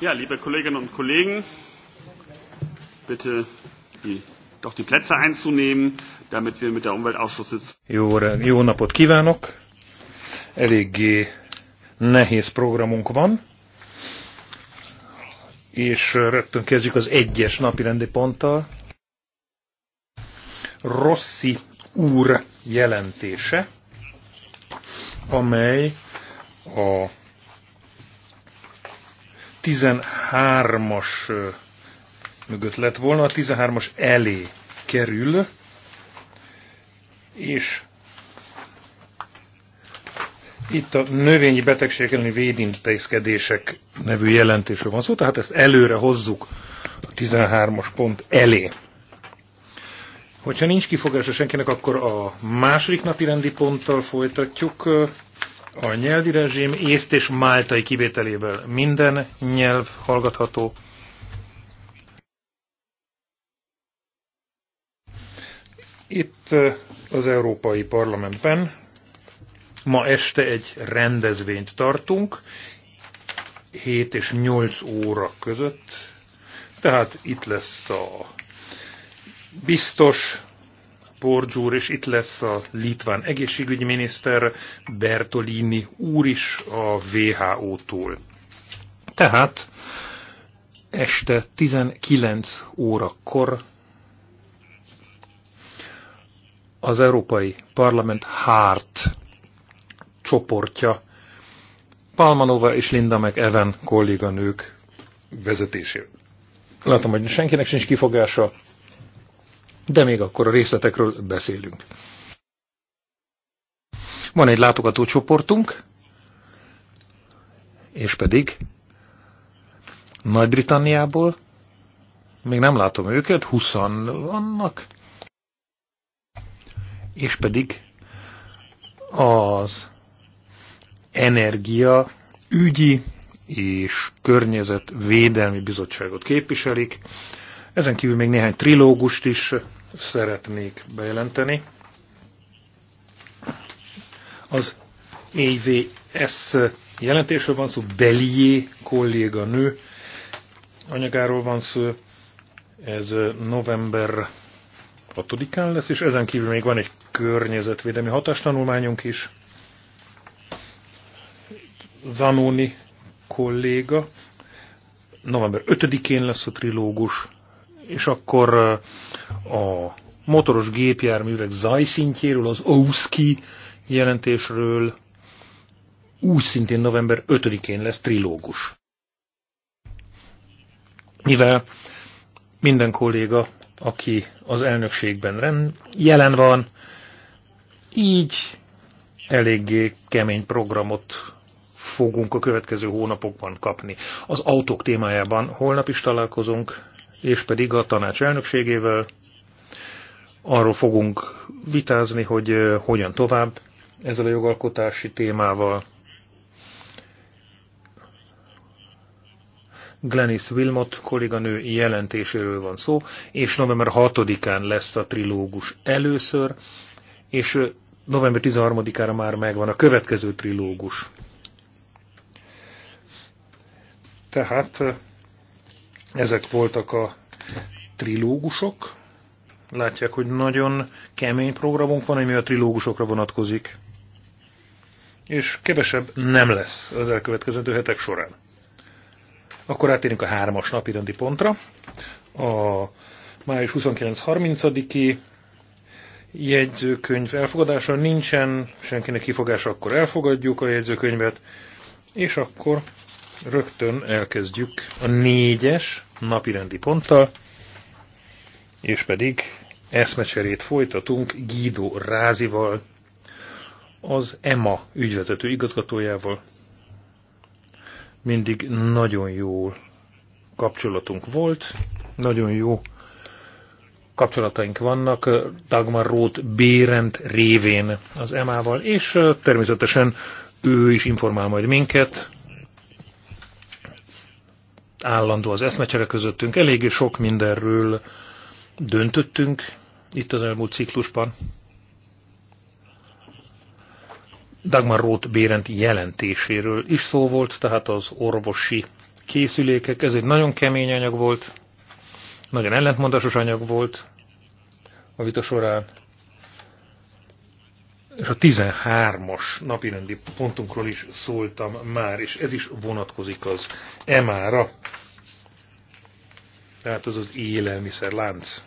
Ja, liebe Kolleginnen und Kollegen, bitte die, doch die Plätze einzunehmen, damit wir mit der Umweltausschusssitzung. Jó, jó napot kívánok! Eléggé nehéz programunk van, és rögtön kezdjük az egyes napi rendi ponttal. Rossi úr jelentése, amely a 13-as mögött lett volna, a 13-as elé kerül, és itt a növényi betegségek elleni védintézkedések nevű jelentésről van szó, tehát ezt előre hozzuk a 13-as pont elé. Hogyha nincs kifogása senkinek, akkor a második napi rendi ponttal folytatjuk a nyelvi rezsim észt és máltai kivételével minden nyelv hallgatható. Itt az Európai Parlamentben ma este egy rendezvényt tartunk, 7 és 8 óra között, tehát itt lesz a biztos, Porgyúr, és itt lesz a litván egészségügyminiszter Bertolini úr is a WHO-tól. Tehát este 19 órakor az Európai Parlament Hárt csoportja Palmanova és Linda meg Evan kolléganők vezetésével. Látom, hogy senkinek sincs kifogása, de még akkor a részletekről beszélünk. Van egy csoportunk, és pedig Nagy-Britanniából, még nem látom őket, 20 vannak, és pedig az energia ügyi és környezetvédelmi bizottságot képviselik. Ezen kívül még néhány trilógust is szeretnék bejelenteni. Az EVS jelentésről van szó, Belié kolléga nő anyagáról van szó, ez november 6-án lesz, és ezen kívül még van egy környezetvédelmi hatástanulmányunk is. Zanoni kolléga november 5-én lesz a trilógus, és akkor a motoros gépjárművek zajszintjéről, az OUSZKI jelentésről úgy szintén november 5-én lesz trilógus. Mivel minden kolléga, aki az elnökségben rend, jelen van, így eléggé kemény programot fogunk a következő hónapokban kapni. Az autók témájában holnap is találkozunk, és pedig a tanács elnökségével. Arról fogunk vitázni, hogy hogyan tovább ezzel a jogalkotási témával. Glenis Wilmot kolléganő jelentéséről van szó, és november 6-án lesz a trilógus először, és november 13-ára már megvan a következő trilógus. Tehát ezek voltak a trilógusok. Látják, hogy nagyon kemény programunk van, ami a trilógusokra vonatkozik. És kevesebb nem lesz az elkövetkezendő hetek során. Akkor átérünk a hármas napi rendi pontra. A május 29-30-i jegyzőkönyv elfogadása nincsen, senkinek kifogása, akkor elfogadjuk a jegyzőkönyvet, és akkor Rögtön elkezdjük a négyes napirendi ponttal, és pedig eszmecserét folytatunk Guido Rázival, az EMA ügyvezető igazgatójával. Mindig nagyon jó kapcsolatunk volt, nagyon jó kapcsolataink vannak Dagmar Roth Bérent révén az EMA-val, és természetesen ő is informál majd minket állandó az eszmecsere közöttünk, eléggé sok mindenről döntöttünk itt az elmúlt ciklusban. Dagmar Roth Bérent jelentéséről is szó volt, tehát az orvosi készülékek. Ez egy nagyon kemény anyag volt, nagyon ellentmondásos anyag volt a vita során és a 13-as napirendi pontunkról is szóltam már, és ez is vonatkozik az emára, tehát az az élelmiszerlánc.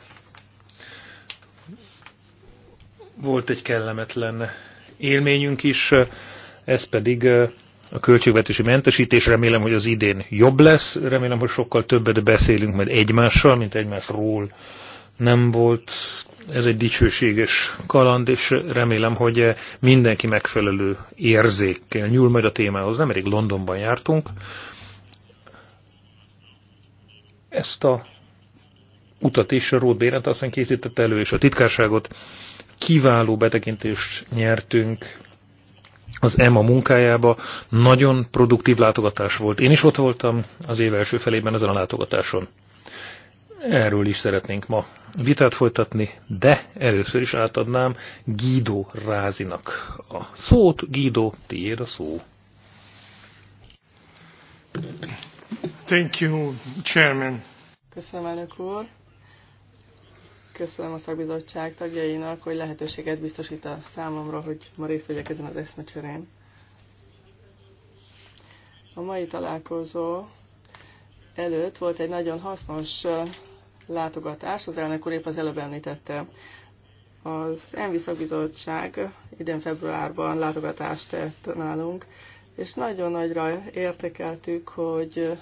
Volt egy kellemetlen élményünk is, ez pedig a költségvetési mentesítés. Remélem, hogy az idén jobb lesz, remélem, hogy sokkal többet beszélünk majd egymással, mint egymásról nem volt ez egy dicsőséges kaland, és remélem, hogy mindenki megfelelő érzékkel nyúl majd a témához. Nemrég Londonban jártunk. Ezt a utat is Rót Bérent aztán készített elő, és a titkárságot kiváló betekintést nyertünk az EMA munkájába. Nagyon produktív látogatás volt. Én is ott voltam az év első felében ezen a látogatáson. Erről is szeretnénk ma vitát folytatni, de először is átadnám Guido Rázinak a szót. Guido, tiéd a szó. Thank you, Chairman. Köszönöm, elnök úr. Köszönöm a szakbizottság tagjainak, hogy lehetőséget biztosít a számomra, hogy ma részt vegyek ezen az eszmecserén. A mai találkozó előtt volt egy nagyon hasznos látogatás, az elnök úr épp az előbb említette. Az ENVI szakbizottság idén februárban látogatást tett nálunk, és nagyon nagyra értekeltük, hogy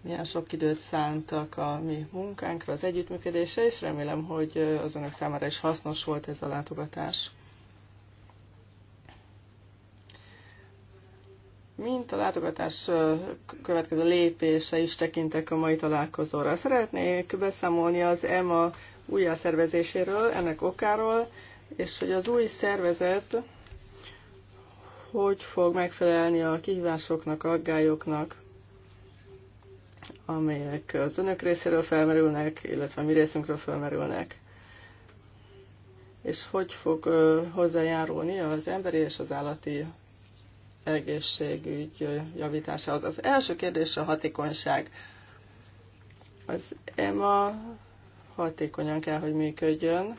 milyen sok időt szántak a mi munkánkra, az együttműködésre, és remélem, hogy az önök számára is hasznos volt ez a látogatás. mint a látogatás következő lépése is tekintek a mai találkozóra. Szeretnék beszámolni az EMA újjászervezéséről, ennek okáról, és hogy az új szervezet hogy fog megfelelni a kihívásoknak, aggályoknak, amelyek az önök részéről felmerülnek, illetve a mi részünkről felmerülnek, és hogy fog hozzájárulni az emberi és az állati egészségügy javításához. Az első kérdés a hatékonyság. Az EMA hatékonyan kell, hogy működjön,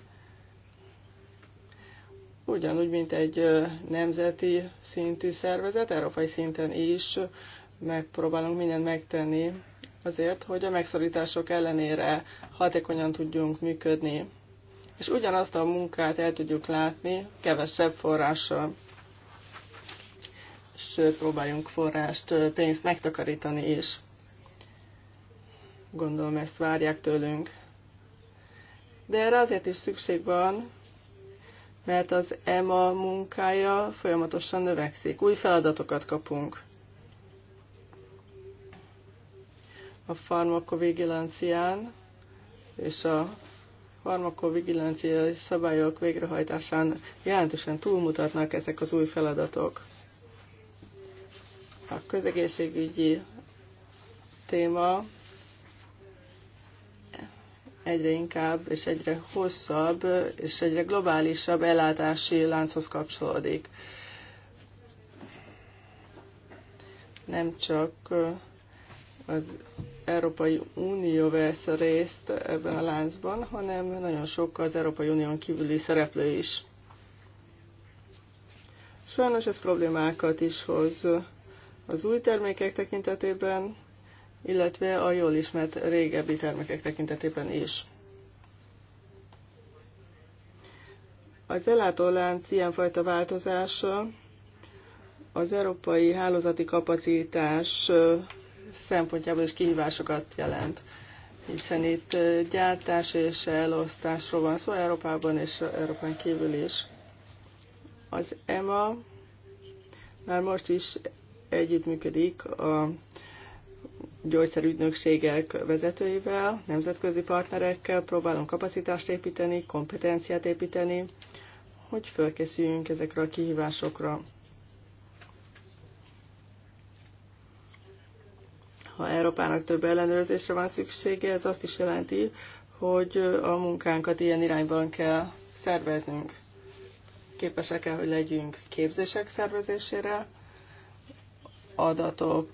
ugyanúgy, mint egy nemzeti szintű szervezet, európai szinten is megpróbálunk mindent megtenni azért, hogy a megszorítások ellenére hatékonyan tudjunk működni, és ugyanazt a munkát el tudjuk látni kevesebb forrással sőt próbáljunk forrást, pénzt megtakarítani is. Gondolom ezt várják tőlünk. De erre azért is szükség van, mert az EMA munkája folyamatosan növekszik, új feladatokat kapunk. A farmakovigilancián és a farmakovigilanciai szabályok végrehajtásán jelentősen túlmutatnak ezek az új feladatok a közegészségügyi téma egyre inkább és egyre hosszabb és egyre globálisabb ellátási lánchoz kapcsolódik. Nem csak az Európai Unió vesz részt ebben a láncban, hanem nagyon sok az Európai Unión kívüli szereplő is. Sajnos ez problémákat is hoz az új termékek tekintetében, illetve a jól ismert régebbi termékek tekintetében is. Az ellátólánc ilyenfajta változása az európai hálózati kapacitás szempontjából is kihívásokat jelent, hiszen itt gyártás és elosztásról van szó szóval Európában és Európán kívül is. Az EMA már most is együttműködik a gyógyszerügynökségek vezetőivel, nemzetközi partnerekkel próbálunk kapacitást építeni, kompetenciát építeni, hogy fölkészüljünk ezekre a kihívásokra. Ha Európának több ellenőrzésre van szüksége, ez azt is jelenti, hogy a munkánkat ilyen irányban kell szerveznünk. Képesek kell, hogy legyünk képzések szervezésére, adatok,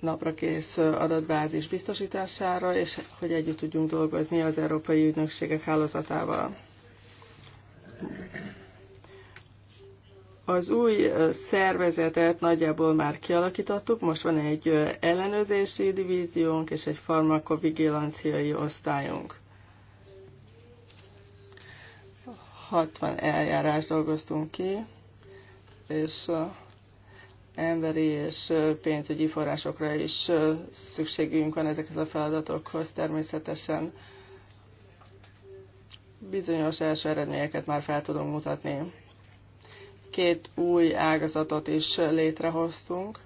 napra kész adatbázis biztosítására, és hogy együtt tudjunk dolgozni az Európai Ügynökségek hálózatával. Az új szervezetet nagyjából már kialakítottuk, most van egy ellenőrzési divíziónk és egy farmakovigilanciai osztályunk. 60 eljárás dolgoztunk ki és emberi és pénzügyi forrásokra is szükségünk van ezekhez a feladatokhoz természetesen. Bizonyos első eredményeket már fel tudunk mutatni. Két új ágazatot is létrehoztunk,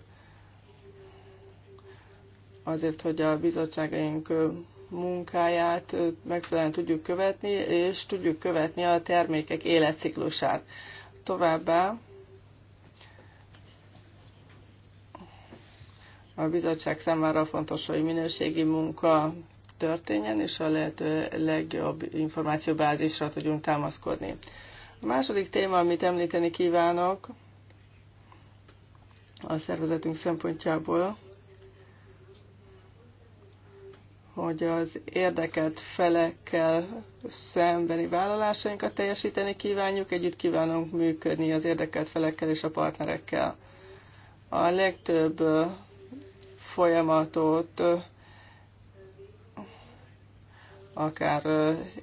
azért, hogy a bizottságaink munkáját megfelelően tudjuk követni, és tudjuk követni a termékek életciklusát. Továbbá A bizottság számára fontos, hogy minőségi munka történjen, és a lehető legjobb információbázisra tudjunk támaszkodni. A második téma, amit említeni kívánok a szervezetünk szempontjából, hogy az érdeket felekkel szembeni vállalásainkat teljesíteni kívánjuk, együtt kívánunk működni az érdeket felekkel és a partnerekkel. A legtöbb folyamatot, akár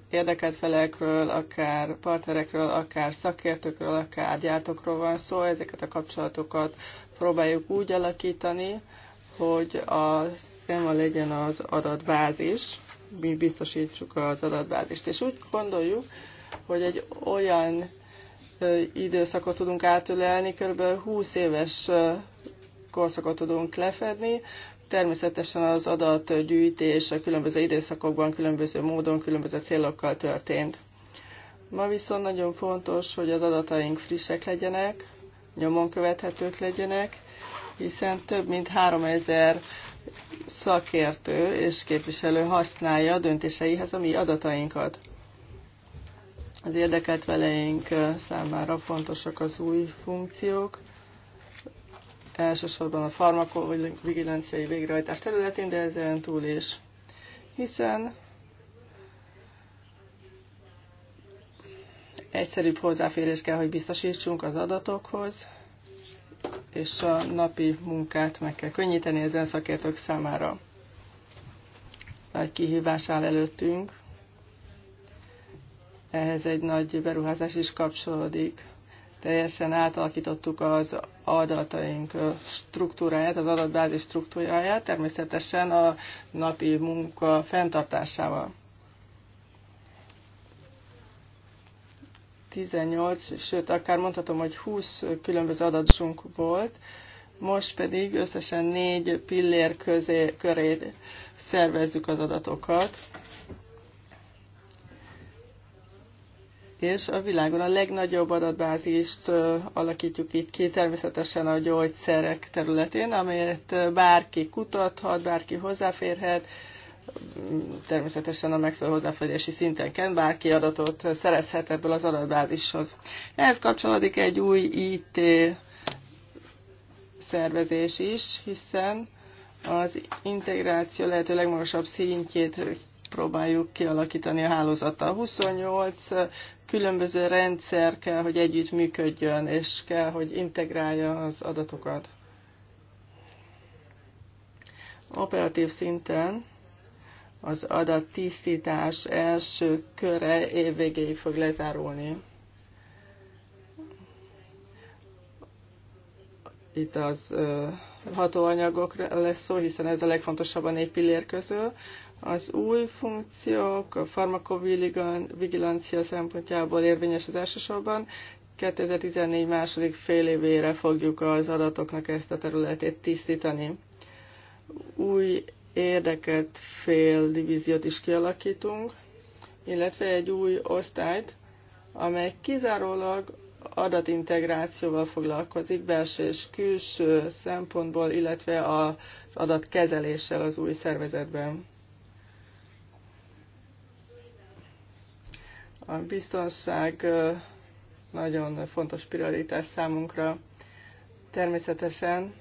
érdekelt felekről, akár partnerekről, akár szakértőkről, akár gyártókról van szó, ezeket a kapcsolatokat próbáljuk úgy alakítani, hogy a szema legyen az adatbázis, mi biztosítsuk az adatbázist. És úgy gondoljuk, hogy egy olyan időszakot tudunk átölelni, kb. 20 éves korszakot tudunk lefedni. Természetesen az adatgyűjtés a különböző időszakokban, különböző módon, különböző célokkal történt. Ma viszont nagyon fontos, hogy az adataink frissek legyenek, nyomon követhetők legyenek, hiszen több mint 3000 szakértő és képviselő használja a döntéseihez a mi adatainkat. Az érdekelt veleink számára fontosak az új funkciók, elsősorban a farmakovigilanciai végrehajtás területén, de ezen túl is. Hiszen egyszerűbb hozzáférés kell, hogy biztosítsunk az adatokhoz, és a napi munkát meg kell könnyíteni ezen szakértők számára. Nagy kihívás áll előttünk. Ehhez egy nagy beruházás is kapcsolódik teljesen átalakítottuk az adataink struktúráját, az adatbázis struktúráját, természetesen a napi munka fenntartásával. 18, sőt, akár mondhatom, hogy 20 különböző adatunk volt, most pedig összesen négy pillér közé, köré szervezzük az adatokat. és a világon a legnagyobb adatbázist alakítjuk itt ki, természetesen a gyógyszerek területén, amelyet bárki kutathat, bárki hozzáférhet, természetesen a megfelelő hozzáférési szinten bárki adatot szerezhet ebből az adatbázishoz. Ehhez kapcsolódik egy új IT szervezés is, hiszen az integráció lehető legmagasabb szintjét próbáljuk kialakítani a hálózata. 28 különböző rendszer kell, hogy együtt működjön, és kell, hogy integrálja az adatokat. Operatív szinten az adattisztítás első köre évvégéig fog lezárulni. Itt az hatóanyagok lesz szó, hiszen ez a legfontosabb a négy pillér közül. Az új funkciók a farmakovigilancia szempontjából érvényes az elsősorban. 2014 második fél évére fogjuk az adatoknak ezt a területét tisztítani. Új érdeket fél divíziót is kialakítunk, illetve egy új osztályt, amely kizárólag adatintegrációval foglalkozik belső és külső szempontból, illetve az adatkezeléssel az új szervezetben. A biztonság nagyon fontos prioritás számunkra. Természetesen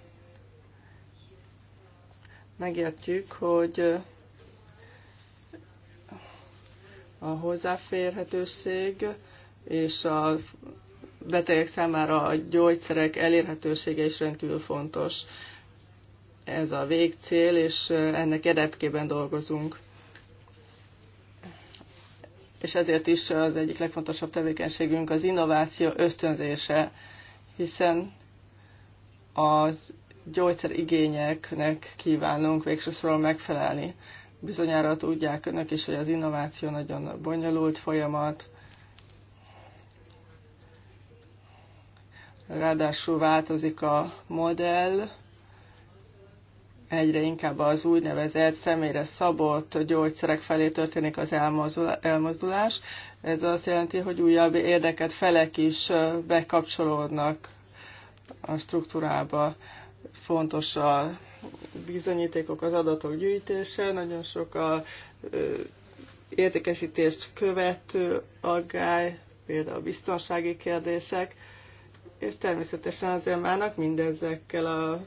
megértjük, hogy a hozzáférhetőség és a betegek számára a gyógyszerek elérhetősége is rendkívül fontos. Ez a végcél, és ennek eredkében dolgozunk és ezért is az egyik legfontosabb tevékenységünk az innováció ösztönzése, hiszen az gyógyszerigényeknek kívánunk végsősorban megfelelni. Bizonyára tudják önök is, hogy az innováció nagyon bonyolult folyamat, ráadásul változik a modell, egyre inkább az úgynevezett személyre szabott gyógyszerek felé történik az elmozdulás. Ez azt jelenti, hogy újabb érdeket felek is bekapcsolódnak a struktúrába. Fontos a bizonyítékok, az adatok gyűjtése, nagyon sok a értékesítést követő aggály, például a biztonsági kérdések, és természetesen azért márnak mindezekkel a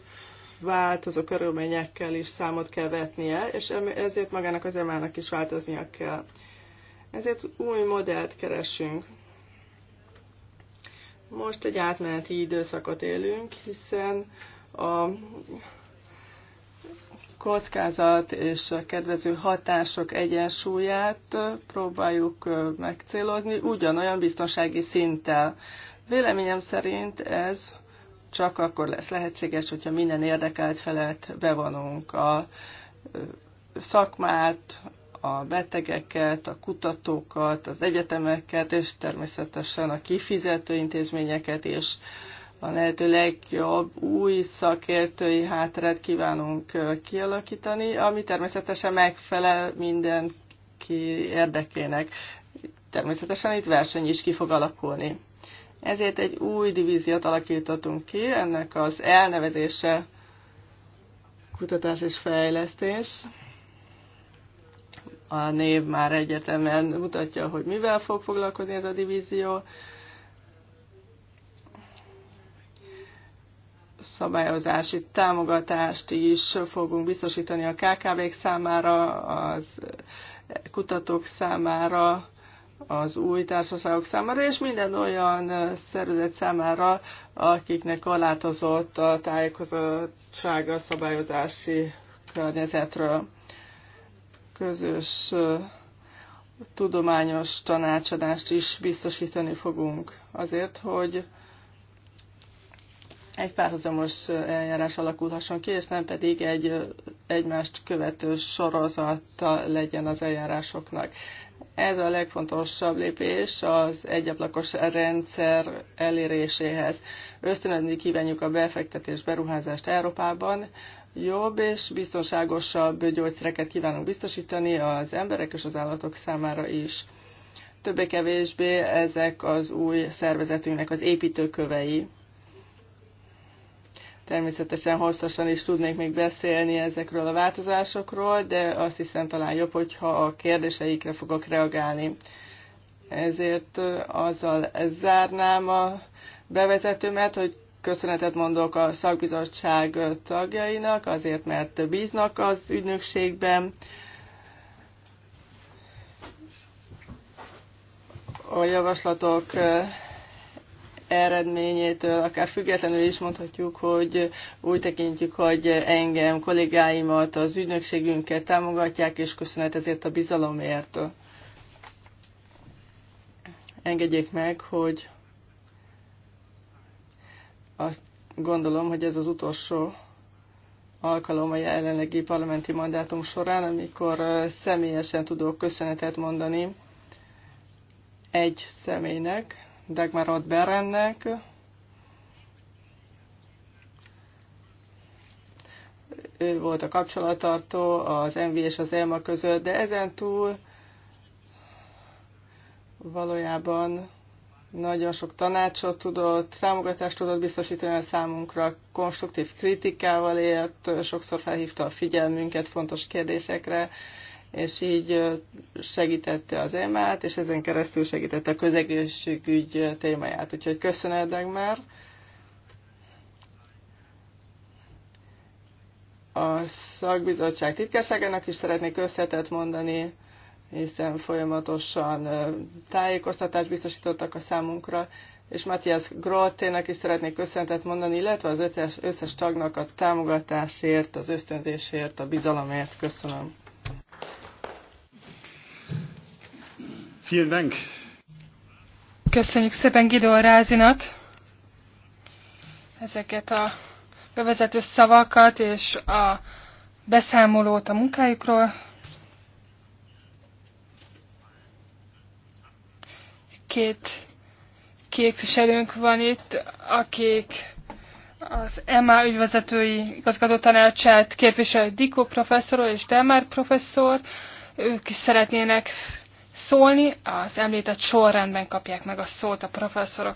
változó körülményekkel is számot kell vetnie, és ezért magának az emának is változnia kell. Ezért új modellt keresünk. Most egy átmeneti időszakot élünk, hiszen a kockázat és a kedvező hatások egyensúlyát próbáljuk megcélozni ugyanolyan biztonsági szinttel. Véleményem szerint ez csak akkor lesz lehetséges, hogyha minden érdekelt felett bevonunk a szakmát, a betegeket, a kutatókat, az egyetemeket, és természetesen a kifizető intézményeket is. A lehető legjobb új szakértői hátrát kívánunk kialakítani, ami természetesen megfelel mindenki érdekének. Természetesen itt verseny is ki fog alakulni. Ezért egy új divíziót alakítottunk ki, ennek az elnevezése kutatás és fejlesztés. A név már egyetemen mutatja, hogy mivel fog foglalkozni ez a divízió. Szabályozási támogatást is fogunk biztosítani a KKV-k számára, az kutatók számára, az új társaságok számára, és minden olyan szervezet számára, akiknek korlátozott a tájékozottsága a szabályozási környezetről. Közös tudományos tanácsadást is biztosítani fogunk azért, hogy egy párhuzamos eljárás alakulhasson ki, és nem pedig egy egymást követő sorozata legyen az eljárásoknak. Ez a legfontosabb lépés az egyablakos rendszer eléréséhez. Ösztönözni kívánjuk a befektetés beruházást Európában, jobb és biztonságosabb gyógyszereket kívánunk biztosítani az emberek és az állatok számára is. Többé-kevésbé ezek az új szervezetünknek az építőkövei. Természetesen hosszasan is tudnék még beszélni ezekről a változásokról, de azt hiszem talán jobb, hogyha a kérdéseikre fogok reagálni. Ezért azzal zárnám a bevezetőmet, hogy köszönetet mondok a szakbizottság tagjainak, azért mert bíznak az ügynökségben. A javaslatok eredményétől, akár függetlenül is mondhatjuk, hogy úgy tekintjük, hogy engem, kollégáimat, az ügynökségünket támogatják, és köszönet ezért a bizalomért. Engedjék meg, hogy azt gondolom, hogy ez az utolsó alkalom a jelenlegi parlamenti mandátum során, amikor személyesen tudok köszönetet mondani egy személynek, ott Berennek. Ő volt a kapcsolattartó az MV és az Elma között, de ezen túl valójában nagyon sok tanácsot tudott, támogatást tudott biztosítani a számunkra, konstruktív kritikával ért sokszor felhívta a figyelmünket fontos kérdésekre, és így segítette az EMA-t, és ezen keresztül segítette a közegészségügy témáját. Úgyhogy köszönöm Dagmar. A szakbizottság titkárságának is szeretnék összetett mondani, hiszen folyamatosan tájékoztatást biztosítottak a számunkra, és Matthias Grottének is szeretnék köszönetet mondani, illetve az összes tagnak a támogatásért, az ösztönzésért, a bizalomért. Köszönöm. Vielen Dank. Köszönjük szépen Guido Rázinak ezeket a bevezető szavakat és a beszámolót a munkájukról. Két képviselőnk van itt, akik az EMA ügyvezetői tanácsát képviselő Dikó professzor és Delmár professzor. Ők is szeretnének szólni, az említett sorrendben kapják meg a szót a professzorok.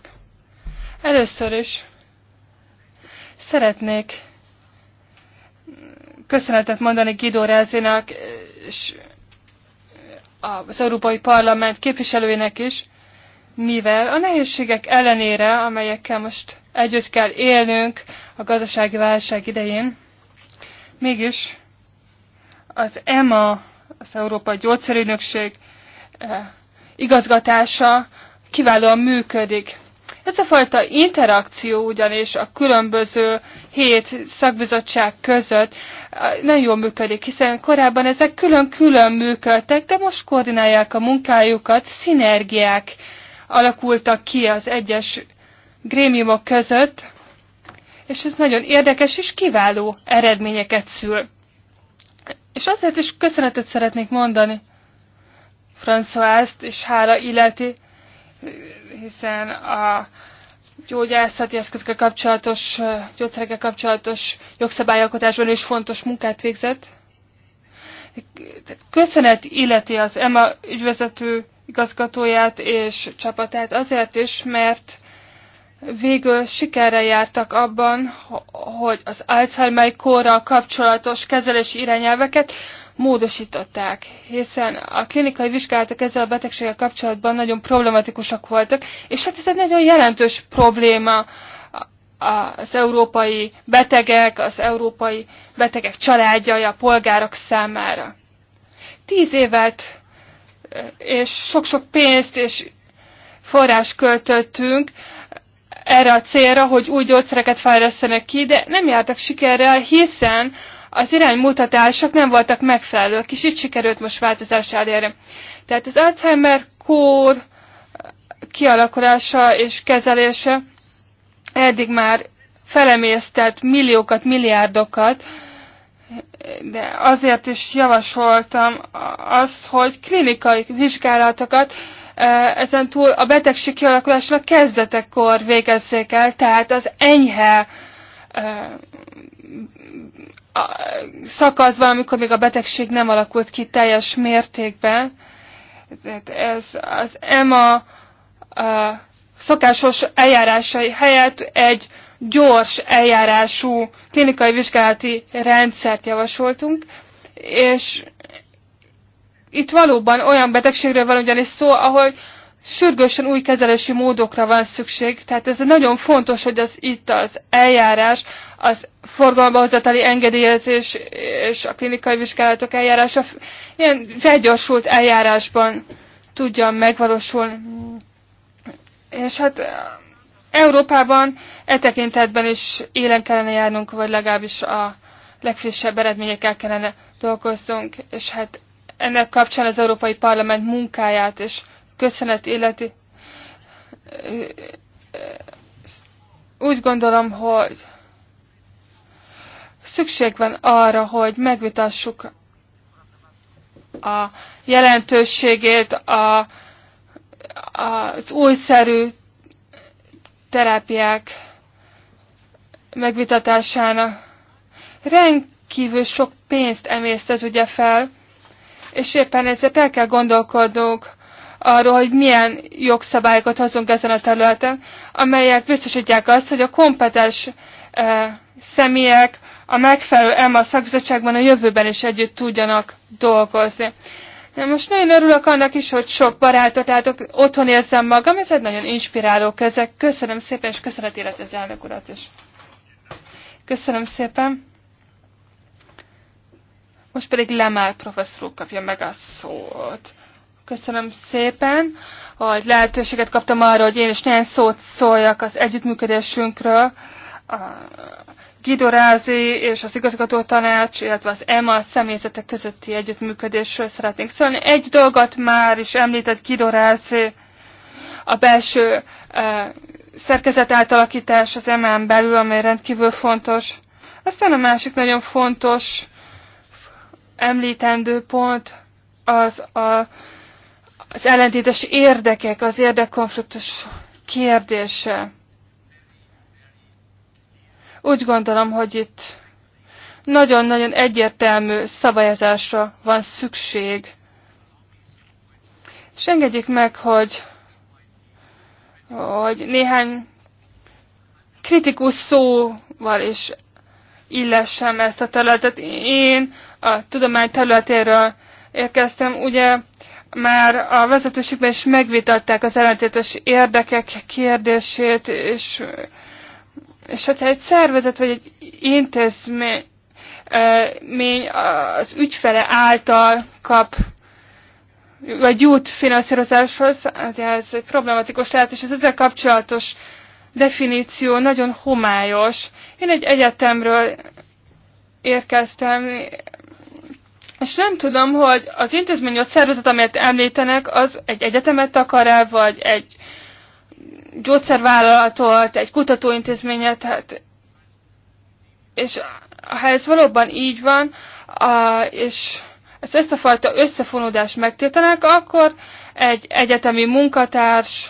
Először is szeretnék köszönetet mondani Guido Rezinak és az Európai Parlament képviselőinek is, mivel a nehézségek ellenére, amelyekkel most együtt kell élnünk a gazdasági válság idején, mégis az EMA, az Európai Gyógyszerügynökség igazgatása kiválóan működik. Ez a fajta interakció ugyanis a különböző hét szakbizottság között nagyon jól működik, hiszen korábban ezek külön-külön működtek, de most koordinálják a munkájukat, szinergiák alakultak ki az egyes grémiumok között, és ez nagyon érdekes és kiváló eredményeket szül. És azért is köszönetet szeretnék mondani françois és hála illeti, hiszen a gyógyászati eszközökkel kapcsolatos, gyógyszerekkel kapcsolatos jogszabályalkotásban is fontos munkát végzett. Köszönet illeti az EMA ügyvezető igazgatóját és csapatát azért is, mert végül sikerre jártak abban, hogy az Alzheimer korral kapcsolatos kezelési irányelveket módosították, hiszen a klinikai vizsgálatok ezzel a betegséggel kapcsolatban nagyon problematikusak voltak, és hát ez egy nagyon jelentős probléma az európai betegek, az európai betegek családjai, a polgárok számára. Tíz évet eh, és sok-sok pénzt és forrás költöttünk erre a célra, hogy új gyógyszereket fejlesztenek ki, de nem jártak sikerrel, hiszen az iránymutatások nem voltak megfelelők, és itt sikerült most változás elérni. Tehát az Alzheimer kór kialakulása és kezelése eddig már felemésztett milliókat, milliárdokat, de azért is javasoltam azt, hogy klinikai vizsgálatokat e, ezen túl a betegség kialakulásnak kezdetekor végezzék el, tehát az enyhe e, szakaszban, amikor még a betegség nem alakult ki teljes mértékben. Ez az EMA a szokásos eljárásai helyett egy gyors eljárású klinikai vizsgálati rendszert javasoltunk, és itt valóban olyan betegségről van ugyanis szó, ahol sürgősen új kezelési módokra van szükség, tehát ez nagyon fontos, hogy az itt az eljárás, az forgalmahozatali engedélyezés és a klinikai vizsgálatok eljárása ilyen felgyorsult eljárásban tudjon megvalósulni. És hát eh, Európában e tekintetben is élen kellene járnunk, vagy legalábbis a legfrissebb eredményekkel kellene dolgoznunk, és hát ennek kapcsán az Európai Parlament munkáját is köszönet életi úgy gondolom, hogy szükség van arra, hogy megvitassuk a jelentőségét a, a, az újszerű terápiák megvitatásának. Rendkívül sok pénzt emészt ez ugye fel, és éppen ezért el kell gondolkodnunk arról, hogy milyen jogszabályokat hozunk ezen a területen, amelyek biztosítják azt, hogy a kompetens e, személyek a megfelelő EMA szakbizottságban a jövőben is együtt tudjanak dolgozni. Na most nagyon örülök annak is, hogy sok barátot látok, otthon érzem magam, ez egy nagyon inspiráló kezek. Köszönöm szépen, és köszönet élet az elnök urat is. Köszönöm szépen. Most pedig Lemár professzor kapja meg a szót. Köszönöm szépen, hogy lehetőséget kaptam arra, hogy én is néhány szót szóljak az együttműködésünkről. A Guido Rázi és az igazgató tanács, illetve az EMA személyzetek közötti együttműködésről szeretnénk szólni. Egy dolgot már is említett Guido Rázi, a belső e, szerkezet átalakítás az emán belül, amely rendkívül fontos. Aztán a másik nagyon fontos említendő pont az a az ellentétes érdekek, az érdekkonfliktus kérdése. Úgy gondolom, hogy itt nagyon-nagyon egyértelmű szabályozásra van szükség. És engedjék meg, hogy, hogy néhány kritikus szóval is illessem ezt a területet. Én a tudomány területéről érkeztem, ugye már a vezetőségben is megvitatták az ellentétes érdekek kérdését, és, és hogyha egy szervezet vagy egy intézmény az ügyfele által kap vagy jut finanszírozáshoz, ugye ez egy problematikus lehet, és az ezzel kapcsolatos definíció nagyon homályos. Én egy egyetemről érkeztem, és nem tudom, hogy az intézmény, a szervezet, amelyet említenek, az egy egyetemet akar el, vagy egy gyógyszervállalatot, egy kutatóintézményet, hát, és ha ez valóban így van, a, és ezt, ezt a fajta összefonódást megtiltanák, akkor egy egyetemi munkatárs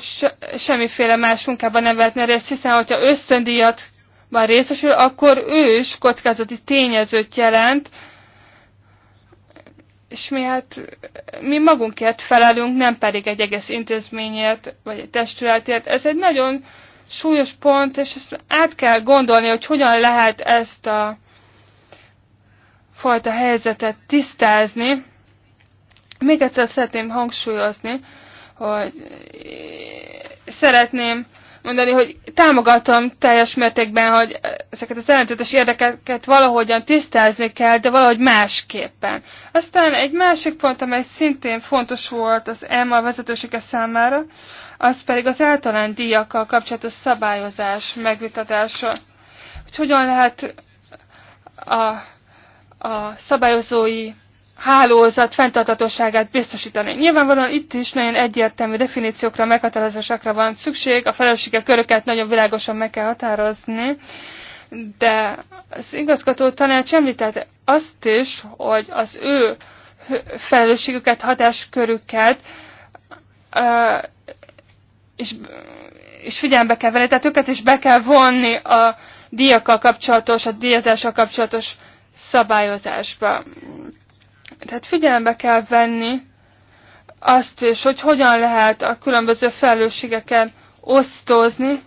se, semmiféle más munkában nem vehetne részt, hiszen hogyha ösztöndíjat már részesül, akkor ő is kockázati tényezőt jelent, és mi hát mi magunkért felelünk, nem pedig egy egész intézményért, vagy egy testületért. Ez egy nagyon súlyos pont, és ezt át kell gondolni, hogy hogyan lehet ezt a fajta helyzetet tisztázni. Még egyszer szeretném hangsúlyozni, hogy szeretném mondani, hogy támogatom teljes mértékben, hogy ezeket az ellentétes érdekeket valahogyan tisztázni kell, de valahogy másképpen. Aztán egy másik pont, amely szintén fontos volt az EMA vezetősége számára, az pedig az általán díjakkal kapcsolatos szabályozás megvitatása. Hogy hogyan lehet a, a szabályozói hálózat fenntartatóságát biztosítani. Nyilvánvalóan itt is nagyon egyértelmű definíciókra, meghatározásokra van szükség, a felelőssége köröket nagyon világosan meg kell határozni, de az igazgató tanács említette azt is, hogy az ő felelősségüket, hatáskörüket és, és figyelembe kell venni, tehát őket is be kell vonni a díjakkal kapcsolatos, a díjazással kapcsolatos szabályozásba. Tehát figyelembe kell venni azt is, hogy hogyan lehet a különböző felelősségeken osztozni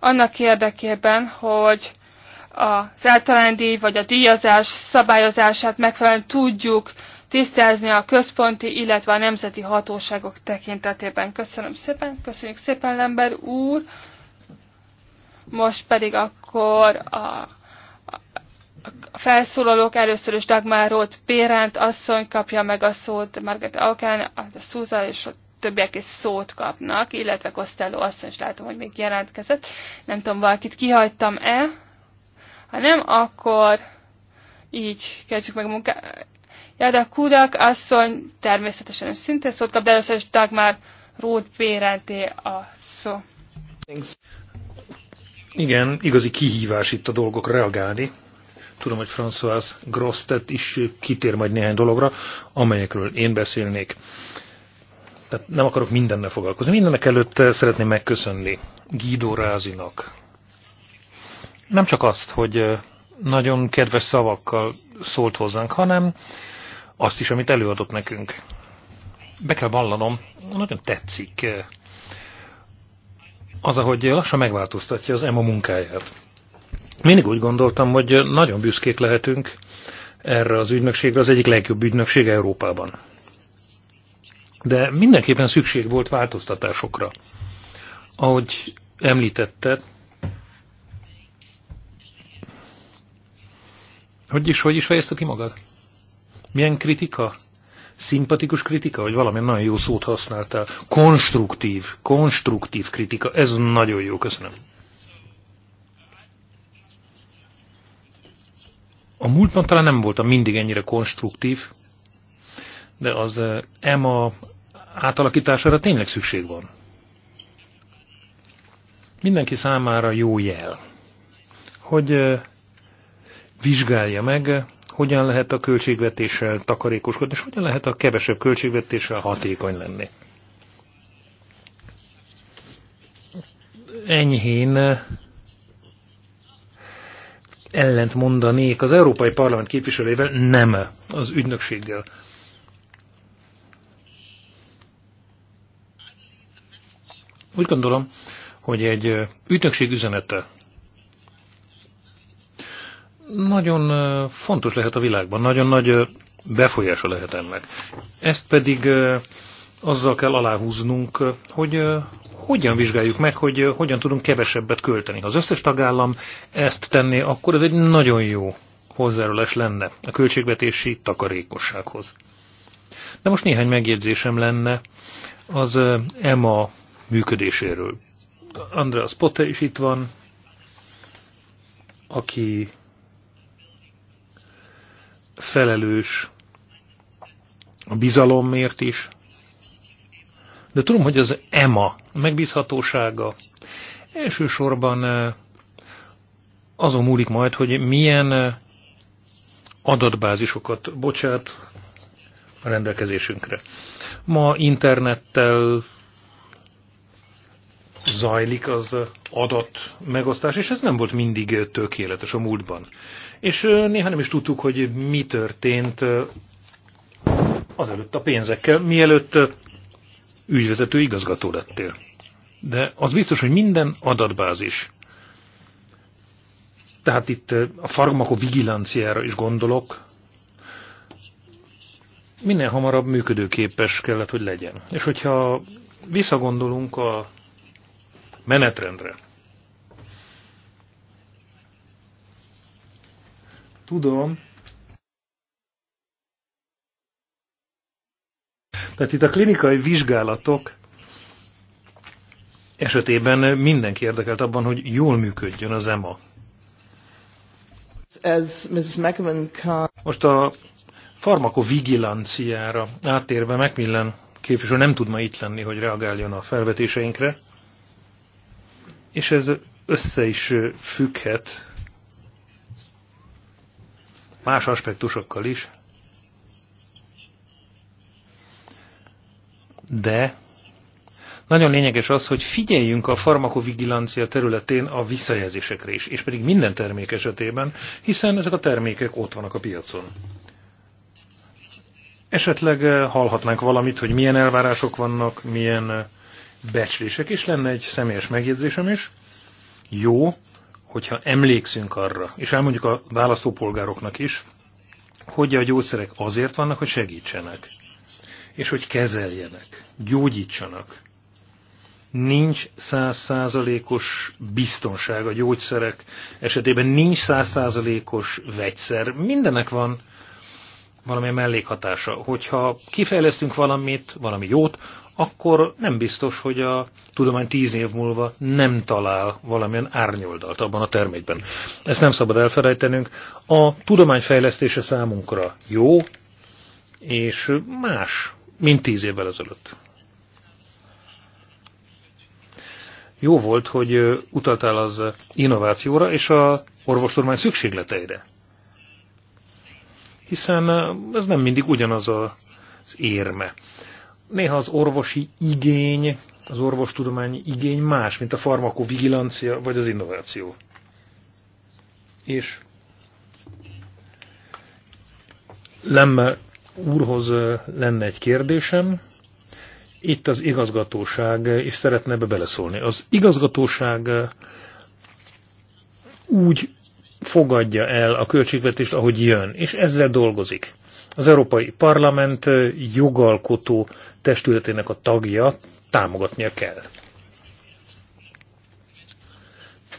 annak érdekében, hogy az díj vagy a díjazás szabályozását megfelelően tudjuk tisztázni a központi, illetve a nemzeti hatóságok tekintetében. Köszönöm szépen, köszönjük szépen, Lember úr! Most pedig akkor a felszólalók, először is Dagmar Roth Béránt asszony kapja meg a szót, Margaret Aukán, a Szúza és a többiek is szót kapnak, illetve Costello asszony is látom, hogy még jelentkezett. Nem tudom, valakit kihagytam-e. Ha nem, akkor így kezdjük meg a munkát. a Kudak asszony természetesen szintén szót kap, de először is Dagmar Roth Bérenté a szó. Thanks. Igen, igazi kihívás itt a dolgok reagálni Tudom, hogy François Grostet is kitér majd néhány dologra, amelyekről én beszélnék. Tehát nem akarok mindennel foglalkozni. Mindenek előtt eh, szeretném megköszönni Guido Rázinak. Nem csak azt, hogy eh, nagyon kedves szavakkal szólt hozzánk, hanem azt is, amit előadott nekünk. Be kell vallanom, nagyon tetszik eh, az, ahogy lassan megváltoztatja az EMA munkáját. Mindig úgy gondoltam, hogy nagyon büszkék lehetünk erre az ügynökségre, az egyik legjobb ügynökség Európában. De mindenképpen szükség volt változtatásokra. Ahogy említetted, hogy is, hogy is fejezte ki magad? Milyen kritika? Szimpatikus kritika, vagy valami nagyon jó szót használtál? Konstruktív, konstruktív kritika, ez nagyon jó, köszönöm. a múltban talán nem voltam mindig ennyire konstruktív, de az EMA eh, e átalakítására tényleg szükség van. Mindenki számára jó jel, hogy eh, vizsgálja meg, hogyan lehet a költségvetéssel takarékoskodni, és hogyan lehet a kevesebb költségvetéssel hatékony lenni. Enyhén eh, ellent mondanék az Európai Parlament képviselővel, nem az ügynökséggel. Úgy gondolom, hogy egy ügynökség üzenete nagyon fontos lehet a világban, nagyon nagy befolyása lehet ennek. Ezt pedig azzal kell aláhúznunk, hogy hogyan vizsgáljuk meg, hogy hogyan tudunk kevesebbet költeni. Ha az összes tagállam ezt tenné, akkor ez egy nagyon jó hozzárulás lenne a költségvetési takarékossághoz. De most néhány megjegyzésem lenne az EMA működéséről. Andreas Potter is itt van, aki felelős a bizalomért is, de tudom, hogy az EMA megbízhatósága elsősorban azon múlik majd, hogy milyen adatbázisokat bocsát a rendelkezésünkre. Ma internettel zajlik az adat megosztás, és ez nem volt mindig tökéletes a múltban. És néha nem is tudtuk, hogy mi történt azelőtt a pénzekkel, mielőtt ügyvezető igazgató lettél. De az biztos, hogy minden adatbázis. Tehát itt a farmakovigilanciára is gondolok, minél hamarabb működőképes kellett, hogy legyen. És hogyha visszagondolunk a menetrendre, tudom, Tehát itt a klinikai vizsgálatok esetében mindenki érdekelt abban, hogy jól működjön az EMA. Most a farmakovigilanciára áttérve Macmillan képviselő nem tud ma itt lenni, hogy reagáljon a felvetéseinkre, és ez össze is függhet más aspektusokkal is, de nagyon lényeges az, hogy figyeljünk a farmakovigilancia területén a visszajelzésekre is, és pedig minden termék esetében, hiszen ezek a termékek ott vannak a piacon. Esetleg eh, hallhatnánk valamit, hogy milyen elvárások vannak, milyen eh, becslések, és lenne egy személyes megjegyzésem is. Jó, hogyha emlékszünk arra, és elmondjuk a választópolgároknak is, hogy a gyógyszerek azért vannak, hogy segítsenek és hogy kezeljenek, gyógyítsanak. Nincs százszázalékos biztonság a gyógyszerek esetében, nincs százszázalékos vegyszer, mindenek van valami mellékhatása. Hogyha kifejlesztünk valamit, valami jót, akkor nem biztos, hogy a tudomány tíz év múlva nem talál valamilyen árnyoldalt abban a termékben. Ezt nem szabad elfelejtenünk. A tudomány fejlesztése számunkra jó, és más mint tíz évvel ezelőtt. Jó volt, hogy utaltál az innovációra és a orvostudomány szükségleteire. Hiszen ez nem mindig ugyanaz az érme. Néha az orvosi igény, az orvostudományi igény más, mint a farmakovigilancia vagy az innováció. És Lemmel úrhoz lenne egy kérdésem. Itt az igazgatóság is szeretne ebbe beleszólni. Az igazgatóság úgy fogadja el a költségvetést, ahogy jön, és ezzel dolgozik. Az Európai Parlament jogalkotó testületének a tagja támogatnia kell.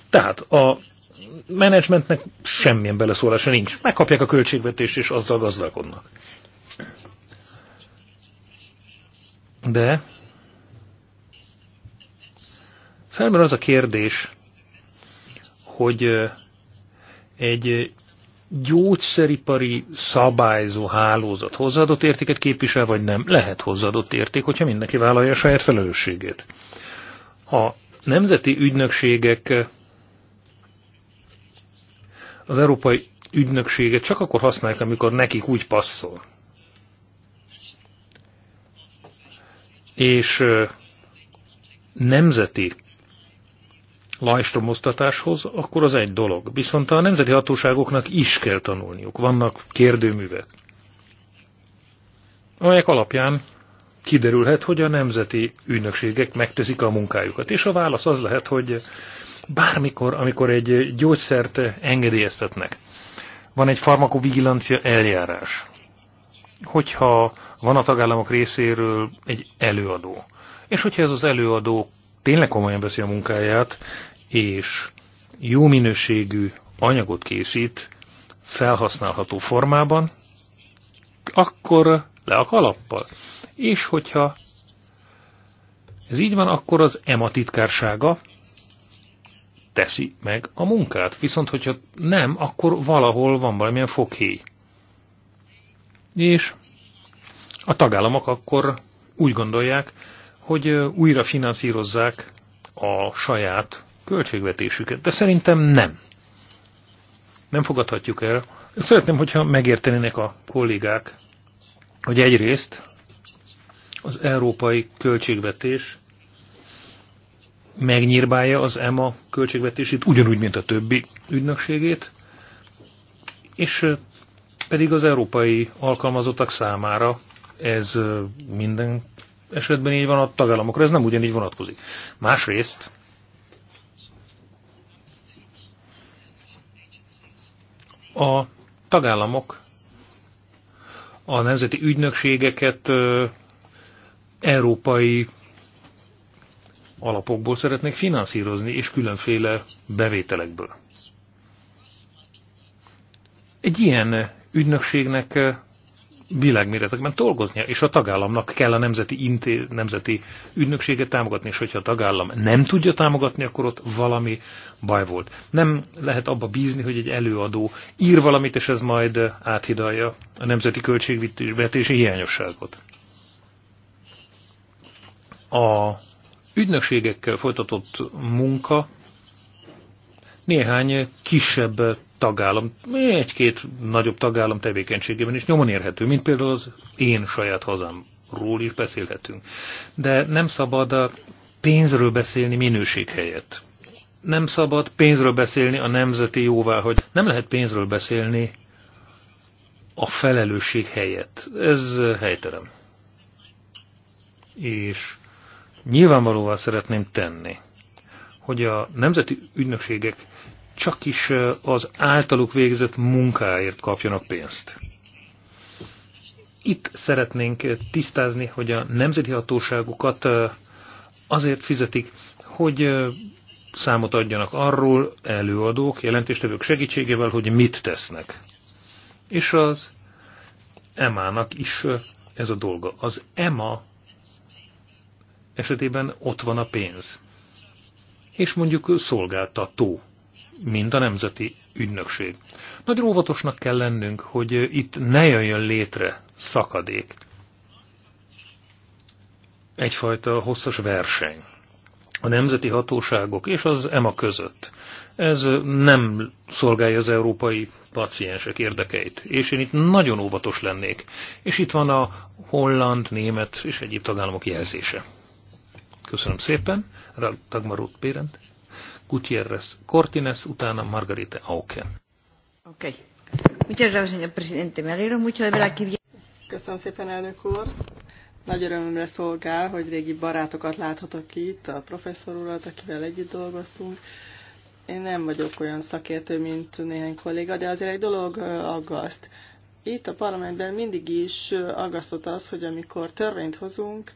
Tehát a menedzsmentnek semmilyen beleszólása nincs. Megkapják a költségvetést, és azzal gazdálkodnak. De felmerül az a kérdés, hogy egy gyógyszeripari szabályzó hálózat hozzáadott értéket képvisel, vagy nem? Lehet hozzáadott érték, hogyha mindenki vállalja a saját felelősségét. A nemzeti ügynökségek az európai ügynökséget csak akkor használják, amikor nekik úgy passzol. és nemzeti lajstromoztatáshoz, akkor az egy dolog. Viszont a nemzeti hatóságoknak is kell tanulniuk. Vannak kérdőművek, amelyek alapján kiderülhet, hogy a nemzeti ügynökségek megteszik a munkájukat. És a válasz az lehet, hogy bármikor, amikor egy gyógyszert engedélyeztetnek, van egy farmakovigilancia eljárás hogyha van a tagállamok részéről egy előadó, és hogyha ez az előadó tényleg komolyan veszi a munkáját, és jó minőségű anyagot készít felhasználható formában, akkor le a kalappal. És hogyha ez így van, akkor az EMA titkársága teszi meg a munkát. Viszont, hogyha nem, akkor valahol van valamilyen foghéj és a tagállamok akkor úgy gondolják, hogy újra finanszírozzák a saját költségvetésüket. De szerintem nem. Nem fogadhatjuk el. Szeretném, hogyha megértenének a kollégák, hogy egyrészt az európai költségvetés megnyírbálja az EMA költségvetését, ugyanúgy, mint a többi ügynökségét, és pedig az európai alkalmazottak számára ez minden esetben így van, a tagállamokra ez nem ugyanígy vonatkozik. Másrészt a tagállamok a nemzeti ügynökségeket európai alapokból szeretnék finanszírozni, és különféle bevételekből. Egy ilyen ügynökségnek eh, világméretekben dolgoznia, és a tagállamnak kell a nemzeti, inté, nemzeti ügynökséget támogatni, és hogyha a tagállam nem tudja támogatni, akkor ott valami baj volt. Nem lehet abba bízni, hogy egy előadó ír valamit, és ez majd áthidalja a nemzeti költségvetési hiányosságot. A ügynökségekkel folytatott munka néhány kisebb tagállam, egy-két nagyobb tagállam tevékenységében is nyomon érhető, mint például az én saját hazámról is beszélhetünk. De nem szabad a pénzről beszélni minőség helyett. Nem szabad pénzről beszélni a nemzeti jóvá, hogy nem lehet pénzről beszélni a felelősség helyett. Ez helytelen. És nyilvánvalóvá szeretném tenni, hogy a nemzeti ügynökségek csak is az általuk végzett munkáért kapjanak pénzt. Itt szeretnénk tisztázni, hogy a nemzeti hatóságokat azért fizetik, hogy számot adjanak arról előadók, jelentéstevők segítségével, hogy mit tesznek. És az EMA-nak is ez a dolga. Az EMA esetében ott van a pénz. És mondjuk szolgáltató mint a nemzeti ügynökség. Nagyon óvatosnak kell lennünk, hogy itt ne jöjjön létre szakadék. Egyfajta hosszas verseny a nemzeti hatóságok és az EMA között. Ez nem szolgálja az európai paciensek érdekeit, és én itt nagyon óvatos lennék. És itt van a holland, német és egyéb tagállamok jelzése. Köszönöm szépen. Dagmar Ruth Gutierrez Cortines, utána Margarita Auken. Oké. Okay. Köszönöm szépen, elnök úr. Nagy örömömre szolgál, hogy régi barátokat láthatok itt, a professzor urat, akivel együtt dolgoztunk. Én nem vagyok olyan szakértő, mint néhány kolléga, de azért egy dolog aggaszt. Itt a parlamentben mindig is aggasztott az, hogy amikor törvényt hozunk,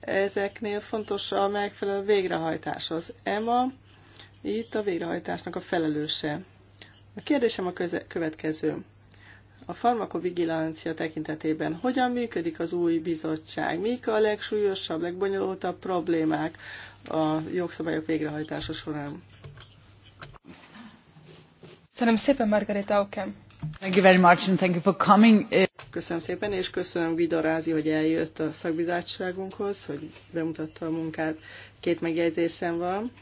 ezeknél fontos a megfelelő végrehajtás. Az EMA itt a végrehajtásnak a felelőse. A kérdésem a következő. A farmakovigilancia tekintetében hogyan működik az új bizottság? Mik a legsúlyosabb, legbonyolultabb problémák a jogszabályok végrehajtása során? Köszönöm szépen, Margarita Okem. Thank you very much and thank you for coming. Köszönöm szépen, és köszönöm Rázi, hogy eljött a szakbizottságunkhoz, hogy bemutatta a munkát. Két megjegyzésem van.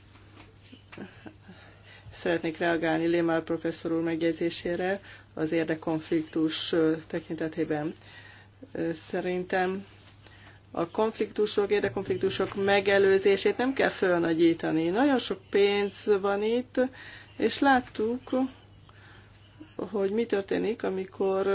Szeretnék reagálni Lémár professzor úr megjegyzésére az érdekkonfliktus tekintetében. Szerintem a konfliktusok, érdekonfliktusok megelőzését nem kell fölnagyítani. Nagyon sok pénz van itt, és láttuk, hogy mi történik, amikor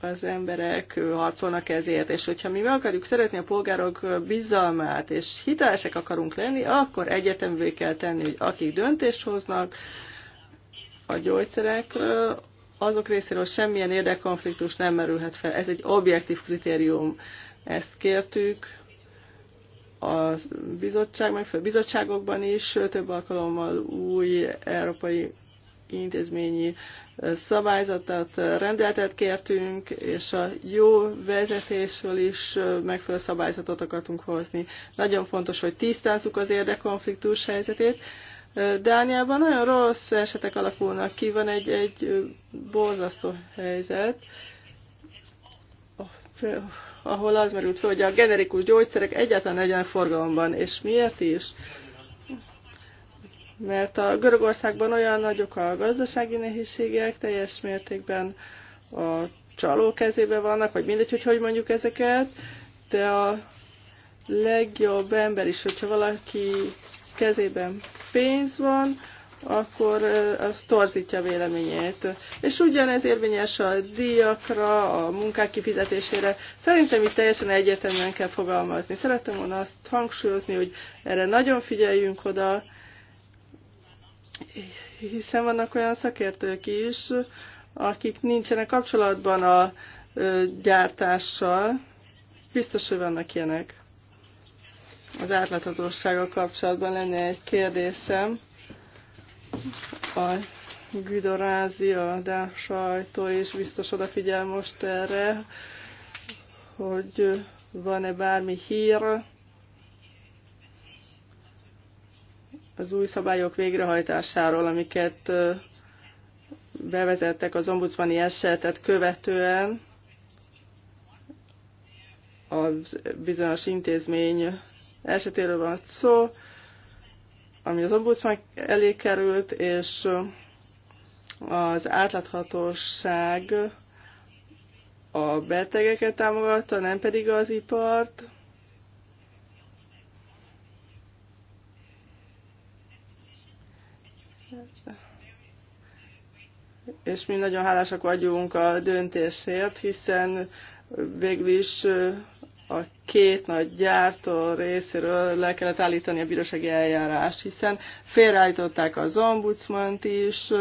az emberek harcolnak ezért, és hogyha mi meg akarjuk szeretni a polgárok bizalmát, és hitelesek akarunk lenni, akkor egyetemvé kell tenni, hogy akik döntést hoznak a gyógyszerekről, azok részéről semmilyen érdekkonfliktus nem merülhet fel. Ez egy objektív kritérium. Ezt kértük a bizottság, megfelelő bizottságokban is, több alkalommal új európai intézményi szabályzatot, rendeltet kértünk, és a jó vezetésről is megfelelő szabályzatot akartunk hozni. Nagyon fontos, hogy tisztázzuk az érdekkonfliktus helyzetét. Dániában nagyon rossz esetek alakulnak ki, van egy, egy borzasztó helyzet, ahol az merült fel, hogy a generikus gyógyszerek egyáltalán legyenek forgalomban, és miért is? mert a Görögországban olyan nagyok a gazdasági nehézségek, teljes mértékben a csaló kezébe vannak, vagy mindegy, hogy hogy mondjuk ezeket, de a legjobb ember is, hogyha valaki kezében pénz van, akkor az torzítja véleményét. És ugyanez érvényes a díjakra, a munkák kifizetésére. Szerintem itt teljesen egyértelműen kell fogalmazni. Szeretem volna azt hangsúlyozni, hogy erre nagyon figyeljünk oda, hiszen vannak olyan szakértők is, akik nincsenek kapcsolatban a gyártással. Biztos, hogy vannak ilyenek. Az átláthatósággal kapcsolatban lenne egy kérdésem. A Güdorázia, de sajtó is biztos odafigyel most erre, hogy van-e bármi hír az új szabályok végrehajtásáról, amiket bevezettek az ombudsmani esetet követően a bizonyos intézmény esetéről van szó, ami az ombudsman elé került, és az átláthatóság a betegeket támogatta, nem pedig az ipart. és mi nagyon hálásak vagyunk a döntésért, hiszen végül is a két nagy gyártó részéről le kellett állítani a bírósági eljárást, hiszen félreállították az ombudsmant is,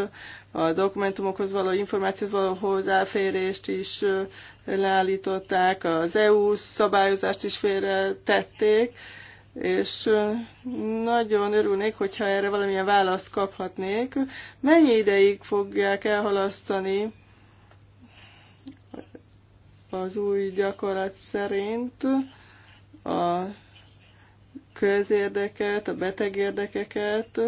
a dokumentumokhoz való információhoz való hozzáférést is leállították, az EU szabályozást is félre tették, és nagyon örülnék, hogyha erre valamilyen választ kaphatnék. Mennyi ideig fogják elhalasztani az új gyakorlat szerint a közérdeket, a beteg érdekeket,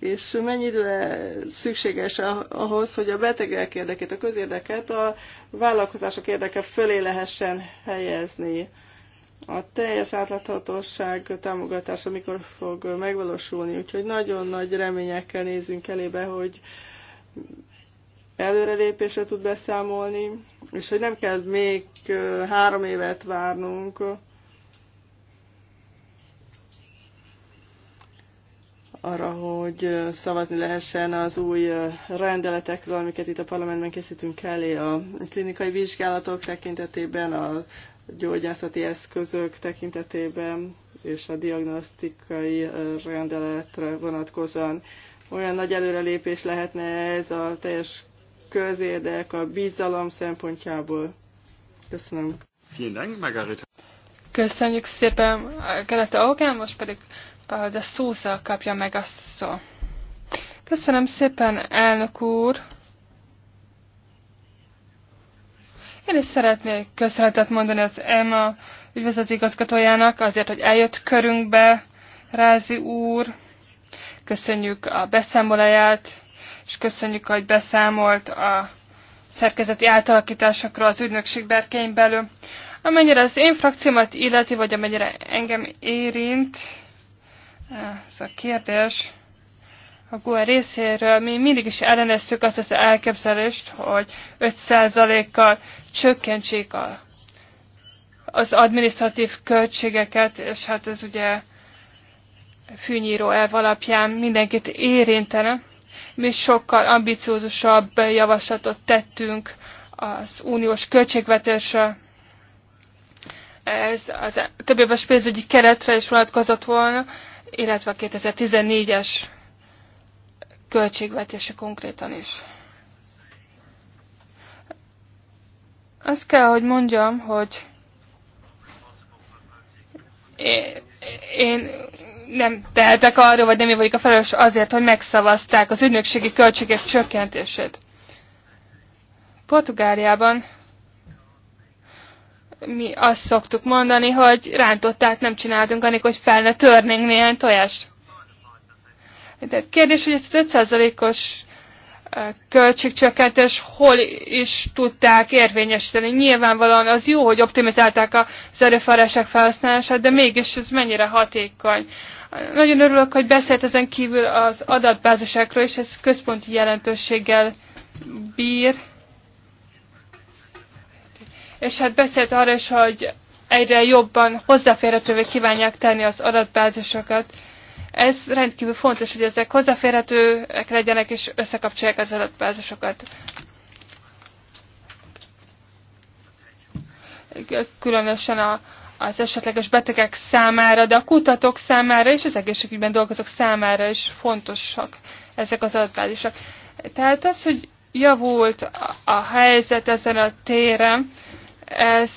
és mennyi idő szükséges ahhoz, hogy a betegek érdekét, a közérdeket a vállalkozások érdeke fölé lehessen helyezni a teljes átláthatóság támogatása mikor fog megvalósulni. Úgyhogy nagyon nagy reményekkel nézünk elébe, hogy előrelépésre tud beszámolni, és hogy nem kell még három évet várnunk. arra, hogy szavazni lehessen az új rendeletekről, amiket itt a parlamentben készítünk elé a klinikai vizsgálatok tekintetében, a gyógyászati eszközök tekintetében és a diagnosztikai rendeletre vonatkozóan. Olyan nagy előrelépés lehetne ez a teljes közérdek, a bizalom szempontjából. Köszönöm. Köszönjük szépen, Gerete Ogán, most pedig Paul de Szóza kapja meg a szó. Köszönöm szépen, elnök úr! Én is szeretnék köszönetet mondani az EMA igazgatójának azért, hogy eljött körünkbe, Rázi úr. Köszönjük a beszámolóját, és köszönjük, hogy beszámolt a szerkezeti átalakításokról az ügynökség berkein belül. Amennyire az én frakciómat illeti, vagy amennyire engem érint, ez a kérdés, a GUE részéről mi mindig is elleneztük azt az elképzelést, hogy 5%-kal csökkentsék a, az administratív költségeket, és hát ez ugye fűnyíró elv alapján mindenkit érintene. Mi sokkal ambiciózusabb javaslatot tettünk az uniós költségvetésre, ez az több éves pénzügyi keretre is vonatkozott volna, illetve a 2014-es költségvetése konkrétan is. Azt kell, hogy mondjam, hogy én, én nem tehetek arról, vagy nem én vagyok a felelős azért, hogy megszavazták az ügynökségi költségek csökkentését. Portugáliában mi azt szoktuk mondani, hogy rántották nem csináltunk, anélkül, hogy fel ne törnénk néhány tojást. De kérdés, hogy ezt az 5%-os költségcsökkentés hol is tudták érvényesíteni. Nyilvánvalóan az jó, hogy optimizálták az erőforrások felhasználását, de mégis ez mennyire hatékony. Nagyon örülök, hogy beszélt ezen kívül az adatbázisokról, és ez központi jelentőséggel bír. És hát beszélt arra is, hogy egyre jobban hozzáférhetővé kívánják tenni az adatbázisokat. Ez rendkívül fontos, hogy ezek hozzáférhetőek legyenek és összekapcsolják az adatbázisokat. Különösen a, az esetleges betegek számára, de a kutatók számára és az egészségügyben dolgozók számára is fontosak ezek az adatbázisok. Tehát az, hogy javult a helyzet ezen a téren, ez,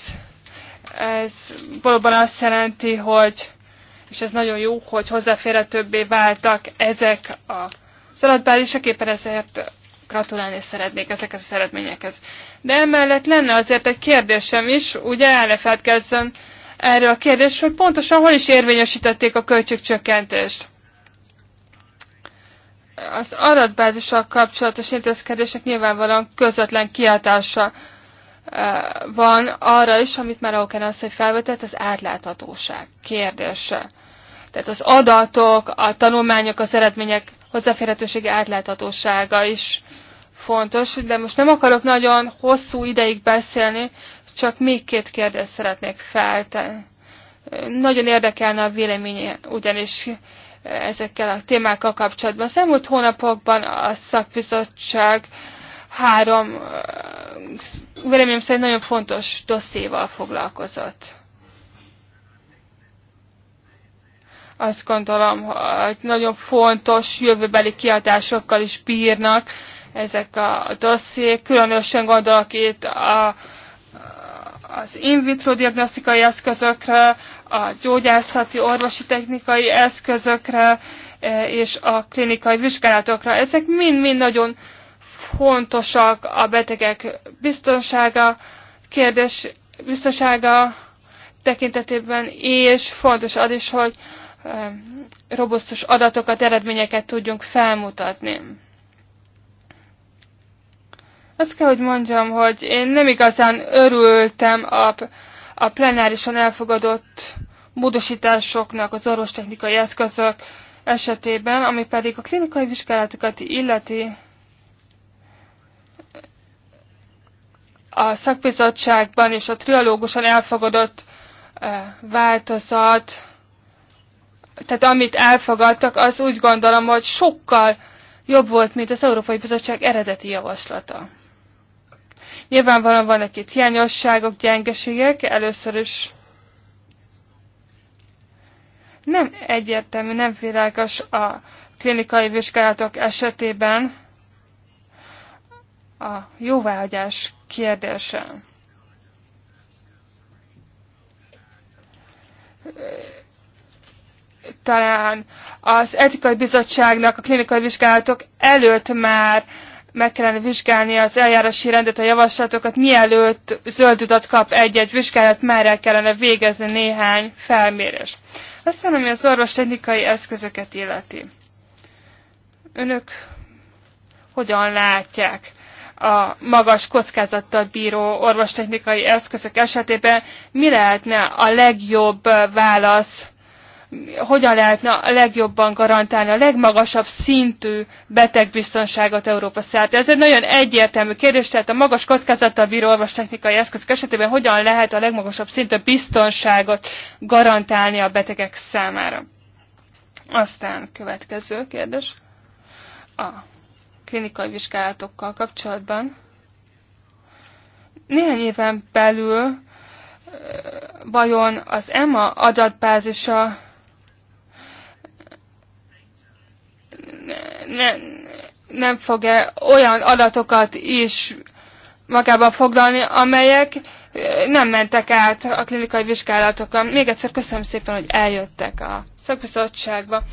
ez valóban azt jelenti, hogy, és ez nagyon jó, hogy hozzáférhetőbbé váltak ezek a szaladbálisok, éppen ezért gratulálni szeretnék ezekhez az szeretményekhez. De emellett lenne azért egy kérdésem is, ugye elnefeltkezzen erről a kérdés, hogy pontosan hol is érvényesítették a költségcsökkentést. Az adatbázissal kapcsolatos intézkedések nyilvánvalóan közvetlen kiáltása van arra is, amit már Auken hogy felvetett, az átláthatóság kérdése. Tehát az adatok, a tanulmányok, az eredmények hozzáférhetősége átláthatósága is fontos, de most nem akarok nagyon hosszú ideig beszélni, csak még két kérdést szeretnék feltenni. Nagyon érdekelne a vélemény, ugyanis ezekkel a témákkal kapcsolatban. Az elmúlt hónapokban a szakbizottság uh, három, véleményem szerint nagyon fontos dosszéval foglalkozott. Azt gondolom, hogy nagyon fontos jövőbeli kiadásokkal is bírnak ezek a dossziék. Különösen gondolok itt a, az in vitro diagnosztikai eszközökre, a gyógyászati, orvosi technikai eszközökre és a klinikai vizsgálatokra. Ezek mind-mind nagyon fontosak a betegek biztonsága, kérdés biztonsága tekintetében, és fontos az is, hogy robusztus adatokat, eredményeket tudjunk felmutatni. Azt kell, hogy mondjam, hogy én nem igazán örültem a, a plenárison elfogadott módosításoknak az orvostechnikai eszközök esetében, ami pedig a klinikai vizsgálatokat illeti a szakbizottságban és a triológuson elfogadott eh, változat, tehát amit elfogadtak, az úgy gondolom, hogy sokkal jobb volt, mint az Európai Bizottság eredeti javaslata. Nyilvánvalóan vannak itt hiányosságok, gyengeségek, először is nem egyértelmű, nem világos a klinikai vizsgálatok esetében, a jóváhagyás kérdése. Talán az etikai bizottságnak a klinikai vizsgálatok előtt már meg kellene vizsgálni az eljárási rendet, a javaslatokat, mielőtt zöld utat kap egy-egy vizsgálat, már el kellene végezni néhány felmérés. Aztán, ami az technikai eszközöket illeti. Önök hogyan látják a magas kockázattal bíró orvostechnikai eszközök esetében mi lehetne a legjobb válasz, hogyan lehetne a legjobban garantálni a legmagasabb szintű betegbiztonságot Európa szerte. Ez egy nagyon egyértelmű kérdés, tehát a magas kockázattal bíró orvostechnikai eszközök esetében hogyan lehet a legmagasabb szintű biztonságot garantálni a betegek számára. Aztán következő kérdés. A klinikai vizsgálatokkal kapcsolatban. Néhány éven belül vajon az EMA adatbázisa ne, nem fog-e olyan adatokat is magába foglalni, amelyek nem mentek át a klinikai vizsgálatokon. Még egyszer köszönöm szépen, hogy eljöttek a szakbizottságba.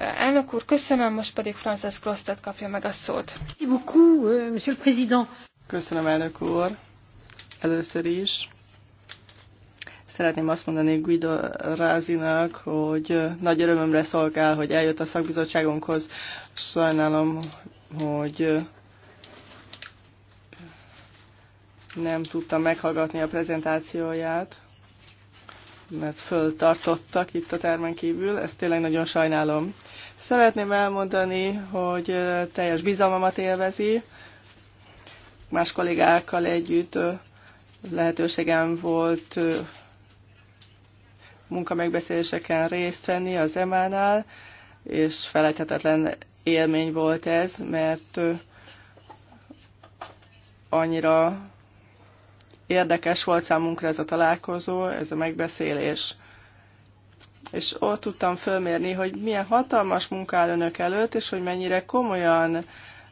Elnök úr, köszönöm, most pedig Frances Crostet kapja meg a szót. Euh, köszönöm, elnök úr. Először is szeretném azt mondani Guido Rázinak, hogy nagy örömömre szolgál, hogy eljött a szakbizottságunkhoz. Sajnálom, hogy nem tudtam meghallgatni a prezentációját, mert föltartottak itt a termen kívül. Ezt tényleg nagyon sajnálom. Szeretném elmondani, hogy teljes bizalmamat élvezi. Más kollégákkal együtt lehetőségem volt munkamegbeszéléseken részt venni az EMA-nál, és felejthetetlen élmény volt ez, mert annyira érdekes volt számunkra ez a találkozó, ez a megbeszélés és ott tudtam fölmérni, hogy milyen hatalmas munka áll önök előtt, és hogy mennyire komolyan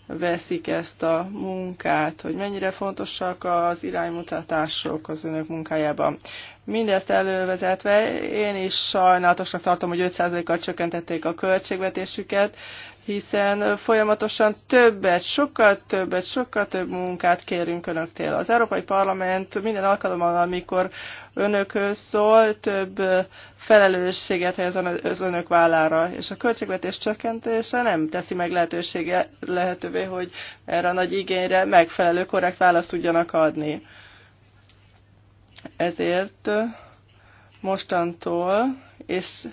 veszik ezt a munkát, hogy mennyire fontosak az iránymutatások az önök munkájában. Mindezt elővezetve én is sajnálatosnak tartom, hogy 5%-kal csökkentették a költségvetésüket, hiszen folyamatosan többet, sokkal többet, sokkal több munkát kérünk Önöktől. Az Európai Parlament minden alkalommal, amikor Önökhöz szól, több felelősséget helyez az Önök vállára, és a költségvetés csökkentése nem teszi meg lehetősége, lehetővé, hogy erre a nagy igényre megfelelő, korrekt választ tudjanak adni. Ezért mostantól, és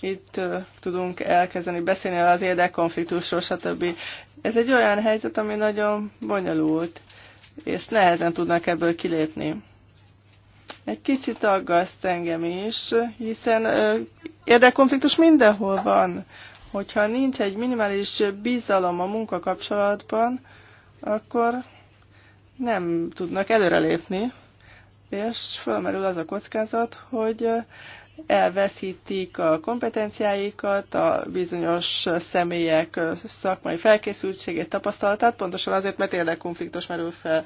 itt tudunk elkezdeni beszélni az érdekkonfliktusról, stb. Ez egy olyan helyzet, ami nagyon bonyolult, és nehezen tudnak ebből kilépni. Egy kicsit aggaszt engem is, hiszen érdekkonfliktus mindenhol van. Hogyha nincs egy minimális bizalom a munka kapcsolatban, akkor nem tudnak előrelépni, és fölmerül az a kockázat, hogy elveszítik a kompetenciáikat, a bizonyos személyek szakmai felkészültségét, tapasztalatát, pontosan azért, mert konfliktus merül fel.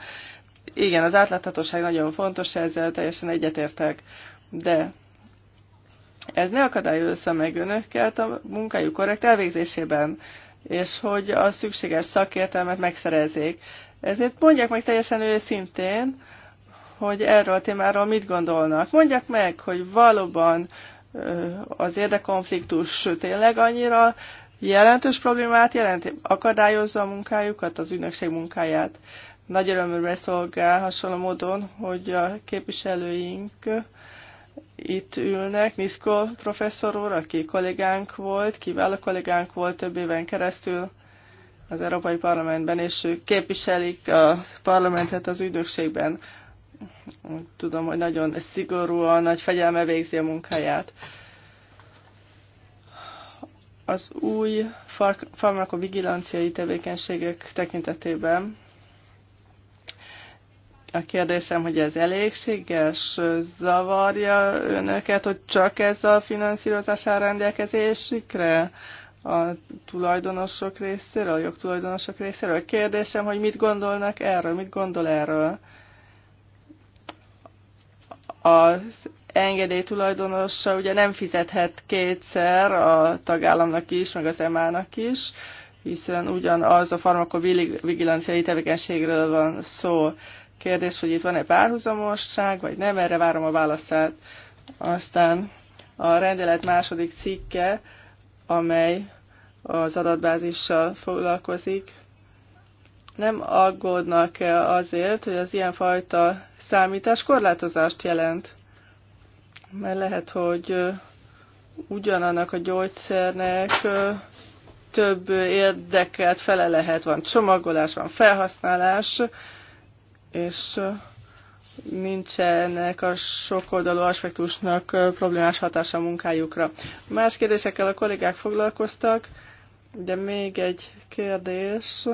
Igen, az átláthatóság nagyon fontos, ezzel teljesen egyetértek, de ez ne akadályozza meg önöket a munkájuk korrekt elvégzésében, és hogy a szükséges szakértelmet megszerezzék. Ezért mondják meg teljesen őszintén, hogy erről a témáról mit gondolnak. Mondják meg, hogy valóban az érdekonfliktus tényleg annyira jelentős problémát jelent, akadályozza a munkájukat, az ügynökség munkáját. Nagy örömmel szolgál hasonló módon, hogy a képviselőink itt ülnek, Niszko professzor úr, aki kollégánk volt, kiváló kollégánk volt több éven keresztül az Európai Parlamentben, és ők képviselik a parlamentet az ügynökségben. Úgy tudom, hogy nagyon szigorúan, nagy fegyelme végzi a munkáját. Az új farmakovigilanciai tevékenységek tekintetében a kérdésem, hogy ez elégséges, zavarja önöket, hogy csak ez a finanszírozás áll rendelkezésükre a tulajdonosok részéről, a jogtulajdonosok részéről. A Kérdésem, hogy mit gondolnak erről, mit gondol erről? az tulajdonosa ugye nem fizethet kétszer a tagállamnak is, meg az EMA-nak is, hiszen ugyanaz a farmakovigilanciai tevékenységről van szó. Kérdés, hogy itt van-e párhuzamosság, vagy nem, erre várom a válaszát. Aztán a rendelet második cikke, amely az adatbázissal foglalkozik. Nem aggódnak -e azért, hogy az ilyenfajta számítás korlátozást jelent. Mert lehet, hogy ugyanannak a gyógyszernek több érdekelt fele lehet. Van csomagolás, van felhasználás, és nincsenek a sokoldalú aspektusnak problémás hatása a munkájukra. Más kérdésekkel a kollégák foglalkoztak, de még egy kérdés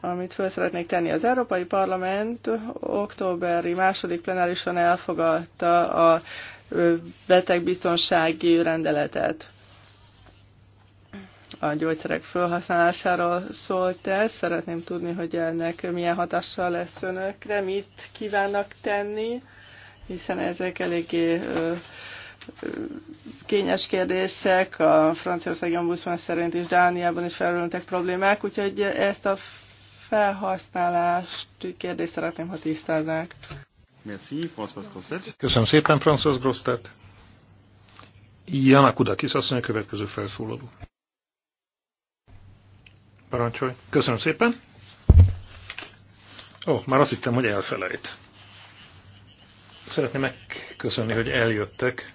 amit föl szeretnék tenni. Az Európai Parlament októberi második plenárison elfogadta a betegbiztonsági rendeletet. A gyógyszerek felhasználásáról szólt ez. Szeretném tudni, hogy ennek milyen hatással lesz önökre, mit kívánnak tenni, hiszen ezek eléggé kényes kérdések, a Franciaországi Ombudsman szerint is Dániában is felülnek problémák, úgyhogy ezt a felhasználást kérdést szeretném, ha tisztáznák. Merci, François Grosztet. Köszönöm szépen, François Grosztet. Jana Kudakis, azt mondja, a következő felszólaló. Parancsolj. Köszönöm szépen. Ó, már azt hittem, hogy elfelejt. Szeretném megköszönni, hogy eljöttek,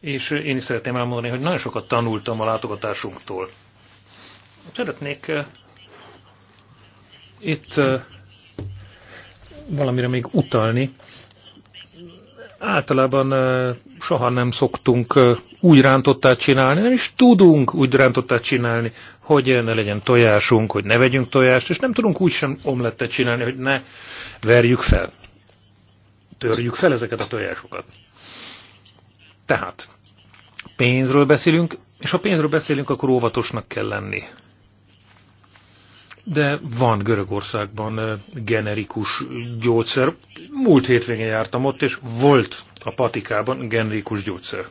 és én is szeretném elmondani, hogy nagyon sokat tanultam a látogatásunktól. Szeretnék itt valamire még utalni. Általában soha nem szoktunk úgy rántottát csinálni, nem is tudunk úgy rántottát csinálni, hogy ne legyen tojásunk, hogy ne vegyünk tojást, és nem tudunk úgy sem omlettet csinálni, hogy ne verjük fel. Törjük fel ezeket a tojásokat. Tehát pénzről beszélünk, és ha pénzről beszélünk, akkor óvatosnak kell lenni de van Görögországban generikus gyógyszer. Múlt hétvégén jártam ott, és volt a patikában generikus gyógyszer.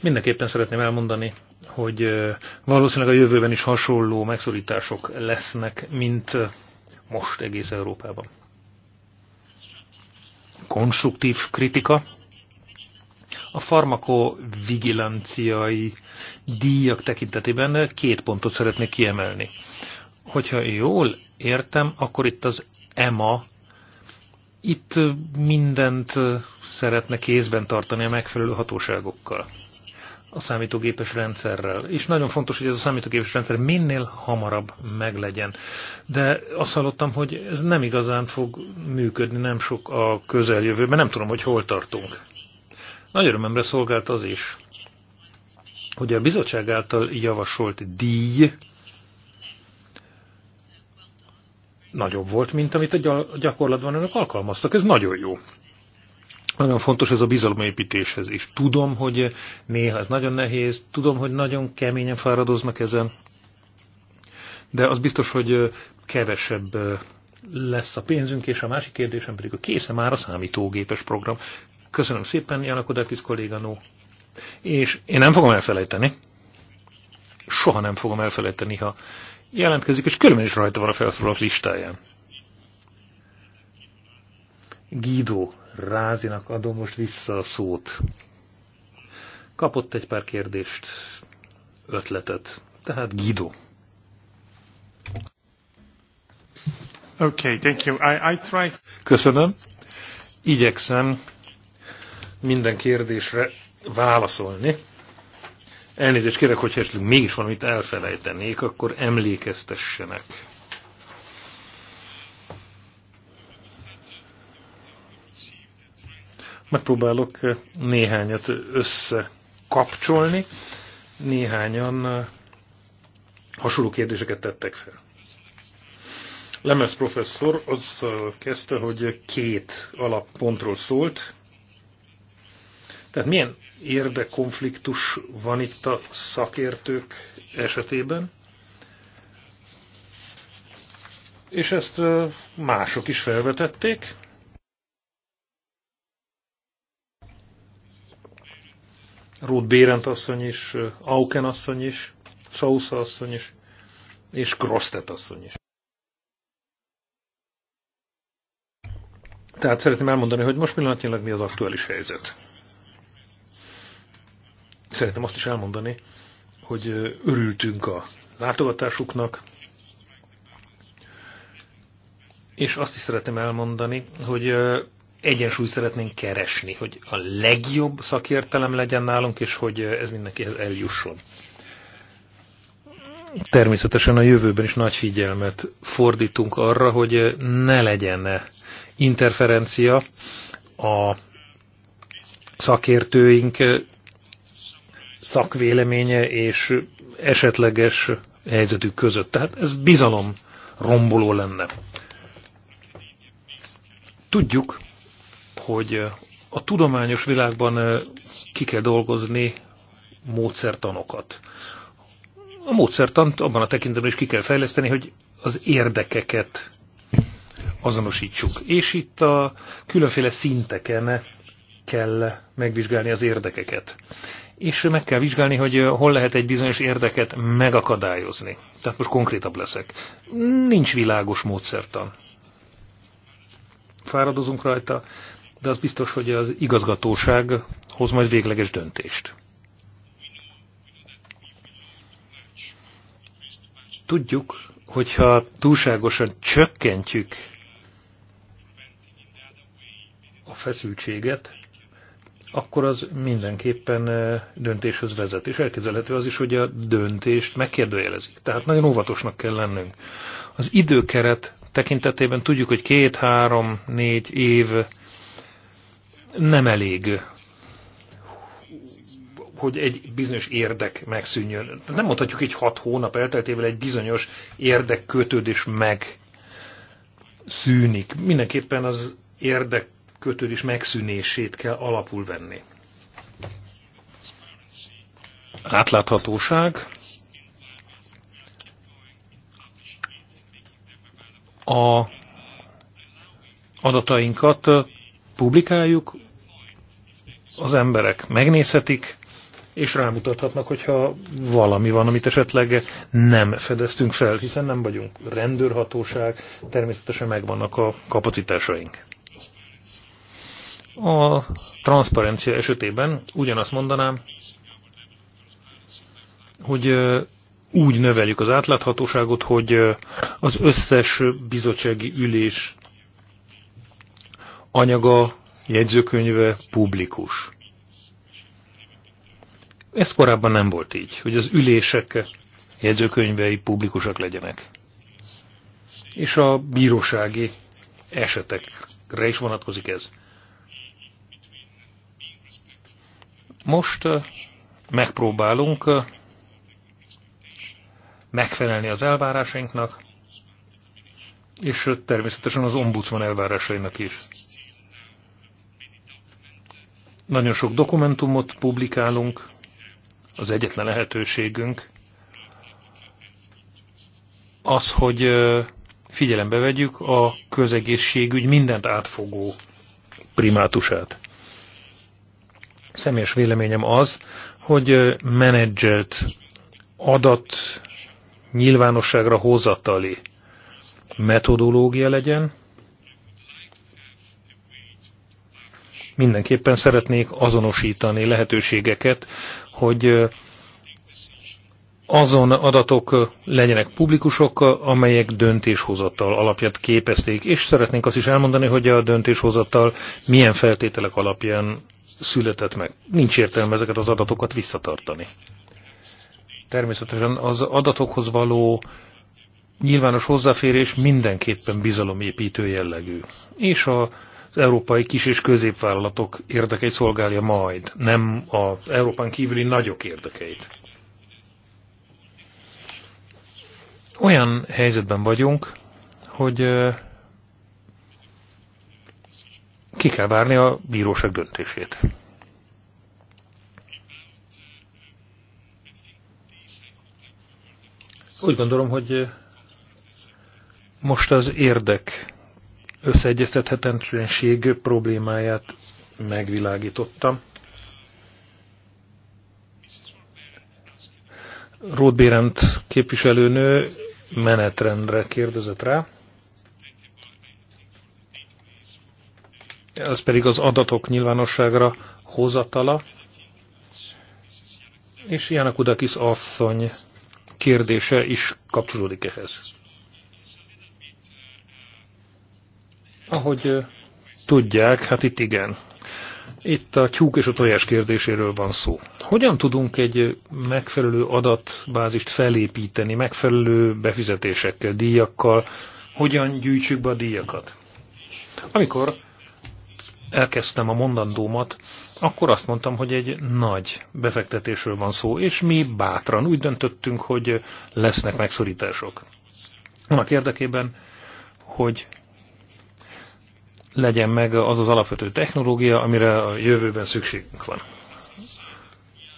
Mindenképpen szeretném elmondani, hogy valószínűleg a jövőben is hasonló megszorítások lesznek, mint most egész Európában. Konstruktív kritika. A farmakovigilanciai díjak tekintetében két pontot szeretnék kiemelni. Hogyha jól értem, akkor itt az EMA itt mindent szeretne kézben tartani a megfelelő hatóságokkal a számítógépes rendszerrel. És nagyon fontos, hogy ez a számítógépes rendszer minél hamarabb meglegyen. De azt hallottam, hogy ez nem igazán fog működni, nem sok a közeljövőben, nem tudom, hogy hol tartunk. Nagy örömemre szolgált az is, hogy a bizottság által javasolt díj nagyobb volt, mint amit a gyakorlatban önök alkalmaztak. Ez nagyon jó. Nagyon fontos ez a bizalomépítéshez is. Tudom, hogy néha ez nagyon nehéz, tudom, hogy nagyon keményen fáradoznak ezen, de az biztos, hogy kevesebb lesz a pénzünk, és a másik kérdésem pedig a készen már a számítógépes program. Köszönöm szépen, Janakodákis kolléganó. És én nem fogom elfelejteni, soha nem fogom elfelejteni, ha jelentkezik, és különben is rajta van a felszólalók listáján. Guido Rázinak adom most vissza a szót. Kapott egy pár kérdést, ötletet. Tehát Guido. Okay, thank you. I, I try... Köszönöm. Igyekszem minden kérdésre válaszolni. Elnézést kérek, hogyha esetleg mégis valamit elfelejtenék, akkor emlékeztessenek. Megpróbálok eh, néhányat összekapcsolni. Néhányan eh, hasonló kérdéseket tettek fel. Lemez professzor azzal kezdte, hogy két alappontról szólt, tehát milyen érdekkonfliktus van itt a szakértők esetében? És ezt mások is felvetették. Ruth Bérent asszony is, Auken asszony is, Sousa asszony is, és Krosztet asszony is. Tehát szeretném elmondani, hogy most pillanatnyilag mi az aktuális helyzet. Szeretném azt is elmondani, hogy örültünk a látogatásuknak, és azt is szeretném elmondani, hogy egyensúly szeretnénk keresni, hogy a legjobb szakértelem legyen nálunk, és hogy ez mindenkihez eljusson. Természetesen a jövőben is nagy figyelmet fordítunk arra, hogy ne legyen interferencia a szakértőink szakvéleménye és esetleges helyzetük között. Tehát ez bizalom romboló lenne. Tudjuk, hogy a tudományos világban eh, ki kell dolgozni módszertanokat. A módszertant abban a tekintetben is ki kell fejleszteni, hogy az érdekeket azonosítsuk. És itt a különféle szinteken kell megvizsgálni az érdekeket és meg kell vizsgálni, hogy hol lehet egy bizonyos érdeket megakadályozni. Tehát most konkrétabb leszek. Nincs világos módszertan. Fáradozunk rajta, de az biztos, hogy az igazgatóság hoz majd végleges döntést. Tudjuk, hogyha túlságosan csökkentjük a feszültséget, akkor az mindenképpen e, döntéshöz vezet. És elképzelhető az is, hogy a döntést megkérdőjelezik. Tehát nagyon óvatosnak kell lennünk. Az időkeret tekintetében tudjuk, hogy két, három, négy év nem elég, hogy egy bizonyos érdek megszűnjön. Nem mondhatjuk, hogy hat hónap elteltével egy bizonyos érdekkötődés megszűnik. Mindenképpen az érdek kötődés megszűnését kell alapul venni. Átláthatóság. A adatainkat publikáljuk, az emberek megnézhetik, és rámutathatnak, hogyha valami van, amit esetleg nem fedeztünk fel, hiszen nem vagyunk rendőrhatóság, természetesen megvannak a kapacitásaink. A transzparencia esetében ugyanazt mondanám, hogy úgy növeljük az átláthatóságot, hogy az összes bizottsági ülés anyaga, jegyzőkönyve publikus. Ez korábban nem volt így, hogy az ülések jegyzőkönyvei publikusak legyenek. És a bírósági esetekre is vonatkozik ez. Most megpróbálunk megfelelni az elvárásainknak, és természetesen az ombudsman elvárásainak is. Nagyon sok dokumentumot publikálunk, az egyetlen lehetőségünk az, hogy figyelembe vegyük a közegészségügy mindent átfogó primátusát személyes véleményem az, hogy menedzselt adat nyilvánosságra hozatali metodológia legyen. Mindenképpen szeretnék azonosítani lehetőségeket, hogy azon adatok legyenek publikusok, amelyek döntéshozattal alapját képezték, és szeretnénk azt is elmondani, hogy a döntéshozattal milyen feltételek alapján született meg. Nincs értelme ezeket az adatokat visszatartani. Természetesen az adatokhoz való nyilvános hozzáférés mindenképpen bizalomépítő jellegű. És a az európai kis- és középvállalatok érdekeit szolgálja majd, nem az Európán kívüli nagyok érdekeit. Olyan helyzetben vagyunk, hogy ki kell várni a bíróság döntését. Úgy gondolom, hogy eh, most az érdek összeegyeztethetetlenség problémáját megvilágítottam. Roth Bérend képviselőnő menetrendre kérdezett rá. az pedig az adatok nyilvánosságra hozatala. És Janakudakis asszony kérdése is kapcsolódik ehhez. Ahogy tudják, hát itt igen. Itt a tyúk és a tojás kérdéséről van szó. Hogyan tudunk egy megfelelő adatbázist felépíteni, megfelelő befizetésekkel, díjakkal, hogyan gyűjtsük be a díjakat? Amikor elkezdtem a mondandómat, akkor azt mondtam, hogy egy nagy befektetésről van szó, és mi bátran úgy döntöttünk, hogy lesznek megszorítások. Annak érdekében, hogy legyen meg az az alapvető technológia, amire a jövőben szükségünk van.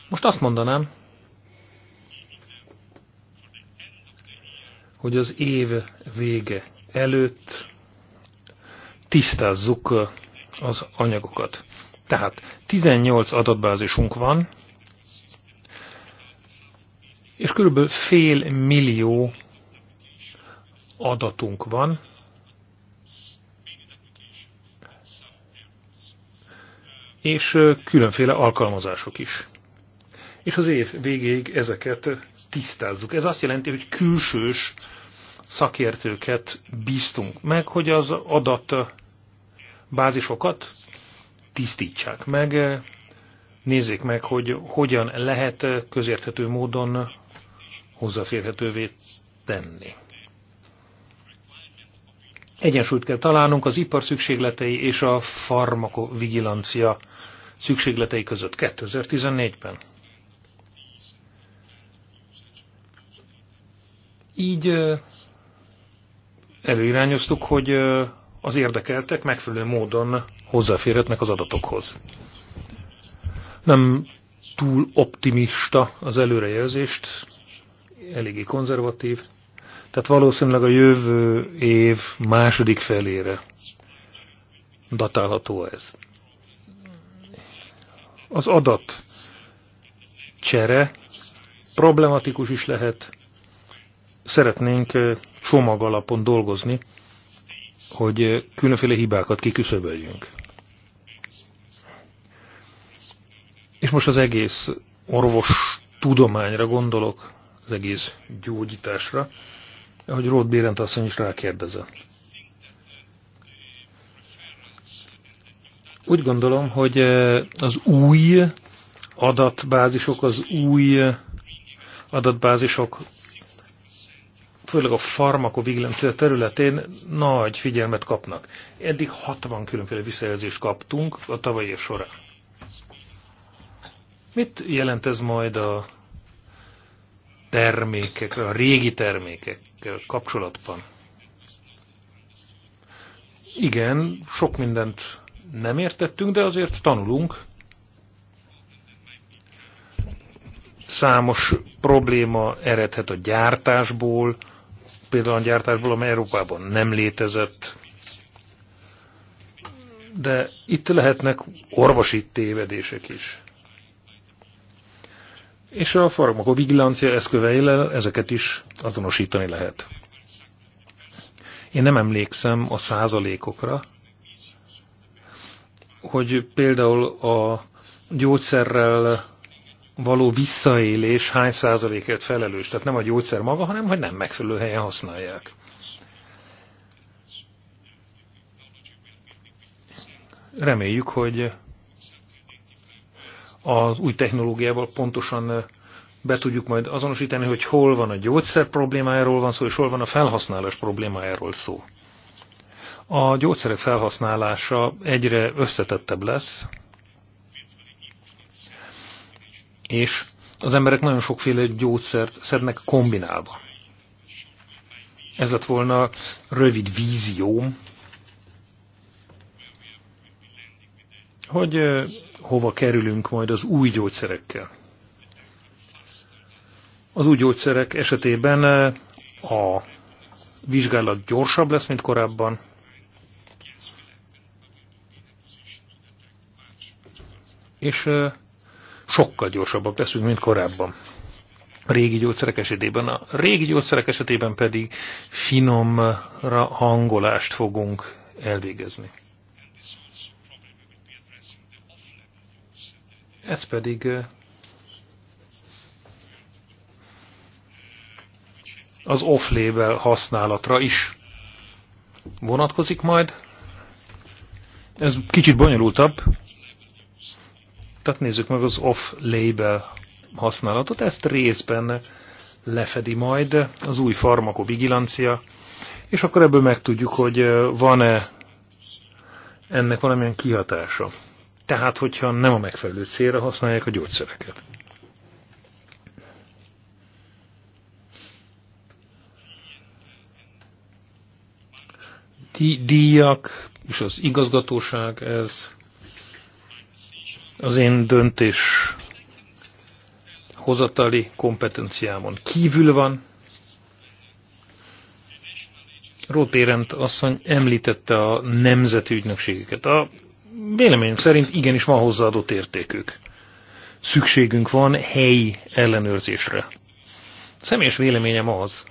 Most azt mondanám, hogy az év vége előtt tisztázzuk az anyagokat. Tehát 18 adatbázisunk van, és körülbelül fél millió adatunk van, és különféle alkalmazások is. És az év végéig ezeket tisztázzuk. Ez azt jelenti, hogy külsős szakértőket bíztunk meg, hogy az adat bázisokat tisztítsák meg, nézzék meg, hogy hogyan lehet közérthető módon hozzáférhetővé tenni. Egyensúlyt kell találnunk az ipar szükségletei és a farmakovigilancia szükségletei között 2014-ben. Így előirányoztuk, hogy az érdekeltek megfelelő módon hozzáférhetnek az adatokhoz. Nem túl optimista az előrejelzést, eléggé konzervatív, tehát valószínűleg a jövő év második felére datálható ez. Az adat csere problematikus is lehet. Szeretnénk csomag alapon dolgozni, hogy eh, különféle hibákat kiküszöböljünk. És most az egész orvos tudományra gondolok, az egész gyógyításra, ahogy Rót Bérent asszony is rákérdezett. Úgy gondolom, hogy eh, az új adatbázisok, az új eh, adatbázisok főleg a farmakovigilancia területén nagy figyelmet kapnak. Eddig 60 különféle visszajelzést kaptunk a tavalyi év során. Mit jelent ez majd a termékekre, a régi termékekkel kapcsolatban? Igen, sok mindent nem értettünk, de azért tanulunk. Számos probléma eredhet a gyártásból, például a gyártásból, amely Európában nem létezett. De itt lehetnek orvosi tévedések is. És a farmakovigilancia eszköveivel ezeket is azonosítani lehet. Én nem emlékszem a százalékokra, hogy például a gyógyszerrel való visszaélés hány százalékért felelős. Tehát nem a gyógyszer maga, hanem hogy nem megfelelő helyen használják. Reméljük, hogy az új technológiával pontosan be tudjuk majd azonosítani, hogy hol van a gyógyszer problémájáról van szó, és hol van a felhasználás problémájáról szó. A gyógyszerek felhasználása egyre összetettebb lesz, és az emberek nagyon sokféle gyógyszert szednek kombinálva. Ez lett volna rövid vízióm, hogy hova kerülünk majd az új gyógyszerekkel. Az új gyógyszerek esetében a vizsgálat gyorsabb lesz, mint korábban, és sokkal gyorsabbak leszünk, mint korábban. A régi gyógyszerek esetében. A régi gyógyszerek esetében pedig finomra hangolást fogunk elvégezni. Ez pedig az off-label használatra is vonatkozik majd. Ez kicsit bonyolultabb, tehát nézzük meg az off-label használatot, ezt részben lefedi majd az új farmakovigilancia, és akkor ebből megtudjuk, hogy van-e ennek valamilyen kihatása. Tehát, hogyha nem a megfelelő célra használják a gyógyszereket. díjak és az igazgatóság, ez az én döntés hozatali kompetenciámon kívül van. Rót Érent asszony említette a nemzeti ügynökségeket. A véleményem szerint igenis van hozzáadott értékük. Szükségünk van helyi ellenőrzésre. A személyes véleményem az,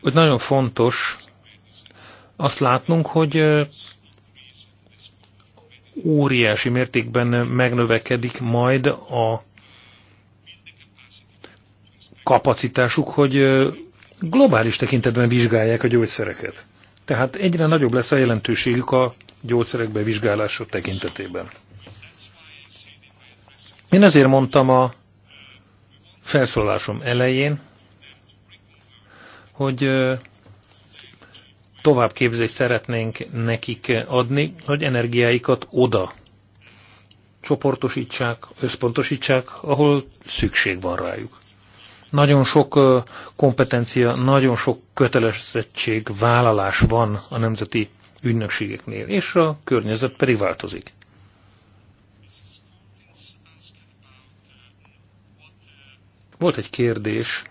hogy nagyon fontos azt látnunk, hogy óriási mértékben megnövekedik majd a kapacitásuk, hogy globális tekintetben vizsgálják a gyógyszereket. Tehát egyre nagyobb lesz a jelentőségük a gyógyszerek bevizsgálása tekintetében. Én ezért mondtam a felszólásom elején, hogy továbbképzést szeretnénk nekik adni, hogy energiáikat oda csoportosítsák, összpontosítsák, ahol szükség van rájuk. Nagyon sok kompetencia, nagyon sok kötelezettség, vállalás van a nemzeti ügynökségeknél, és a környezet pedig változik. Volt egy kérdés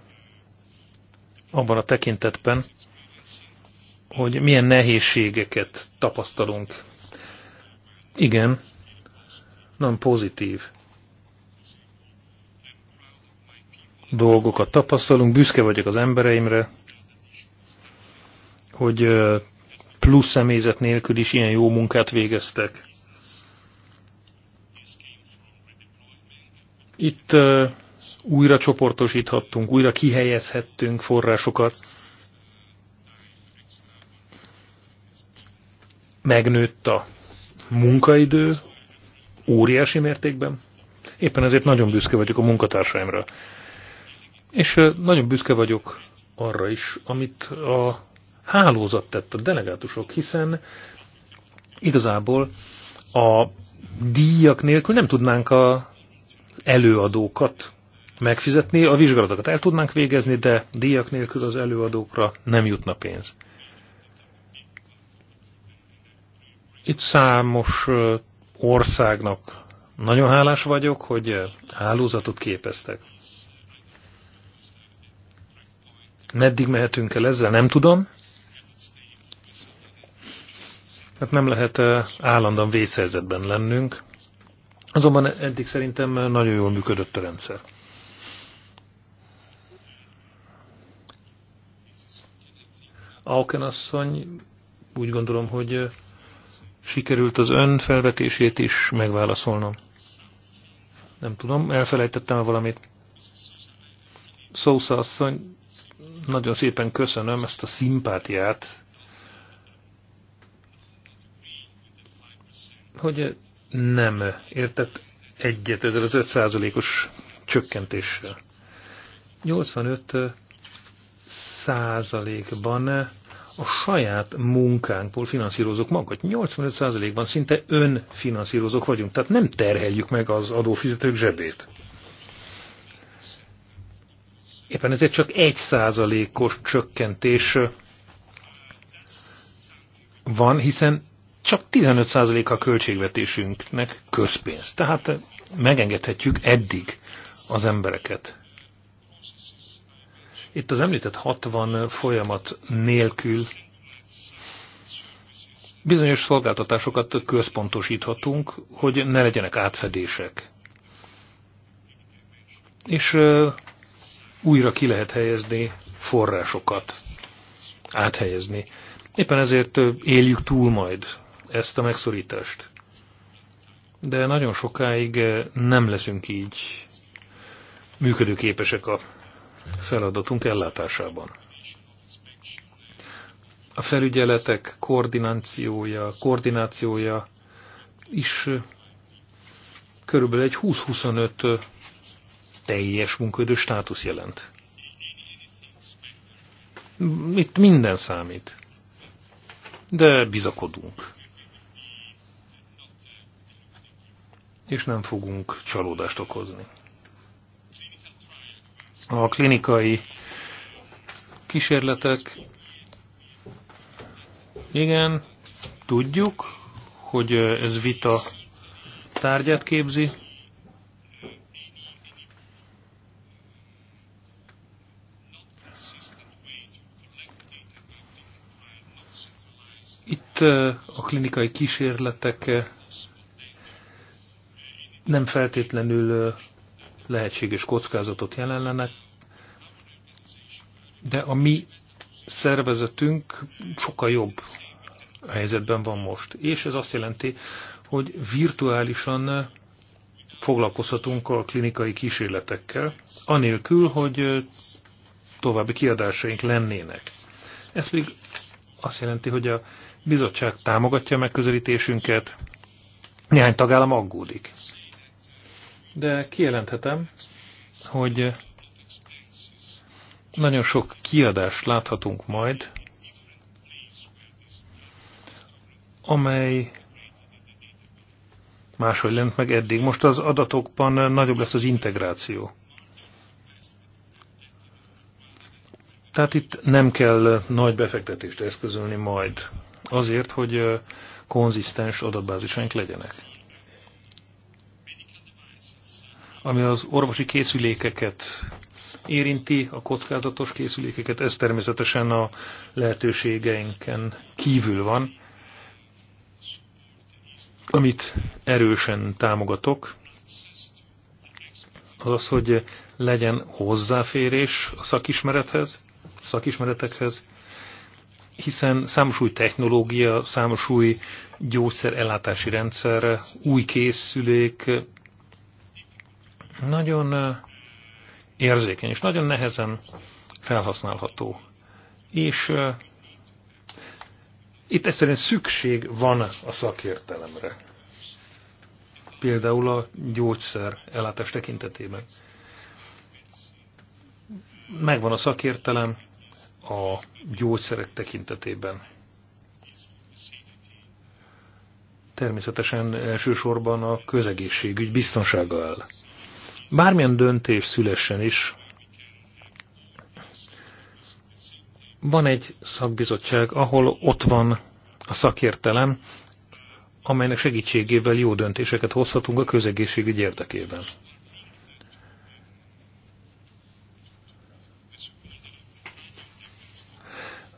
abban a tekintetben, hogy milyen nehézségeket tapasztalunk. Igen, nem pozitív dolgokat tapasztalunk, büszke vagyok az embereimre, hogy plusz személyzet nélkül is ilyen jó munkát végeztek. Itt újra csoportosíthattunk, újra kihelyezhettünk forrásokat, megnőtt a munkaidő óriási mértékben. Éppen ezért nagyon büszke vagyok a munkatársaimra. És nagyon büszke vagyok arra is, amit a hálózat tett a delegátusok, hiszen igazából a díjak nélkül nem tudnánk a előadókat megfizetni, a vizsgálatokat el tudnánk végezni, de díjak nélkül az előadókra nem jutna pénz. Itt számos országnak nagyon hálás vagyok, hogy hálózatot képeztek. Meddig mehetünk el ezzel, nem tudom. Hát nem lehet állandóan vészhelyzetben lennünk. Azonban eddig szerintem nagyon jól működött a rendszer. Auken asszony, úgy gondolom, hogy sikerült az ön felvetését is megválaszolnom. Nem tudom, elfelejtettem valamit. Szósza asszony, nagyon szépen köszönöm ezt a szimpátiát, hogy nem értett egyet ezzel az 5%-os csökkentéssel. 85 százalékban a saját munkánkból finanszírozok magat, 85%-ban szinte önfinanszírozók vagyunk, tehát nem terheljük meg az adófizetők zsebét. Éppen ezért csak egy százalékos csökkentés van, hiszen csak 15% a költségvetésünknek közpénz. Tehát megengedhetjük eddig az embereket. Itt az említett 60 folyamat nélkül bizonyos szolgáltatásokat központosíthatunk, hogy ne legyenek átfedések. És újra ki lehet helyezni forrásokat, áthelyezni. Éppen ezért éljük túl majd ezt a megszorítást. De nagyon sokáig nem leszünk így működőképesek a feladatunk ellátásában. A felügyeletek koordinációja, koordinációja is körülbelül egy 20-25 teljes munkaidő státusz jelent. Itt minden számít. De bizakodunk. És nem fogunk csalódást okozni a klinikai kísérletek. Igen, tudjuk, hogy ez vita tárgyát képzi. Itt eh, a klinikai kísérletek eh, nem feltétlenül eh, lehetséges kockázatot jelenlenek, de a mi szervezetünk sokkal jobb helyzetben van most. És ez azt jelenti, hogy virtuálisan foglalkozhatunk a klinikai kísérletekkel, anélkül, hogy további kiadásaink lennének. Ez pedig azt jelenti, hogy a bizottság támogatja megközelítésünket, néhány tagállam aggódik de kijelenthetem, hogy nagyon sok kiadást láthatunk majd, amely máshogy lent meg eddig. Most az adatokban nagyobb lesz az integráció. Tehát itt nem kell nagy befektetést eszközölni majd azért, hogy konzisztens adatbázisaink legyenek. ami az orvosi készülékeket érinti, a kockázatos készülékeket, ez természetesen a lehetőségeinken kívül van, amit erősen támogatok, az az, hogy legyen hozzáférés a szakismerethez, szakismeretekhez, hiszen számos új technológia, számos új gyógyszerellátási rendszer, új készülék, nagyon érzékeny és nagyon nehezen felhasználható. És itt egyszerűen szükség van a szakértelemre. Például a gyógyszer ellátás tekintetében. Megvan a szakértelem a gyógyszerek tekintetében. Természetesen elsősorban a közegészségügy biztonsága áll. Bármilyen döntés szülessen is, van egy szakbizottság, ahol ott van a szakértelem, amelynek segítségével jó döntéseket hozhatunk a közegészségügy érdekében.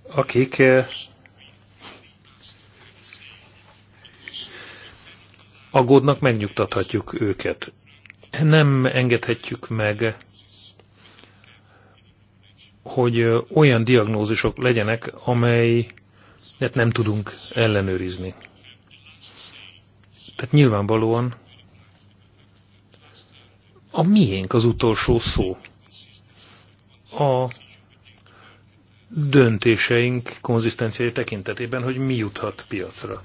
Akik eh, aggódnak, megnyugtathatjuk őket nem engedhetjük meg, hogy olyan diagnózisok legyenek, amelyet hát nem tudunk ellenőrizni. Tehát nyilvánvalóan a miénk az utolsó szó. A döntéseink konzisztenciai tekintetében, hogy mi juthat piacra.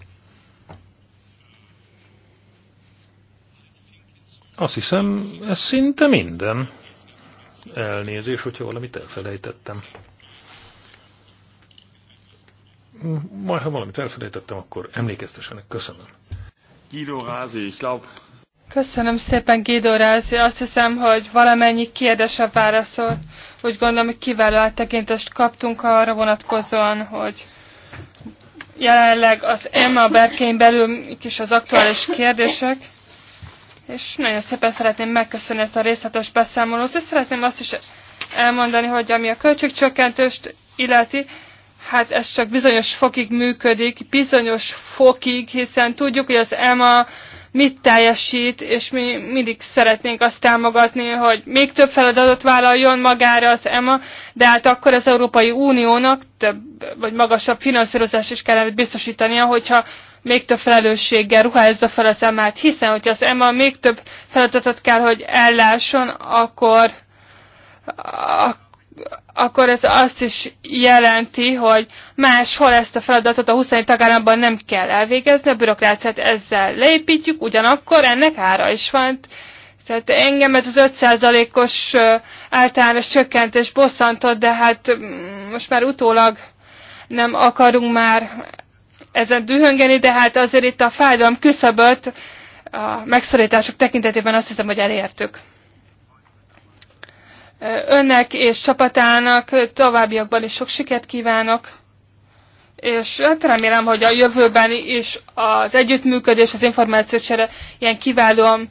Azt hiszem, ez szinte minden. Elnézés, hogyha valamit elfelejtettem. Majd, ha valamit elfelejtettem, akkor emlékeztessenek. Köszönöm. Guido Rázi, ich glaub... Köszönöm szépen, Guido Rázi. Azt hiszem, hogy valamennyi kérdésre válaszol, Úgy gondolom, hogy kiváló áttekintést kaptunk arra vonatkozóan, hogy jelenleg az Emma berkein belül is az aktuális kérdések és nagyon szépen szeretném megköszönni ezt a részletes beszámolót, és szeretném azt is elmondani, hogy ami a költségcsökkentést illeti, hát ez csak bizonyos fokig működik, bizonyos fokig, hiszen tudjuk, hogy az EMA mit teljesít, és mi mindig szeretnénk azt támogatni, hogy még több feladatot vállaljon magára az EMA, de hát akkor az Európai Uniónak több vagy magasabb finanszírozást is kellene biztosítania, hogyha még több felelősséggel ruházza fel az emát, hiszen hogyha az ema még több feladatot kell, hogy ellásson, akkor, ak akkor ez azt is jelenti, hogy máshol ezt a feladatot a 21 tagállamban nem kell elvégezni, a bürokráciát ezzel leépítjük, ugyanakkor ennek ára is van. Tehát engem ez az 5%-os általános csökkentés bosszantott, de hát mm, most már utólag nem akarunk már ezen dühöngeni, de hát azért itt a fájdalom küszöböt a megszorítások tekintetében azt hiszem, hogy elértük. Önnek és csapatának továbbiakban is sok sikert kívánok, és hát remélem, hogy a jövőben is az együttműködés, az információcsere ilyen kiválóan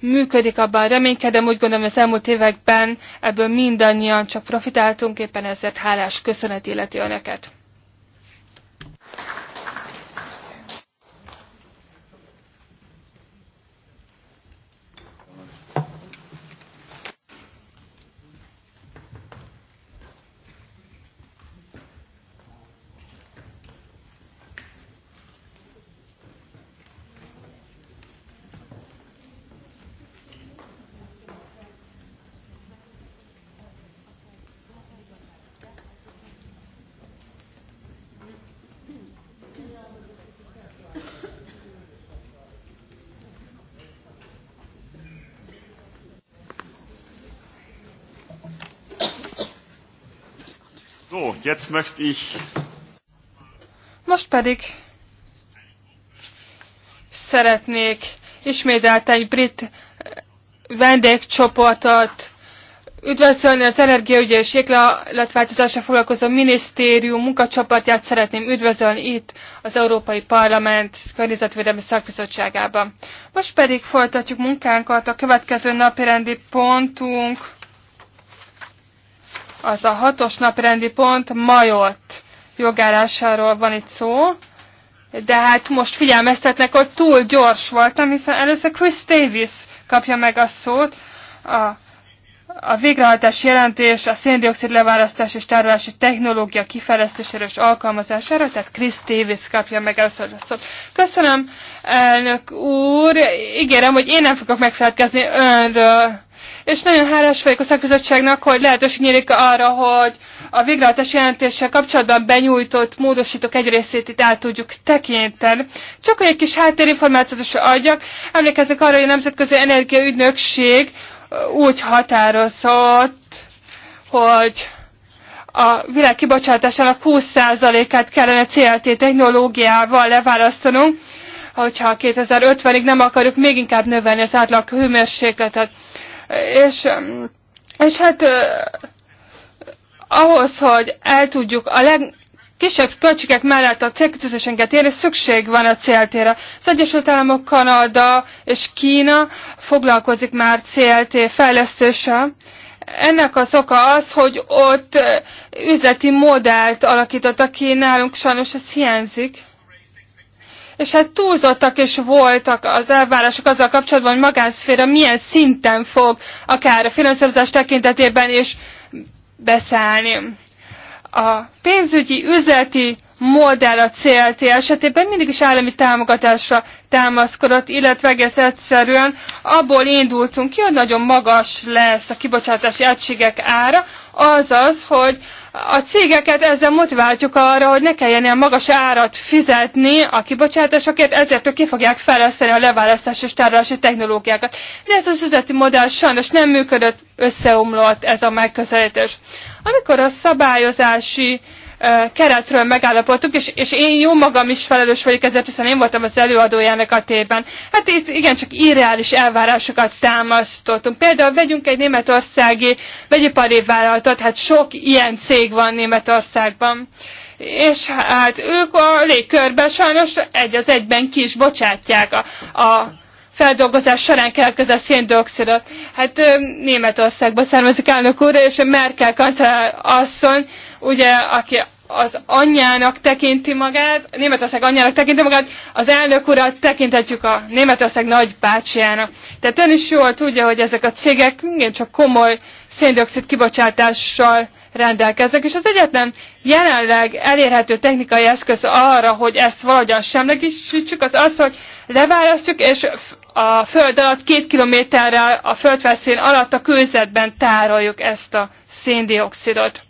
működik, abban reménykedem, úgy gondolom, hogy az elmúlt években ebből mindannyian csak profitáltunk, éppen ezért hálás köszönet illeti önöket. So, jetzt möchte ich... Most pedig szeretnék ismételten egy brit eh, vendégcsoportot üdvözölni az energiaügyi és éghajlatváltozásra foglalkozó minisztérium munkacsoportját szeretném üdvözölni itt az Európai Parlament Környezetvédelmi Szakbizottságában. Most pedig folytatjuk munkánkat, a következő napi rendi pontunk az a hatos naprendi pont majott jogállásáról van itt szó, de hát most figyelmeztetnek, hogy túl gyors voltam, hiszen először Chris Davis kapja meg a szót, a, a végrehajtás jelentés, a széndiokszid leválasztás és tárolási technológia kifejlesztésére és alkalmazására, tehát Chris Davis kapja meg először a szót. Köszönöm, elnök úr, ígérem, hogy én nem fogok megfelelkezni önről, és nagyon hálás vagyok a szakbizottságnak, hogy lehetőség nyílik arra, hogy a végrehajtási jelentéssel kapcsolatban benyújtott módosítók egy részét itt át tudjuk tekinteni. Csak hogy egy kis háttérinformációt is adjak, emlékeznek arra, hogy a Nemzetközi Ügynökség úgy határozott, hogy a világ kibocsátásának 20%-át kellene CLT technológiával leválasztanunk, hogyha 2050-ig nem akarjuk még inkább növelni az átlag hőmérsékletet és, és hát ahhoz, hogy el tudjuk a leg, kisebb költségek mellett a célkitűzésen érni, szükség van a céltére. Az Egyesült Államok, Kanada és Kína foglalkozik már CLT fejlesztése. Ennek az oka az, hogy ott üzleti modellt alakítottak ki, nálunk sajnos ez hiányzik és hát túlzottak is voltak az elvárások azzal kapcsolatban, hogy magánszféra milyen szinten fog akár a finanszírozás tekintetében is beszállni. A pénzügyi, üzleti modell a CLT esetében mindig is állami támogatásra támaszkodott, illetve egész egyszerűen abból indultunk ki, hogy nagyon magas lesz a kibocsátási egységek ára, azaz, hogy a cégeket ezzel motiváljuk arra, hogy ne kelljen ilyen magas árat fizetni a kibocsátásokért, ezért ki fogják fejleszteni a leválasztás és tárolási technológiákat. De ez az üzleti modell sajnos nem működött, összeomlott ez a megközelítés. Amikor a szabályozási uh, keretről megállapodtunk, és, és én jó magam is felelős vagyok ezért, hiszen én voltam az előadójának a tében. Hát itt igencsak irreális elvárásokat számasztottunk. Például vegyünk egy németországi vegyipari vállalatot, hát sok ilyen cég van Németországban. És hát ők a légkörben sajnos egy az egyben ki is bocsátják a, a feldolgozás során keletkezett széndioxidot. Hát Németországba származik elnök úr, és Merkel kancellár asszony ugye, aki az anyjának tekinti magát, Németország anyjának tekinti magát, az elnök urat tekintetjük a Németország nagy bácsiának. Tehát ön is jól tudja, hogy ezek a cégek csak komoly széndiokszid kibocsátással rendelkeznek, és az egyetlen jelenleg elérhető technikai eszköz arra, hogy ezt valahogyan semlegisítsük, az az, hogy leválasztjuk, és a föld alatt két kilométerrel a földfelszín alatt a kőzetben tároljuk ezt a széndiokszidot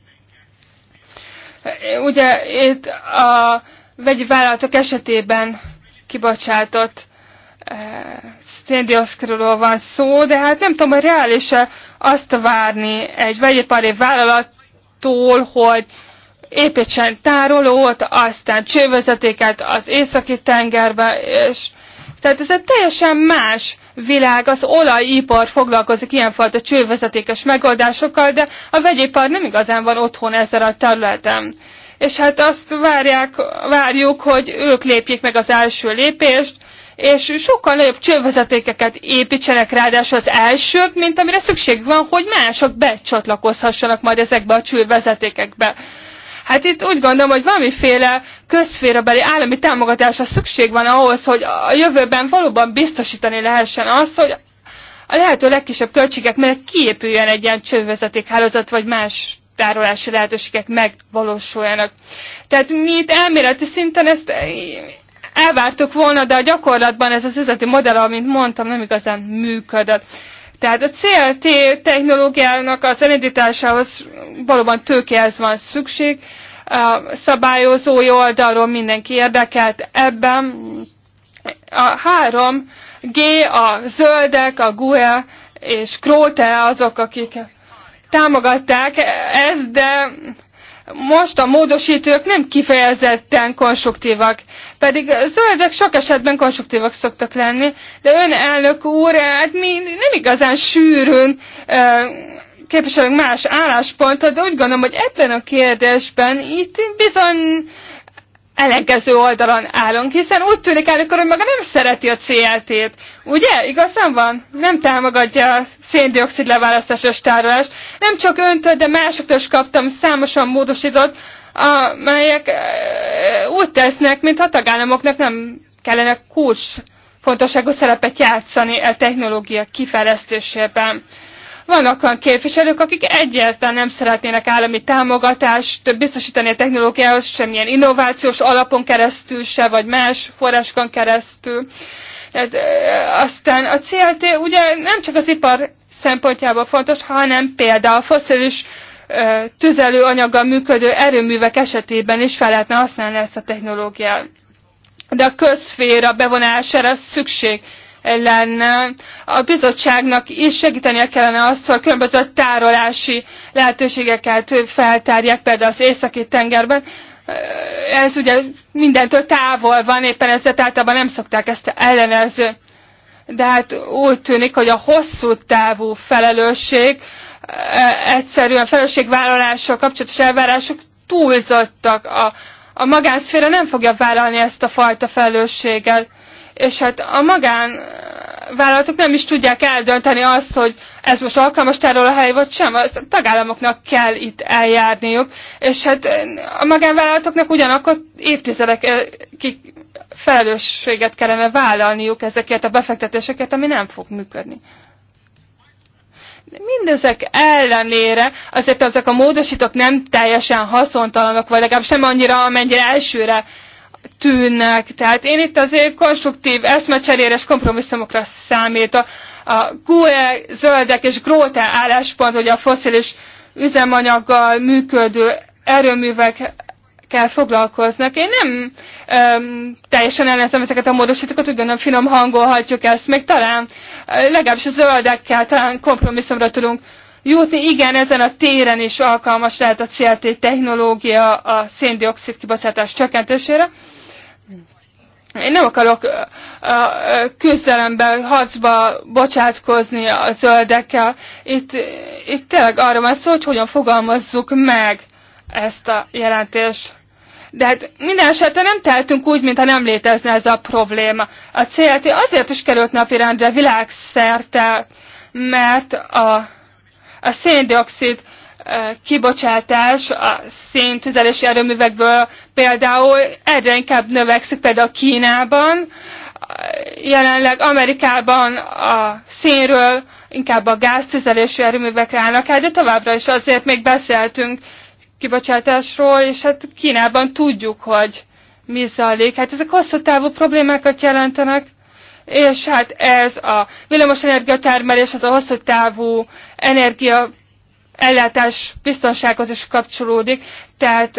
ugye itt a vegyi vállalatok esetében kibocsátott eh, széndiokszkról van szó, de hát nem tudom, hogy reális -e azt várni egy vegyipari vállalattól, hogy építsen tárolót, aztán csővezetéket az északi tengerbe, és tehát ez egy teljesen más világ, az olajipar foglalkozik ilyenfajta csővezetékes megoldásokkal, de a vegyipar nem igazán van otthon ezzel a területen. És hát azt várják, várjuk, hogy ők lépjék meg az első lépést, és sokkal nagyobb csővezetékeket építsenek ráadásul az elsők, mint amire szükség van, hogy mások becsatlakozhassanak majd ezekbe a csővezetékekbe. Hát itt úgy gondolom, hogy valamiféle közférabeli állami támogatásra szükség van ahhoz, hogy a jövőben valóban biztosítani lehessen azt, hogy a lehető legkisebb költségek mellett kiépüljen egy ilyen csővezetékhálózat, vagy más tárolási lehetőségek megvalósuljanak. Tehát mi itt elméleti szinten ezt elvártuk volna, de a gyakorlatban ez az üzleti modell, amint mondtam, nem igazán működött. Tehát a CLT technológiának az elindításához valóban tőkéhez van szükség, a szabályozói oldalról mindenki érdekelt ebben. A három G, a zöldek, a GUE és Króte azok, akik támogatták ezt, de most a módosítók nem kifejezetten konstruktívak pedig a zöldek sok esetben konstruktívak szoktak lenni, de ön elnök úr, hát mi nem igazán sűrűn képviselünk más álláspontot, de úgy gondolom, hogy ebben a kérdésben itt bizony ellenkező oldalon állunk, hiszen úgy tűnik el, hogy maga nem szereti a CLT-t. Ugye? Igazán van? Nem támogatja a széndiokszid leválasztásos tárolást. Nem csak öntől, de másoktól is kaptam számosan módosított amelyek úgy tesznek, mint a tagállamoknak nem kellene kulcs fontosságú szerepet játszani a e technológia kifejlesztésében. Vannak olyan képviselők, akik egyáltalán nem szeretnének állami támogatást biztosítani a technológiához, semmilyen innovációs alapon keresztül se, vagy más forráskon keresztül. Hát, aztán a CLT ugye nem csak az ipar szempontjából fontos, hanem például a foszilis tüzelőanyaggal működő erőművek esetében is fel lehetne használni ezt a technológiát. De a közféra bevonására szükség lenne. A bizottságnak is segítenie kellene azt, hogy különböző tárolási lehetőségeket feltárják, például az északi tengerben. Ez ugye mindentől távol van, éppen ezért általában nem szokták ezt ellenezni. De hát úgy tűnik, hogy a hosszú távú felelősség E, egyszerűen felelősségvállalással kapcsolatos elvárások túlzottak. A, a magánszféra nem fogja vállalni ezt a fajta felelősséget. És hát a magánvállalatok nem is tudják eldönteni azt, hogy ez most alkalmas tárolóhely vagy sem, a tagállamoknak kell itt eljárniuk, és hát a magánvállalatoknak ugyanakkor évtizedekig e, felelősséget kellene vállalniuk ezekért a befektetéseket, ami nem fog működni. Mindezek ellenére azért azok a módosítók nem teljesen haszontalanok, vagy legalábbis nem annyira, amennyire elsőre tűnnek. Tehát én itt azért konstruktív eszmecseréres kompromisszumokra számít A GUE, zöldek és Gróte álláspont, hogy a foszilis üzemanyaggal működő erőművek kell foglalkoznak. Én nem öm, teljesen ellenzem ezeket a módosítókat, úgy gondolom finom hangolhatjuk ezt, meg talán legalábbis a zöldekkel talán kompromisszumra tudunk jutni. Igen, ezen a téren is alkalmas lehet a CLT technológia a széndiokszid kibocsátás csökkentésére. Én nem akarok küzdelemben, harcba bocsátkozni a zöldekkel. Itt, itt tényleg arra van szó, hogy hogyan fogalmazzuk meg ezt a jelentést. De hát minden esetre nem tehetünk úgy, mintha nem létezne ez a probléma. A CLT azért is került napirendre világszerte, mert a, a széndiokszid kibocsátás a széntüzelési erőművekből például egyre inkább növekszik, például Kínában, jelenleg Amerikában a szénről inkább a gáztüzelési erőművek állnak, hát de továbbra is azért még beszéltünk kibocsátásról, és hát Kínában tudjuk, hogy mi zajlik. Hát ezek hosszú távú problémákat jelentenek, és hát ez a villamosenergia termelés, az a hosszú távú energia ellátás biztonsághoz is kapcsolódik, tehát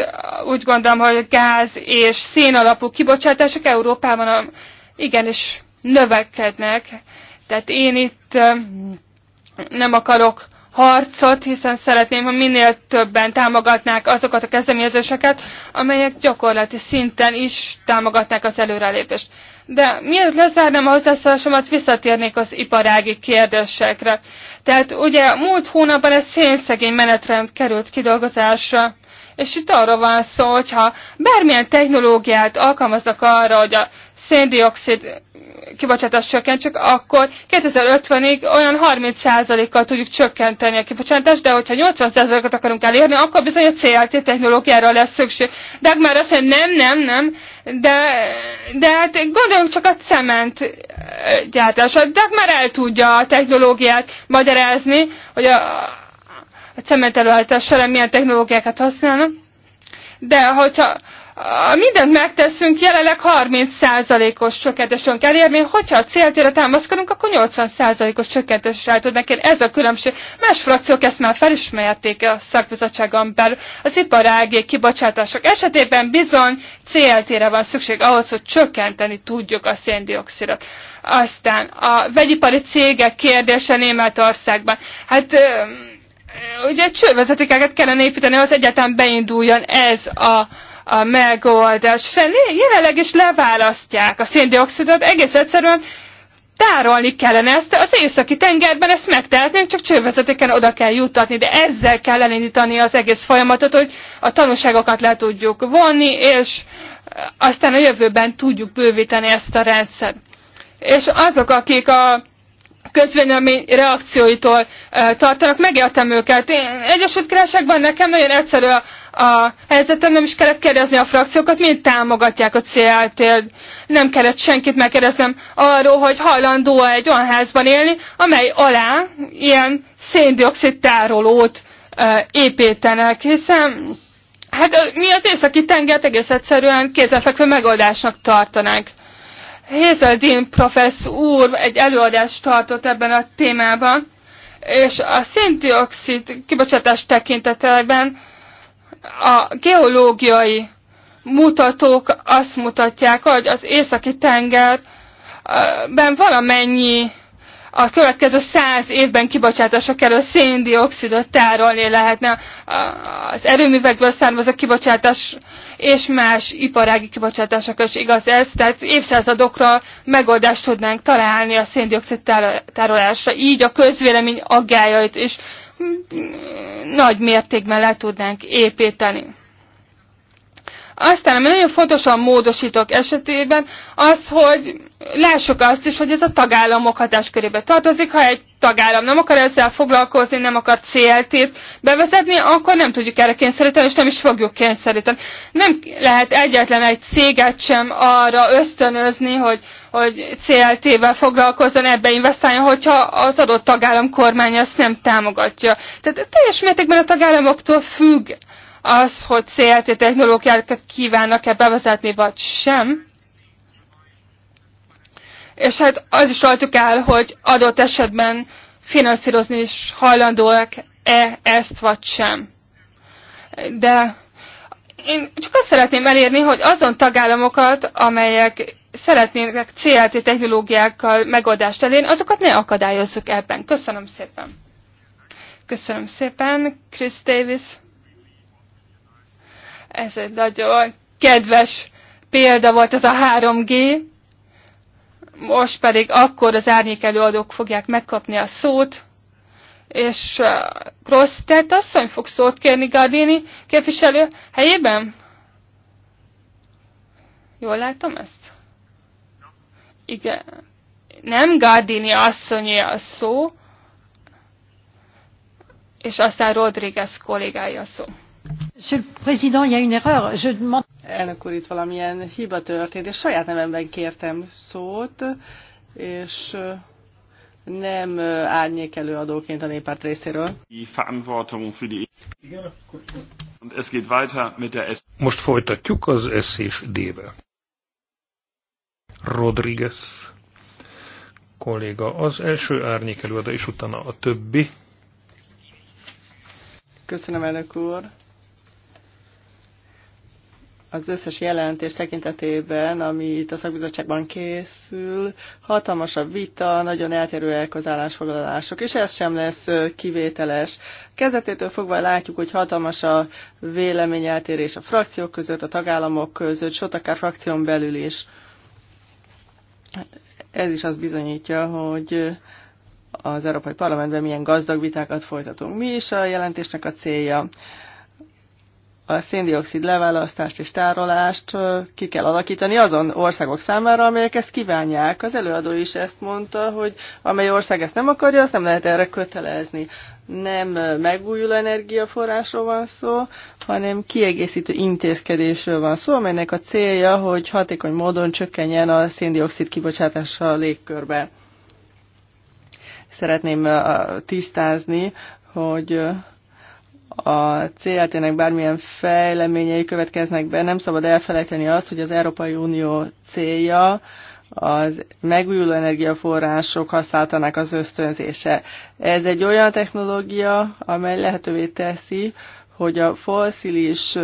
úgy gondolom, hogy gáz és szén alapú kibocsátások Európában igenis növekednek. Tehát én itt nem akarok harcot, hiszen szeretném, ha minél többen támogatnák azokat a kezdeményezéseket, amelyek gyakorlati szinten is támogatnák az előrelépést. De mielőtt lezárnám a hozzászólásomat, visszatérnék az iparági kérdésekre. Tehát ugye múlt hónapban egy szénszegény menetrend került kidolgozásra, és itt arra van szó, hogyha bármilyen technológiát alkalmaznak arra, hogy a széndiokszid kibocsátás csökkent, csak akkor 2050-ig olyan 30%-kal tudjuk csökkenteni a kibocsátást, de hogyha 80%-ot akarunk elérni, akkor bizony a CLT technológiára lesz szükség. De hát már azt mondja, nem, nem, nem, de, de hát gondoljunk csak a cement gyártásra. De hát már el tudja a technológiát magyarázni, hogy a, a cement előállítás során milyen technológiákat használnak. De hogyha a mindent megteszünk, jelenleg 30%-os csökkentésön tudunk elérni, hogyha a céltére támaszkodunk, akkor 80%-os csökkentésre el tudnak érni. Ez a különbség. Más frakciók ezt már felismerték a szakbizottságon belül. Az iparági kibocsátások esetében bizony céltére van szükség ahhoz, hogy csökkenteni tudjuk a széndiokszidot. Aztán a vegyipari cégek kérdése Németországban. Hát ugye csővezetékeket kellene építeni, az egyetem beinduljon ez a a megoldás, hiszen jelenleg is leválasztják a széndiokszidot, egész egyszerűen tárolni kellene ezt, az északi tengerben ezt megtehetnénk, csak csővezetéken oda kell juttatni, de ezzel kell elindítani az egész folyamatot, hogy a tanulságokat le tudjuk vonni, és aztán a jövőben tudjuk bővíteni ezt a rendszert. És azok, akik a közvélemény reakcióitól tartanak. Megértem őket. Én, Egyesült Királyságban nekem nagyon egyszerű a, a helyzetem, nem is kellett kérdezni a frakciókat, mind támogatják a célt Nem kellett senkit megkérdeznem arról, hogy hajlandó -e egy olyan házban élni, amely alá ilyen széndiokszid tárolót építenek, hiszen hát mi az északi tengert egész egyszerűen kézzelfekvő megoldásnak tartanánk. Hazeldin professz úr egy előadást tartott ebben a témában, és a széndiokszid kibocsátás tekintetében a geológiai mutatók azt mutatják, hogy az északi tengerben valamennyi a következő száz évben kibocsátásra kerül széndiokszidot tárolni lehetne. Az erőművekből származó kibocsátás és más iparági kibocsátásokra is igaz ez, tehát évszázadokra megoldást tudnánk találni a széndiokszid tárolásra, így a közvélemény aggájait is mm, mm, nagy mértékben le tudnánk építeni. Aztán, ami nagyon fontos a módosítók esetében, az, hogy lássuk azt is, hogy ez a tagállamok hatáskörébe tartozik. Ha egy tagállam nem akar ezzel foglalkozni, nem akar CLT-t bevezetni, akkor nem tudjuk erre kényszeríteni, és nem is fogjuk kényszeríteni. Nem lehet egyetlen egy céget sem arra ösztönözni, hogy, hogy CLT-vel foglalkozzon, ebbe investáljon, hogyha az adott tagállam kormány ezt nem támogatja. Tehát teljes mértékben a tagállamoktól függ az, hogy CLT technológiákat kívánnak-e bevezetni, vagy sem. És hát az is rajtuk áll, hogy adott esetben finanszírozni is hajlandóak-e ezt, vagy sem. De én csak azt szeretném elérni, hogy azon tagállamokat, amelyek szeretnének CLT technológiákkal megoldást elérni, azokat ne akadályozzuk ebben. Köszönöm szépen. Köszönöm szépen, Chris Davis. Ez egy nagyon kedves példa volt ez a 3G. Most pedig akkor az árnyékelőadók fogják megkapni a szót, és uh, Grosztett asszony fog szót kérni Gardini képviselő helyében? Jól látom ezt? Igen. Nem Gardini asszonyi a szó, és aztán Rodriguez kollégája szó. Elnök úr, itt valamilyen hiba történt, és saját nevemben kértem szót, és nem árnyék előadóként a néppárt részéről. Most folytatjuk az S és D-vel. Rodriguez kolléga az első árnyék előadó, és utána a többi. Köszönöm, elnök úr az összes jelentés tekintetében, ami itt a szakbizottságban készül, hatalmas a vita, nagyon eltérőek az állásfoglalások, és ez sem lesz kivételes. Kezdetétől fogva látjuk, hogy hatalmas a véleményeltérés a frakciók között, a tagállamok között, sőt, akár frakción belül is. Ez is azt bizonyítja, hogy az Európai Parlamentben milyen gazdag vitákat folytatunk. Mi is a jelentésnek a célja? a széndiokszid leválasztást és tárolást ki kell alakítani azon országok számára, amelyek ezt kívánják. Az előadó is ezt mondta, hogy amely ország ezt nem akarja, azt nem lehet erre kötelezni. Nem megújuló energiaforrásról van szó, hanem kiegészítő intézkedésről van szó, amelynek a célja, hogy hatékony módon csökkenjen a széndiokszid kibocsátása a légkörbe. Szeretném tisztázni, hogy a CLT-nek bármilyen fejleményei következnek be, nem szabad elfelejteni azt, hogy az Európai Unió célja az megújuló energiaforrások használatának az ösztönzése. Ez egy olyan technológia, amely lehetővé teszi, hogy a fosszilis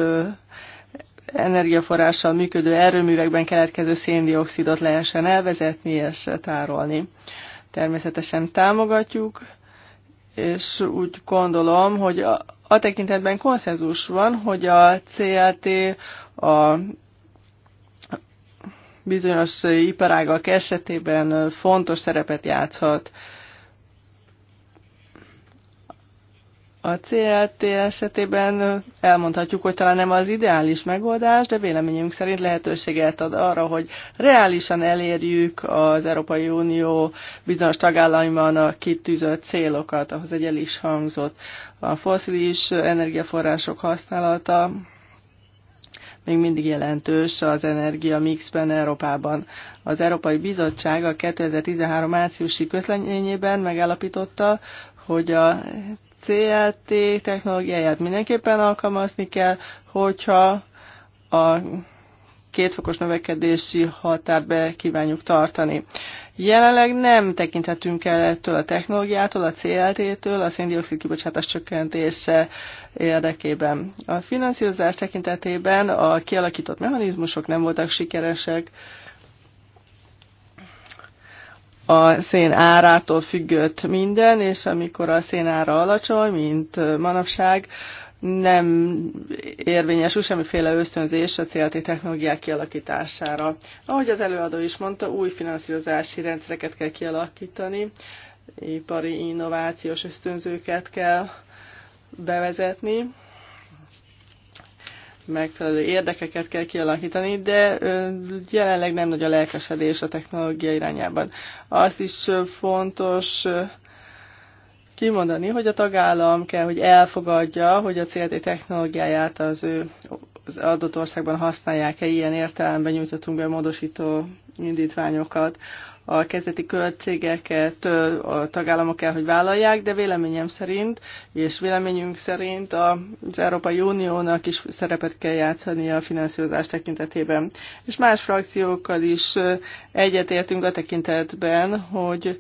energiaforrással működő erőművekben keletkező széndiokszidot lehessen elvezetni és tárolni. Természetesen támogatjuk, és úgy gondolom, hogy a tekintetben konszenzus van, hogy a CLT a bizonyos iparágak esetében fontos szerepet játszhat. A CLT esetében elmondhatjuk, hogy talán nem az ideális megoldás, de véleményünk szerint lehetőséget ad arra, hogy reálisan elérjük az Európai Unió bizonyos tagállamaiban a kitűzött célokat, ahhoz egy el is hangzott. A foszilis energiaforrások használata még mindig jelentős az energia mixben Európában. Az Európai Bizottság a 2013 márciusi közleményében megállapította, hogy a CLT technológiáját mindenképpen alkalmazni kell, hogyha a kétfokos növekedési határt be kívánjuk tartani. Jelenleg nem tekinthetünk el ettől a technológiától, a CLT-től, a széndiokszid kibocsátás csökkentése érdekében. A finanszírozás tekintetében a kialakított mechanizmusok nem voltak sikeresek, a szén árától függött minden, és amikor a szén ára alacsony, mint manapság, nem új semmiféle ösztönzés a CLT technológiák kialakítására. Ahogy az előadó is mondta, új finanszírozási rendszereket kell kialakítani, ipari innovációs ösztönzőket kell bevezetni, megfelelő érdekeket kell kialakítani, de jelenleg nem nagy a lelkesedés a technológia irányában. Azt is fontos kimondani, hogy a tagállam kell, hogy elfogadja, hogy a CLT technológiáját az ő az adott országban használják-e, ilyen értelemben nyújtottunk be módosító indítványokat a kezdeti költségeket a tagállamok kell, hogy vállalják, de véleményem szerint és véleményünk szerint az Európai Uniónak is szerepet kell játszani a finanszírozás tekintetében. És más frakciókkal is egyetértünk a tekintetben, hogy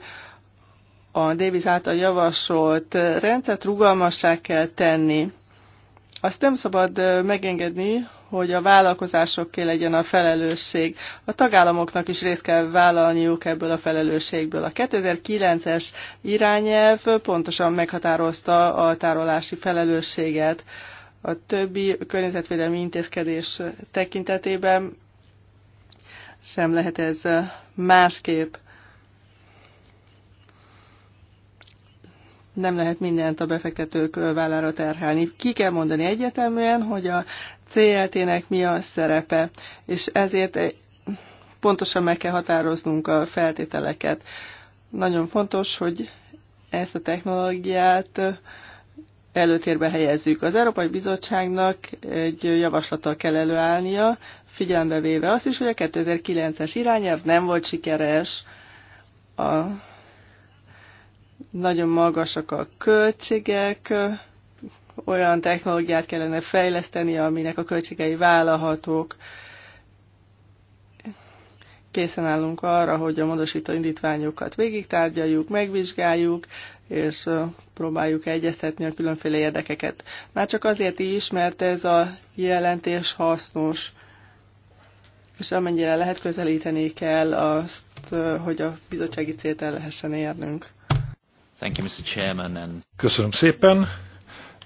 a Davis által javasolt rendszert rugalmassá kell tenni azt nem szabad megengedni, hogy a vállalkozásoké legyen a felelősség. A tagállamoknak is részt kell vállalniuk ebből a felelősségből. A 2009-es irányelv pontosan meghatározta a tárolási felelősséget. A többi környezetvédelmi intézkedés tekintetében sem lehet ez másképp. nem lehet mindent a befektetők vállára terhelni. Ki kell mondani egyeteműen, hogy a CLT-nek mi a szerepe, és ezért pontosan meg kell határoznunk a feltételeket. Nagyon fontos, hogy ezt a technológiát előtérbe helyezzük. Az Európai Bizottságnak egy javaslattal kell előállnia, figyelembe véve azt is, hogy a 2009-es irányelv nem volt sikeres a nagyon magasak a költségek, olyan technológiát kellene fejleszteni, aminek a költségei vállalhatók. Készen állunk arra, hogy a módosító indítványokat végigtárgyaljuk, megvizsgáljuk, és próbáljuk egyeztetni a különféle érdekeket. Már csak azért is, mert ez a jelentés hasznos, és amennyire lehet közelíteni kell azt, hogy a bizottsági célt el lehessen érnünk. Thank you, Mr. Chairman, and... Köszönöm szépen.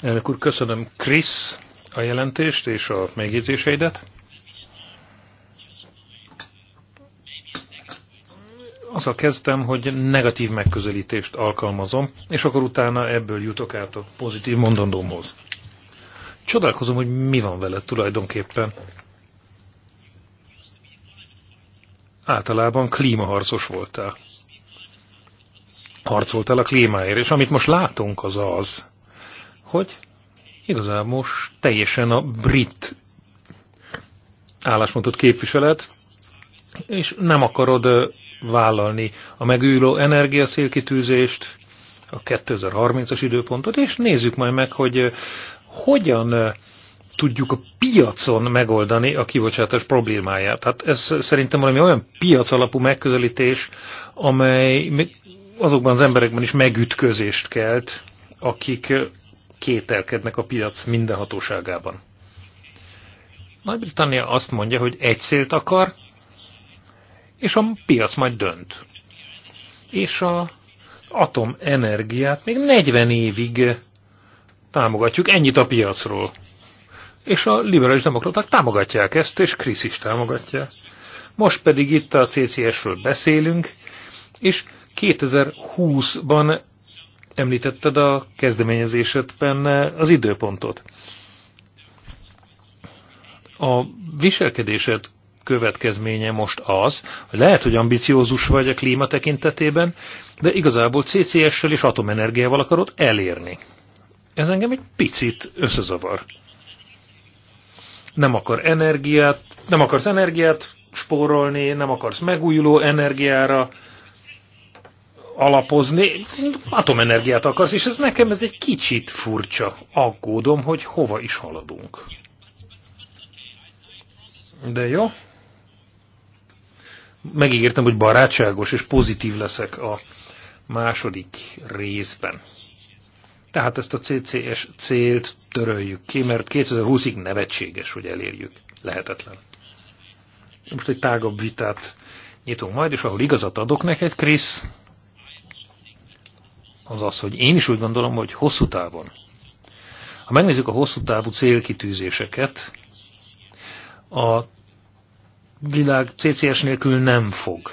Elnök úr, köszönöm Chris a jelentést és a megjegyzéseidet. azzal kezdtem, hogy negatív megközelítést alkalmazom, és akkor utána ebből jutok át a pozitív mondandómhoz. Csodálkozom, hogy mi van veled tulajdonképpen. Általában klímaharcos voltál el a klímáért. És amit most látunk az az, hogy igazából most teljesen a brit álláspontot képviselet, és nem akarod vállalni a megújuló energiaszélkitűzést, a 2030-as időpontot, és nézzük majd meg, hogy hogyan tudjuk a piacon megoldani a kibocsátás problémáját. Hát ez szerintem valami olyan piacalapú megközelítés, amely azokban az emberekben is megütközést kelt, akik kételkednek a piac mindenhatóságában. Nagy-Britannia azt mondja, hogy egy célt akar, és a piac majd dönt. És a atomenergiát még 40 évig támogatjuk, ennyit a piacról. És a liberális demokraták támogatják ezt, és Krisz is támogatja. Most pedig itt a CCS-ről beszélünk, és 2020-ban említetted a kezdeményezésedben az időpontot. A viselkedésed következménye most az, hogy lehet, hogy ambiciózus vagy a klíma tekintetében, de igazából CCS-sel és atomenergiával akarod elérni. Ez engem egy picit összezavar. Nem akar energiát, nem akarsz energiát spórolni, nem akarsz megújuló energiára alapozni, atomenergiát akarsz, és ez nekem ez egy kicsit furcsa. Aggódom, hogy hova is haladunk. De jó. Megígértem, hogy barátságos és pozitív leszek a második részben. Tehát ezt a CCS célt töröljük ki, mert 2020-ig nevetséges, hogy elérjük. Lehetetlen. Most egy tágabb vitát nyitunk majd, és ahol igazat adok neked, Krisz, az az, hogy én is úgy gondolom, hogy hosszú távon. Ha megnézzük a hosszú távú célkitűzéseket, a világ CCS nélkül nem fog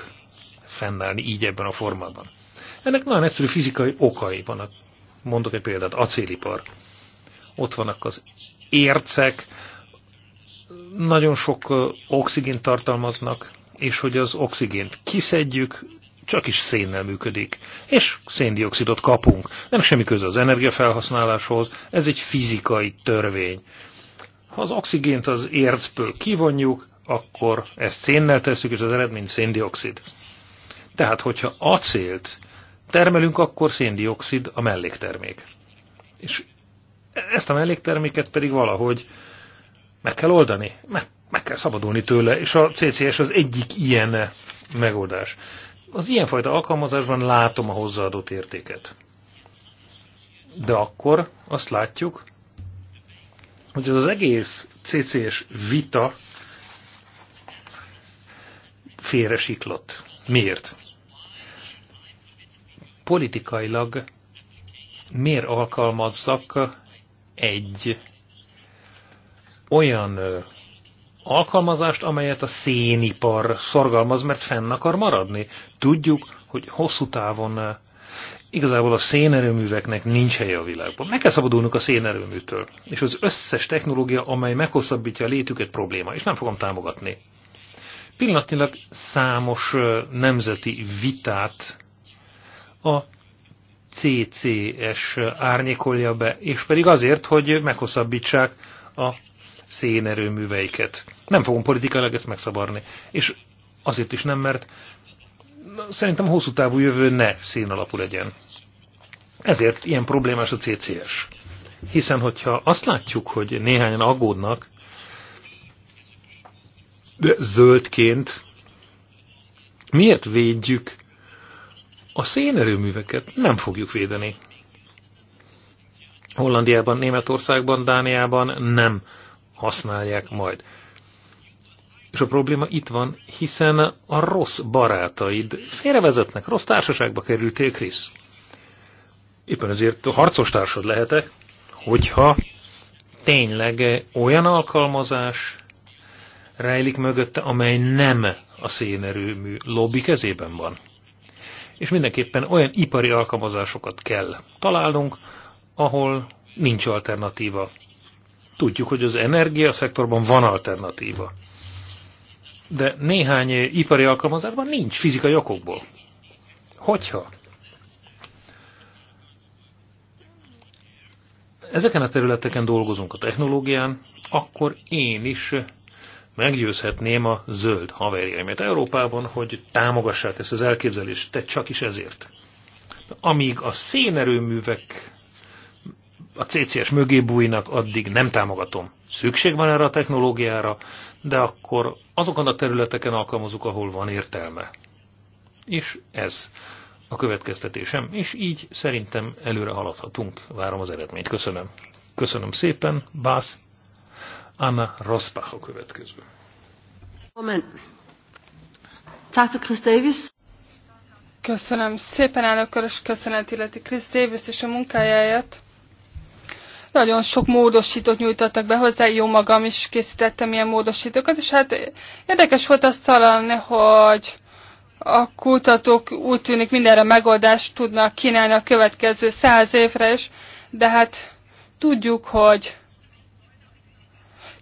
fennállni így ebben a formában. Ennek nagyon egyszerű fizikai okai vannak. Mondok egy példát, acélipar. Ott vannak az ércek, nagyon sok oxigént tartalmaznak, és hogy az oxigént kiszedjük, csak is szénnel működik, és széndiokszidot kapunk. Nem semmi köze az energiafelhasználáshoz, ez egy fizikai törvény. Ha az oxigént az ércből kivonjuk, akkor ezt szénnel tesszük, és az eredmény széndiokszid. Tehát, hogyha acélt termelünk, akkor széndiokszid a melléktermék. És ezt a mellékterméket pedig valahogy meg kell oldani, meg, meg kell szabadulni tőle, és a CCS az egyik ilyen megoldás az ilyenfajta alkalmazásban látom a hozzáadott értéket. De akkor azt látjuk, hogy ez az egész CCS vita félre siklott. Miért? Politikailag miért alkalmazzak egy olyan alkalmazást, amelyet a szénipar szorgalmaz, mert fenn akar maradni. Tudjuk, hogy hosszú távon eh, igazából a szénerőműveknek nincs helye a világban. Meg kell szabadulnunk a szénerőműtől. És az összes technológia, amely meghosszabbítja a létüket, probléma. És nem fogom támogatni. Pillanatnyilag számos eh, nemzeti vitát a CCS árnyékolja be, és pedig azért, hogy meghosszabbítsák a szénerőműveiket. Nem fogom politikailag ezt megszabarni. És azért is nem, mert szerintem a hosszú távú jövő ne szén alapú legyen. Ezért ilyen problémás a CCS. Hiszen, hogyha azt látjuk, hogy néhányan aggódnak, de zöldként, miért védjük a szénerőműveket? Nem fogjuk védeni. Hollandiában, Németországban, Dániában nem használják majd. És a probléma itt van, hiszen a rossz barátaid félrevezetnek, rossz társaságba kerültél, Krisz. Éppen ezért harcos társad lehetek, hogyha tényleg olyan alkalmazás rejlik mögötte, amely nem a szénerőmű lobby kezében van. És mindenképpen olyan ipari alkalmazásokat kell találnunk, ahol nincs alternatíva Tudjuk, hogy az energiaszektorban van alternatíva. De néhány ipari alkalmazásban nincs fizikai okokból. Hogyha ezeken a területeken dolgozunk a technológián, akkor én is meggyőzhetném a zöld haverjaimet Európában, hogy támogassák ezt az elképzelést, te csak is ezért. Amíg a szénerőművek a CCS mögé bújnak, addig nem támogatom. Szükség van erre a technológiára, de akkor azokon a területeken alkalmazunk, ahol van értelme. És ez a következtetésem, és így szerintem előre haladhatunk. Várom az eredményt. Köszönöm. Köszönöm szépen. Bász. Anna Rosbach a következő. Moment. Chris Davis. Köszönöm szépen, elnök és köszönet illeti Chris Davis és a munkájáért. Nagyon sok módosítót nyújtottak be hozzá, jó magam is készítettem ilyen módosítókat, és hát érdekes volt azt találni, hogy a kutatók úgy tűnik mindenre megoldást tudnak kínálni a következő száz évre is, de hát tudjuk, hogy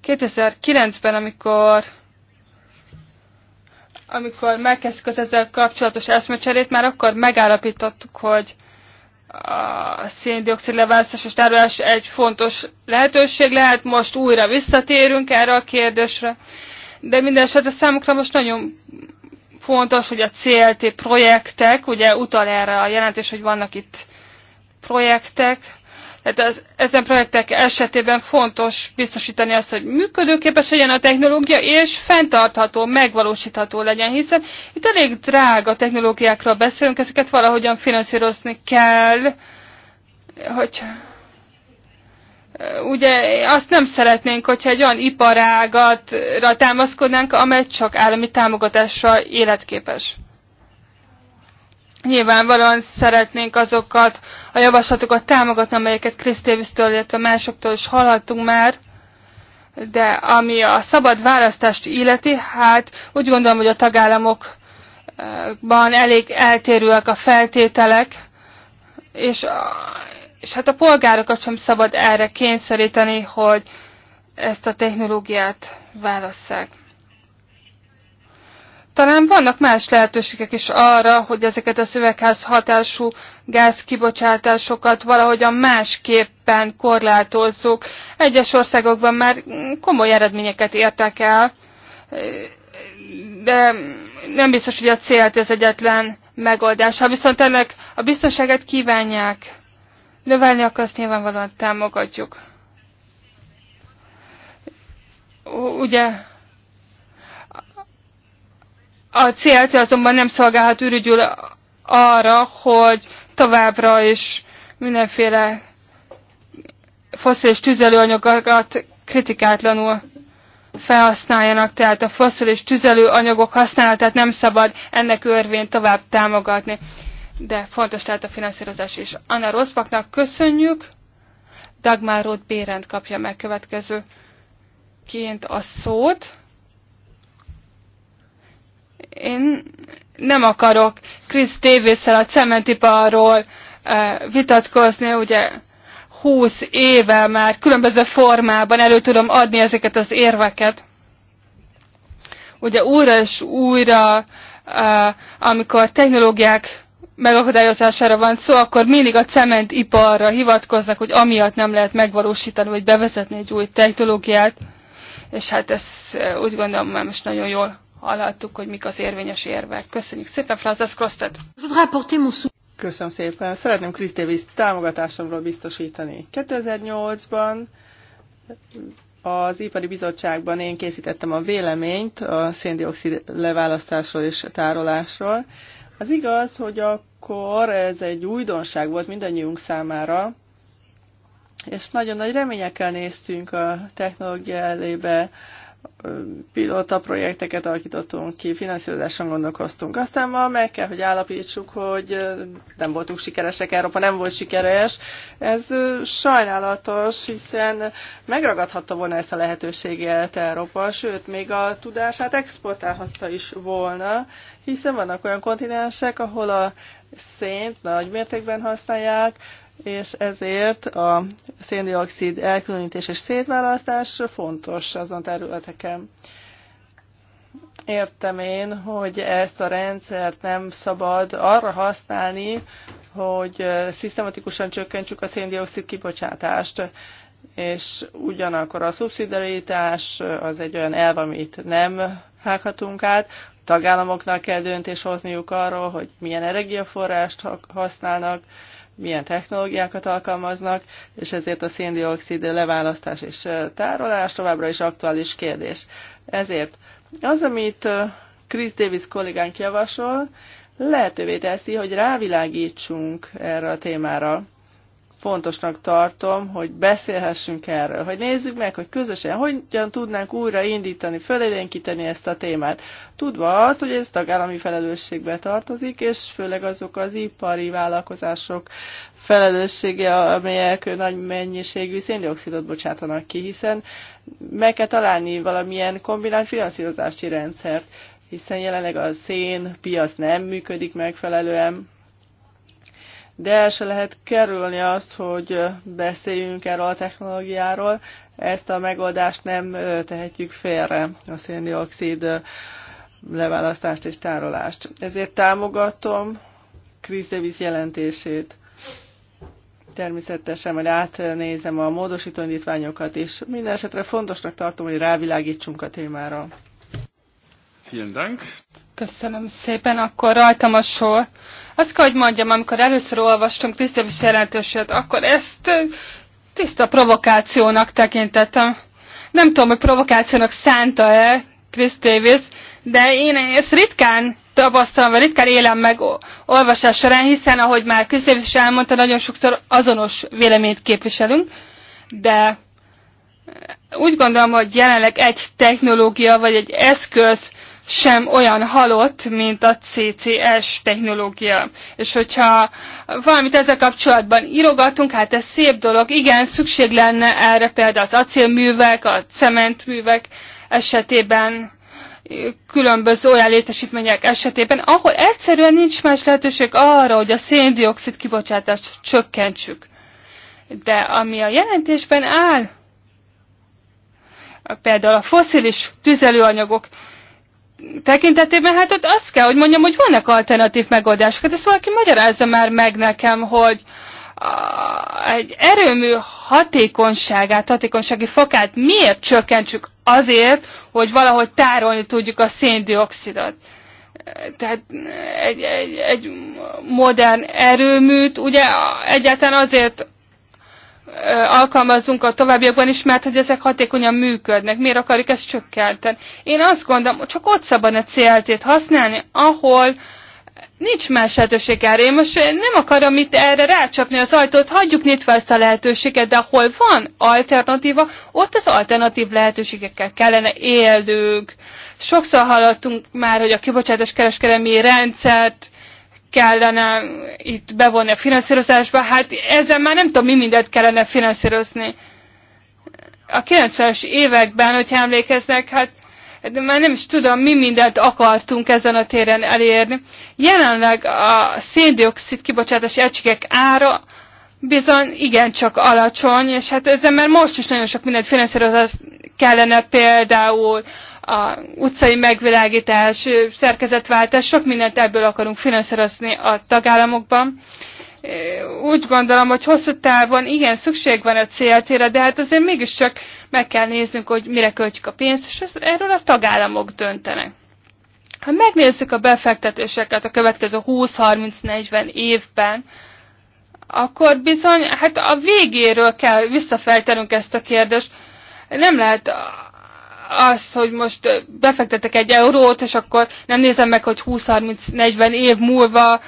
2009-ben, amikor amikor megkezdtük az ezzel kapcsolatos eszmecserét, már akkor megállapítottuk, hogy a széndiokszid leválasztás és tárolás egy fontos lehetőség lehet. Most újra visszatérünk erre a kérdésre. De minden esetre számukra most nagyon fontos, hogy a CLT projektek, ugye utal erre a jelentés, hogy vannak itt projektek, tehát az, ezen projektek esetében fontos biztosítani azt, hogy működőképes legyen a technológia, és fenntartható, megvalósítható legyen, hiszen itt elég drága technológiákról beszélünk, ezeket valahogyan finanszírozni kell, hogy ugye azt nem szeretnénk, hogyha egy olyan iparágatra támaszkodnánk, amely csak állami támogatással életképes. Nyilvánvalóan szeretnénk azokat a javaslatokat támogatni, amelyeket Chris Davis-től, illetve másoktól is hallhattunk már. De ami a szabad választást illeti, hát úgy gondolom, hogy a tagállamokban elég eltérőek a feltételek, és, és hát a polgárokat sem szabad erre kényszeríteni, hogy ezt a technológiát válasszák. Talán vannak más lehetőségek is arra, hogy ezeket a szövegház hatású gázkibocsátásokat valahogyan másképpen korlátozzuk. Egyes országokban már komoly eredményeket értek el, de nem biztos, hogy a célt ez egyetlen megoldás. Ha viszont ennek a biztonságet kívánják növelni, akkor azt nyilvánvalóan támogatjuk. Ugye a CLT azonban nem szolgálhat ürügyül arra, hogy továbbra is mindenféle foszilis tüzelőanyagokat kritikátlanul felhasználjanak, tehát a foszilis tüzelőanyagok használatát nem szabad ennek örvén tovább támogatni. De fontos tehát a finanszírozás is. Anna Rosszbaknak köszönjük, Dagmar Roth Bérend kapja meg következő ként a szót. Én nem akarok Chris davis a cementiparról eh, vitatkozni, ugye 20 éve már különböző formában elő tudom adni ezeket az érveket. Ugye újra és újra, eh, amikor technológiák megakadályozására van szó, akkor mindig a cementiparra hivatkoznak, hogy amiatt nem lehet megvalósítani, vagy bevezetni egy új technológiát. És hát ez eh, úgy gondolom már most nagyon jól hallhattuk, hogy mik az érvényes érvek. Köszönjük szépen, Frances Krosted! Köszönöm szépen! Szeretném Chris Davis támogatásomról biztosítani. 2008-ban az Ipari Bizottságban én készítettem a véleményt a széndiokszid leválasztásról és tárolásról. Az igaz, hogy akkor ez egy újdonság volt mindannyiunk számára, és nagyon nagy reményekkel néztünk a technológia elébe, pilota projekteket alakítottunk ki, finanszírozáson gondolkoztunk. Aztán ma meg kell, hogy állapítsuk, hogy nem voltunk sikeresek, Európa nem volt sikeres. Ez sajnálatos, hiszen megragadhatta volna ezt a lehetőséget Európa, sőt, még a tudását exportálhatta is volna, hiszen vannak olyan kontinensek, ahol a szént nagy mértékben használják, és ezért a széndiokszid elkülönítés és szétválasztás fontos azon területeken. Értem én, hogy ezt a rendszert nem szabad arra használni, hogy szisztematikusan csökkentsük a széndiokszid kibocsátást, és ugyanakkor a szubszidaritás az egy olyan elv, amit nem hághatunk át, tagállamoknak kell döntés hozniuk arról, hogy milyen energiaforrást használnak, milyen technológiákat alkalmaznak, és ezért a széndiokszid leválasztás és tárolás továbbra is aktuális kérdés. Ezért az, amit Chris Davis kollégánk javasol, lehetővé teszi, hogy rávilágítsunk erre a témára fontosnak tartom, hogy beszélhessünk erről, hogy nézzük meg, hogy közösen hogyan tudnánk újra indítani, fölélénkíteni ezt a témát. Tudva azt, hogy ez tagállami felelősségbe tartozik, és főleg azok az ipari vállalkozások felelőssége, amelyek nagy mennyiségű széndiokszidot bocsátanak ki, hiszen meg kell találni valamilyen kombinált finanszírozási rendszert, hiszen jelenleg a szén piac nem működik megfelelően, de el se lehet kerülni azt, hogy beszéljünk erről a technológiáról, ezt a megoldást nem tehetjük félre, a széndiokszid leválasztást és tárolást. Ezért támogatom Chris Davis jelentését. Természetesen majd átnézem a módosító indítványokat, és minden esetre fontosnak tartom, hogy rávilágítsunk a témára. Vielen Dank. Köszönöm szépen, akkor rajtam a sor. Azt kell, hogy mondjam, amikor először olvastam Krisztus jelentőséget, akkor ezt tiszta provokációnak tekintettem. Nem tudom, hogy provokációnak szánta-e Krisztus, de én ezt ritkán tapasztalom, vagy ritkán élem meg olvasás során, hiszen ahogy már Krisztus is elmondta, nagyon sokszor azonos véleményt képviselünk, de úgy gondolom, hogy jelenleg egy technológia vagy egy eszköz sem olyan halott, mint a CCS technológia. És hogyha valamit ezzel kapcsolatban írogatunk, hát ez szép dolog, igen, szükség lenne erre például az acélművek, a cementművek esetében, különböző olyan létesítmények esetében, ahol egyszerűen nincs más lehetőség arra, hogy a széndiokszid kibocsátást csökkentsük. De ami a jelentésben áll, például a foszilis tüzelőanyagok tekintetében, hát ott azt kell, hogy mondjam, hogy vannak alternatív megoldások. Hát ezt valaki magyarázza már meg nekem, hogy egy erőmű hatékonyságát, hatékonysági fokát miért csökkentsük azért, hogy valahogy tárolni tudjuk a széndiokszidot tehát egy, egy, egy modern erőműt, ugye egyáltalán azért alkalmazzunk a továbbiakban is, mert hogy ezek hatékonyan működnek. Miért akarjuk ezt csökkenteni? Én azt gondolom, csak ott szabad a CLT-t használni, ahol nincs más lehetőség erre. Én most nem akarom itt erre rácsapni az ajtót, hagyjuk nyitva ezt a lehetőséget, de ahol van alternatíva, ott az alternatív lehetőségekkel kellene élnünk. Sokszor hallottunk már, hogy a kibocsátás kereskedelmi rendszert kellene itt bevonni a finanszírozásba, hát ezzel már nem tudom, mi mindent kellene finanszírozni. A 90-es években, hogyha emlékeznek, hát de már nem is tudom, mi mindent akartunk ezen a téren elérni. Jelenleg a széndiokszid kibocsátás egységek ára bizony igencsak alacsony, és hát ezzel már most is nagyon sok mindent finanszírozás kellene például a utcai megvilágítás, szerkezetváltás, sok mindent ebből akarunk finanszírozni a tagállamokban. Úgy gondolom, hogy hosszú távon igen, szükség van a CLT-re, de hát azért mégiscsak meg kell néznünk, hogy mire költjük a pénzt, és ez, erről a tagállamok döntenek. Ha megnézzük a befektetéseket a következő 20-30-40 évben, akkor bizony, hát a végéről kell visszafejtenünk ezt a kérdést. Nem lehet az, hogy most befektetek egy eurót, és akkor nem nézem meg, hogy 20-30-40 év múlva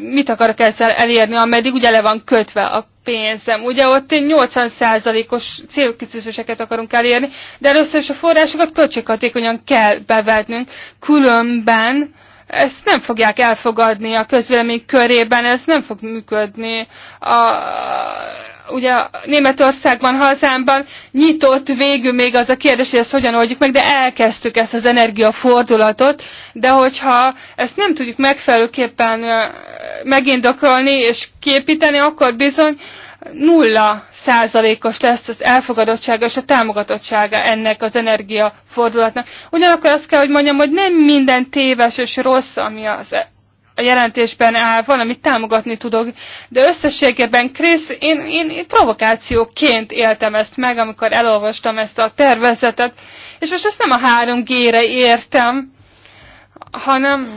mit akarok ezzel elérni, ameddig ugye le van kötve a pénzem. Ugye ott 80%-os célkiszűzéseket akarunk elérni, de először is a forrásokat költséghatékonyan kell bevetnünk, különben ezt nem fogják elfogadni a közvélemény körében, ez nem fog működni. A, ugye Németországban, hazámban nyitott végül még az a kérdés, hogy ezt hogyan oldjuk meg, de elkezdtük ezt az energiafordulatot, de hogyha ezt nem tudjuk megfelelőképpen megindokolni és képíteni, akkor bizony nulla százalékos lesz az elfogadottsága és a támogatottsága ennek az energiafordulatnak. Ugyanakkor azt kell, hogy mondjam, hogy nem minden téves és rossz, ami az a jelentésben áll, van, amit támogatni tudok, de összességében, Krisz, én, én, én provokációként éltem ezt meg, amikor elolvastam ezt a tervezetet, és most ezt nem a 3G-re értem, hanem,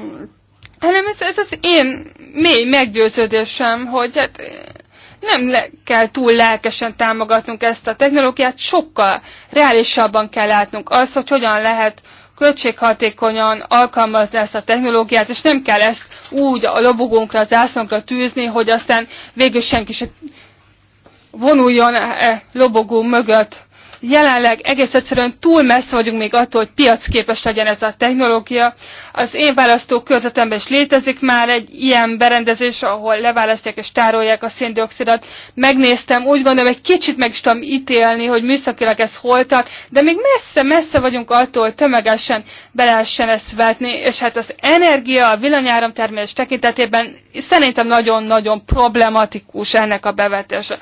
hanem ez, ez az én mély meggyőződésem, hogy hát nem le, kell túl lelkesen támogatnunk ezt a technológiát, sokkal reálisabban kell látnunk azt, hogy hogyan lehet költséghatékonyan alkalmazni ezt a technológiát, és nem kell ezt úgy a lobogónkra, az zászlónkra tűzni, hogy aztán végül senki se vonuljon e, e lobogó mögött jelenleg egész egyszerűen túl messze vagyunk még attól, hogy piacképes legyen ez a technológia. Az én választó körzetemben is létezik már egy ilyen berendezés, ahol leválasztják és tárolják a széndiokszidat. Megnéztem, úgy gondolom, egy kicsit meg is tudom ítélni, hogy műszakilag ez holtak, de még messze-messze vagyunk attól, hogy tömegesen be lehessen ezt vetni, és hát az energia, a villanyáram termelés tekintetében szerintem nagyon-nagyon problematikus ennek a bevetése.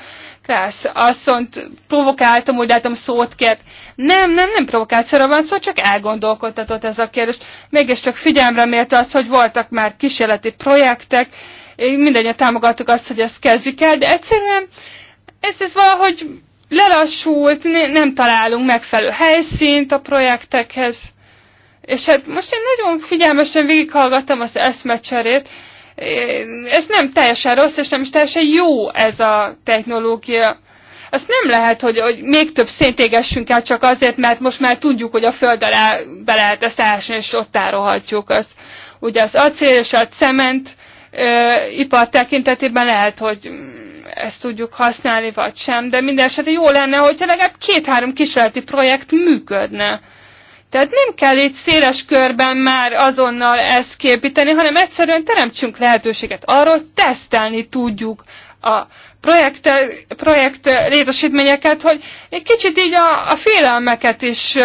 Krász asszonyt provokáltam, úgy látom szót kért. Nem, nem, nem provokációra van szó, csak elgondolkodtatott ez a kérdés. Mégiscsak figyelmre mérte az, hogy voltak már kísérleti projektek, mindannyian támogattuk azt, hogy ezt kezdjük el, de egyszerűen ez, ez valahogy lelassult, nem találunk megfelelő helyszínt a projektekhez. És hát most én nagyon figyelmesen végighallgattam az eszmecserét, ez nem teljesen rossz, és nem is teljesen jó ez a technológia. Azt nem lehet, hogy, hogy még több szént égessünk el csak azért, mert most már tudjuk, hogy a föld alá be lehet ezt ásni, és ott tárolhatjuk azt. Ugye az acél és a cement ö, ipar tekintetében lehet, hogy mm, ezt tudjuk használni, vagy sem, de minden esetre jó lenne, hogyha legalább két-három kísérleti projekt működne. Tehát nem kell itt széles körben már azonnal ezt képíteni, hanem egyszerűen teremtsünk lehetőséget arról hogy tesztelni tudjuk a projekt, projekt létesítményeket, hogy egy kicsit így a, a félelmeket is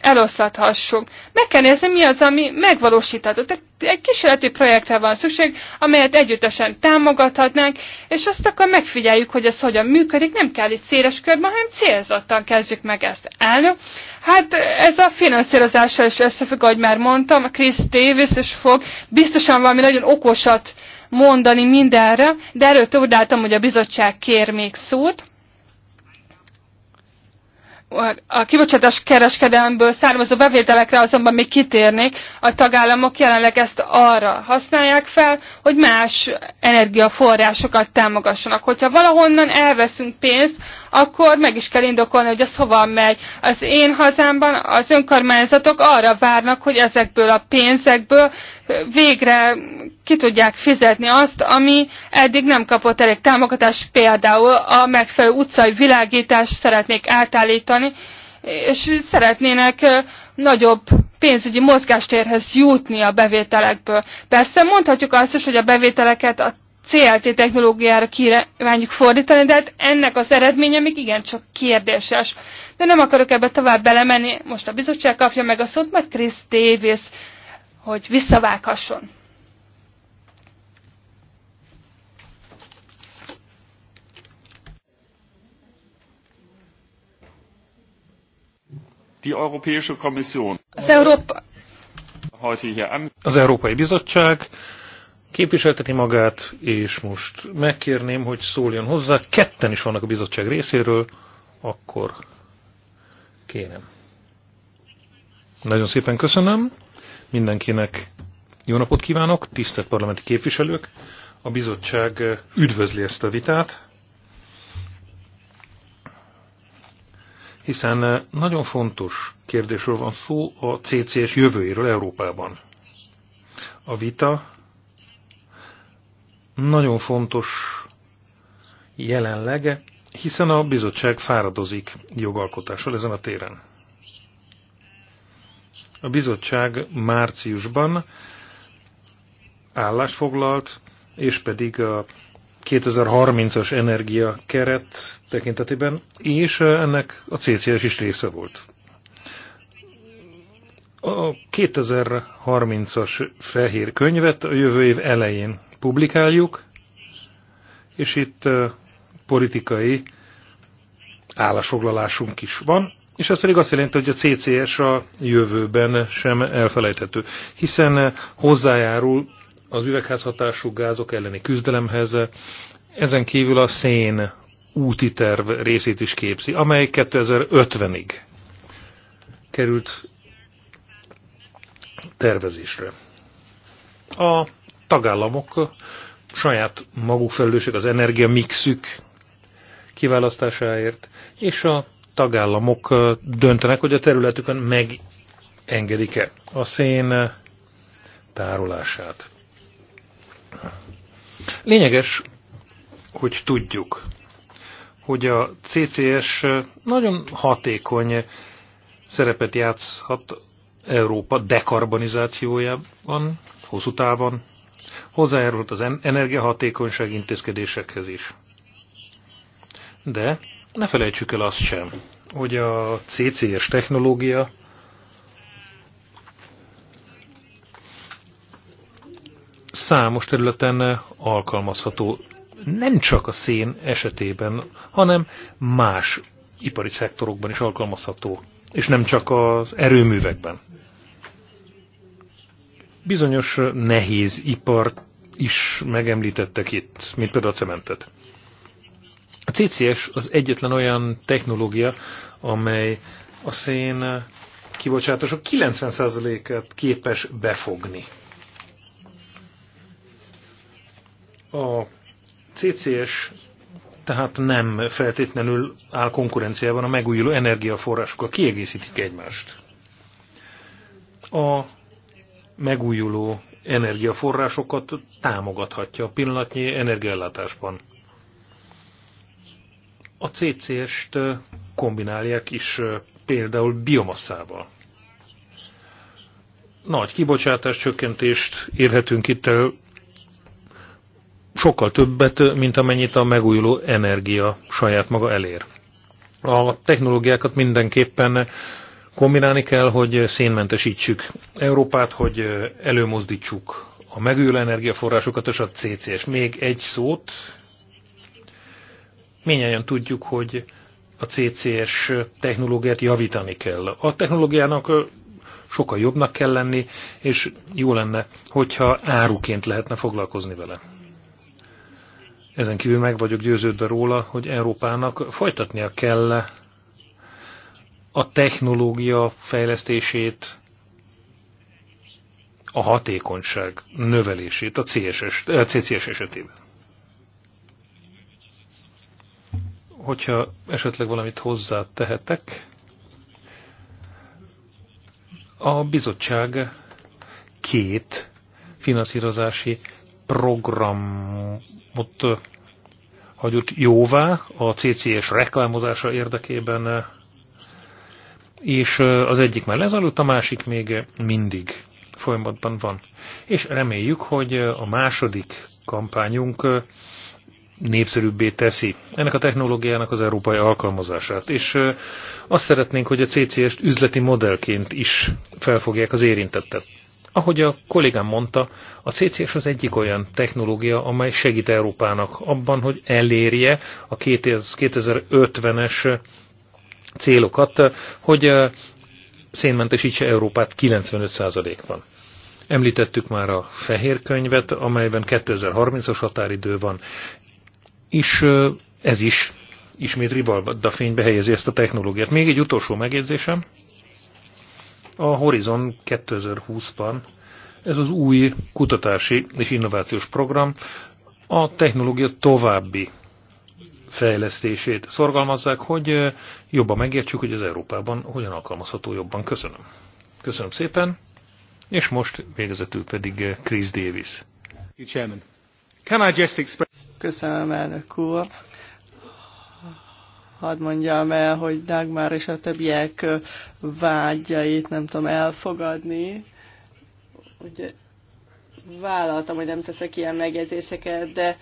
eloszlathassuk. Meg kell nézni, mi az, ami megvalósítható. Tehát egy kísérleti projektre van szükség, amelyet együttesen támogathatnánk, és azt akkor megfigyeljük, hogy ez hogyan működik, nem kell itt széles körben, hanem célzottan kezdjük meg ezt. Elnök, Hát ez a finanszírozással is összefügg, ahogy már mondtam, Chris Davis is fog biztosan valami nagyon okosat mondani mindenre, de erről tudáltam, hogy a bizottság kér még szót a kibocsátás kereskedelmből származó bevételekre azonban még kitérnék, a tagállamok jelenleg ezt arra használják fel, hogy más energiaforrásokat támogassanak. Hogyha valahonnan elveszünk pénzt, akkor meg is kell indokolni, hogy ez hova megy. Az én hazámban az önkormányzatok arra várnak, hogy ezekből a pénzekből végre ki tudják fizetni azt, ami eddig nem kapott elég támogatást, például a megfelelő utcai világítást szeretnék átállítani, és szeretnének nagyobb pénzügyi mozgástérhez jutni a bevételekből. Persze mondhatjuk azt is, hogy a bevételeket a CLT technológiára kívánjuk fordítani, de hát ennek az eredménye még igencsak kérdéses. De nem akarok ebbe tovább belemenni, most a bizottság kapja meg a szót, majd Chris Davis, hogy visszavághasson. Die Europäische Kommission. Az, Európa... az Európai Bizottság képviselteti magát, és most megkérném, hogy szóljon hozzá. Ketten is vannak a bizottság részéről, akkor kérem. Nagyon szépen köszönöm. Mindenkinek jó napot kívánok, tisztelt parlamenti képviselők! A bizottság üdvözli ezt a vitát, hiszen eh, nagyon fontos kérdésről van szó a CCS jövőjéről Európában. A vita nagyon fontos jelenlege, hiszen a bizottság fáradozik jogalkotással ezen a téren. A bizottság márciusban állást foglalt, és pedig a 2030-as keret tekintetében, és eh, ennek a CCS is része volt. A 2030-as fehér könyvet a jövő év elején publikáljuk, és itt eh, politikai állásfoglalásunk is van, és ez pedig azt jelenti, hogy a CCS a jövőben sem elfelejthető, hiszen eh, hozzájárul az üvegházhatású gázok elleni küzdelemhez. Ezen kívül a szén úti terv részét is képzi, amely 2050-ig került tervezésre. A tagállamok saját maguk felelősség az energia mixük kiválasztásáért, és a tagállamok döntenek, hogy a területükön megengedik-e a szén tárolását. Lényeges, hogy tudjuk, hogy a CCS nagyon hatékony szerepet játszhat Európa dekarbonizációjában, hosszú távon, hozzájárult az energiahatékonyság intézkedésekhez is. De ne felejtsük el azt sem, hogy a CCS technológia számos területen alkalmazható. Nem csak a szén esetében, hanem más ipari szektorokban is alkalmazható, és nem csak az erőművekben. Bizonyos nehéz ipart is megemlítettek itt, mint például a cementet. A CCS az egyetlen olyan technológia, amely a szén kibocsátások 90%-át képes befogni. A CCS tehát nem feltétlenül áll konkurenciában a megújuló energiaforrásokkal, kiegészítik egymást. A megújuló energiaforrásokat támogathatja a pillanatnyi energiállátásban. A CCS-t kombinálják is például biomaszával. Nagy kibocsátás csökkentést érhetünk itt el sokkal többet, mint amennyit a megújuló energia saját maga elér. A technológiákat mindenképpen kombinálni kell, hogy szénmentesítsük Európát, hogy előmozdítsuk a megújuló energiaforrásokat és a CCS. Még egy szót. Mindjárt tudjuk, hogy a CCS technológiát javítani kell. A technológiának sokkal jobbnak kell lenni, és jó lenne, hogyha áruként lehetne foglalkozni vele. Ezen kívül meg vagyok győződve róla, hogy Európának folytatnia kell a technológia fejlesztését, a hatékonyság növelését a CSS, a eh, CCS esetében. Hogyha esetleg valamit hozzá tehetek, a bizottság két finanszírozási programot hagyjuk jóvá a CCS reklámozása érdekében, és az egyik már lezalult, a másik még mindig folyamatban van. És reméljük, hogy a második kampányunk népszerűbbé teszi ennek a technológiának az európai alkalmazását. És azt szeretnénk, hogy a CCS-t üzleti modellként is felfogják az érintettet. Ahogy a kollégám mondta, a CCS az egyik olyan technológia, amely segít Európának abban, hogy elérje a 2050-es célokat, hogy eh, szénmentesítse Európát 95%-ban. Említettük már a fehér könyvet, amelyben 2030-as határidő van, és eh, ez is ismét rivalda fénybe helyezi ezt a technológiát. Még egy utolsó megjegyzésem a Horizon 2020-ban. Ez az új kutatási és innovációs program a technológia további fejlesztését szorgalmazzák, hogy jobban megértsük, hogy az Európában hogyan alkalmazható jobban. Köszönöm. Köszönöm szépen, és most végezetül pedig Chris Davis. Köszönöm, elnök úr hadd mondjam el, hogy Dagmar és a többiek vágyait nem tudom elfogadni. Ugye vállaltam, hogy nem teszek ilyen megjegyzéseket, de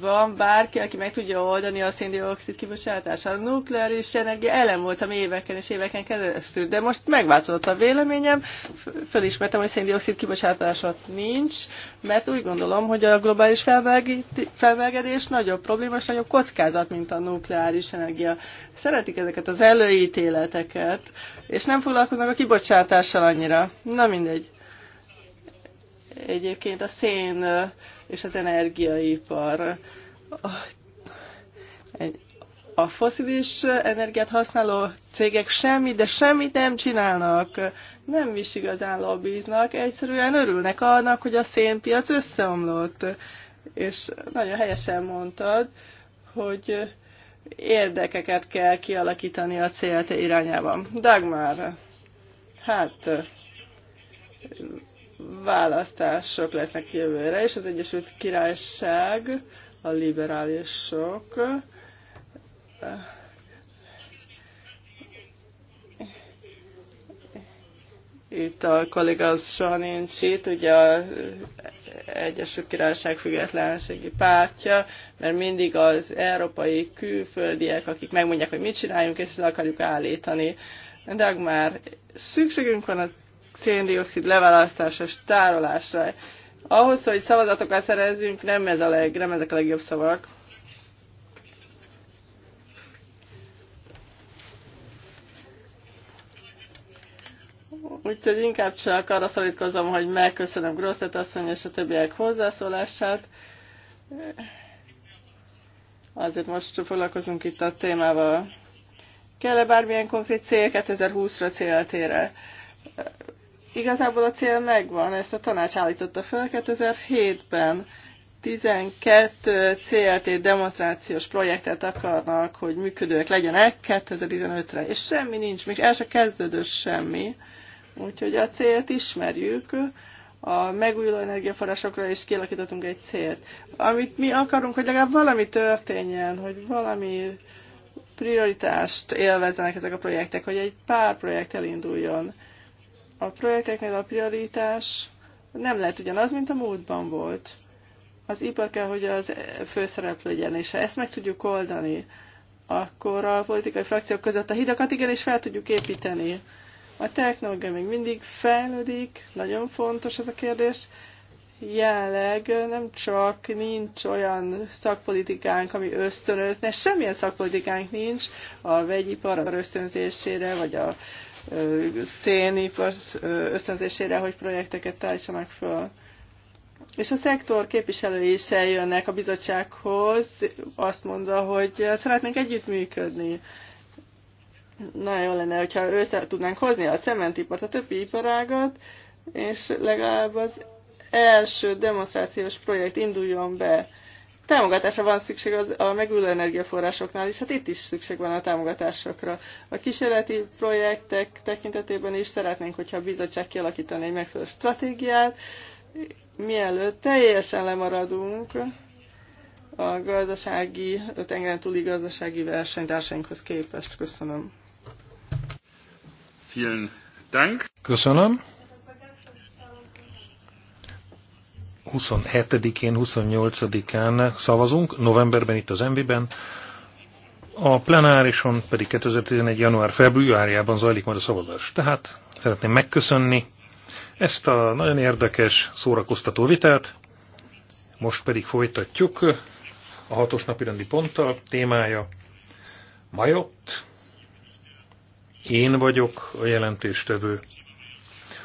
van bárki, aki meg tudja oldani a széndiokszid kibocsátását. A nukleáris energia ellen voltam éveken és éveken keresztül, de most megváltozott a véleményem, fölismertem, hogy széndiokszid kibocsátását nincs, mert úgy gondolom, hogy a globális felmelegedés nagyobb probléma és nagyobb kockázat, mint a nukleáris energia. Szeretik ezeket az előítéleteket, és nem foglalkoznak a kibocsátással annyira. Na mindegy. Egyébként a szén és az energiaipar. A foszilis energiát használó cégek semmit, de semmit nem csinálnak, nem is igazán lobbiznak, egyszerűen örülnek annak, hogy a szénpiac összeomlott. És nagyon helyesen mondtad, hogy érdekeket kell kialakítani a célte irányában. Dagmar, hát választások lesznek jövőre, és az Egyesült Királyság, a liberálisok itt a kolléga az soha nincs itt, ugye az Egyesült Királyság függetlenségi pártja, mert mindig az európai külföldiek, akik megmondják, hogy mit csináljunk, és ezt akarjuk állítani. De már szükségünk van a széndiokszid leválasztása és tárolásra. Ahhoz, hogy szavazatokat szerezzünk, nem, ez a leg, nem ezek a legjobb szavak. Úgyhogy inkább csak arra szorítkozom, hogy megköszönöm Grosztet asszony és a többiek hozzászólását. Azért most foglalkozunk itt a témával. Kell-e bármilyen konkrét cél 2020-ra céltére? Igazából a cél megvan, ezt a tanács állította fel 2007-ben. 12 CLT demonstrációs projektet akarnak, hogy működőek legyenek 2015-re, és semmi nincs, még el se kezdődött semmi. Úgyhogy a célt ismerjük, a megújuló energiaforrásokra is kialakítottunk egy célt. Amit mi akarunk, hogy legalább valami történjen, hogy valami prioritást élvezzenek ezek a projektek, hogy egy pár projekt elinduljon. A projekteknél a prioritás nem lehet ugyanaz, mint a múltban volt. Az ipar kell, hogy az főszereplő legyen, és ha ezt meg tudjuk oldani, akkor a politikai frakciók között a hidakat igenis fel tudjuk építeni. A technológia még mindig fejlődik, nagyon fontos ez a kérdés. Jelenleg nem csak nincs olyan szakpolitikánk, ami ösztönözne, semmilyen szakpolitikánk nincs a vegyipar ösztönzésére, vagy a szénipar ösztönzésére, hogy projekteket tájtsanak föl. És a szektor képviselői is eljönnek a bizottsághoz, azt mondva, hogy szeretnénk együttműködni. Nagyon lenne, hogyha össze tudnánk hozni a cementipart, a többi iparágat, és legalább az első demonstrációs projekt induljon be támogatásra van szükség az, a megújuló energiaforrásoknál is, hát itt is szükség van a támogatásokra. A kísérleti projektek tekintetében is szeretnénk, hogyha a bizottság kialakítani egy megfelelő stratégiát, mielőtt teljesen lemaradunk a gazdasági, a tengeren túli gazdasági versenytársainkhoz képest. Köszönöm. Vielen Dank. Köszönöm. 27-én, 28-án szavazunk, novemberben itt az MV-ben, a plenárison pedig 2011. január-februárjában zajlik majd a szavazás. Tehát szeretném megköszönni ezt a nagyon érdekes, szórakoztató vitát. Most pedig folytatjuk a hatos napi rendi ponttal. Témája Majott. Én vagyok a jelentéstevő.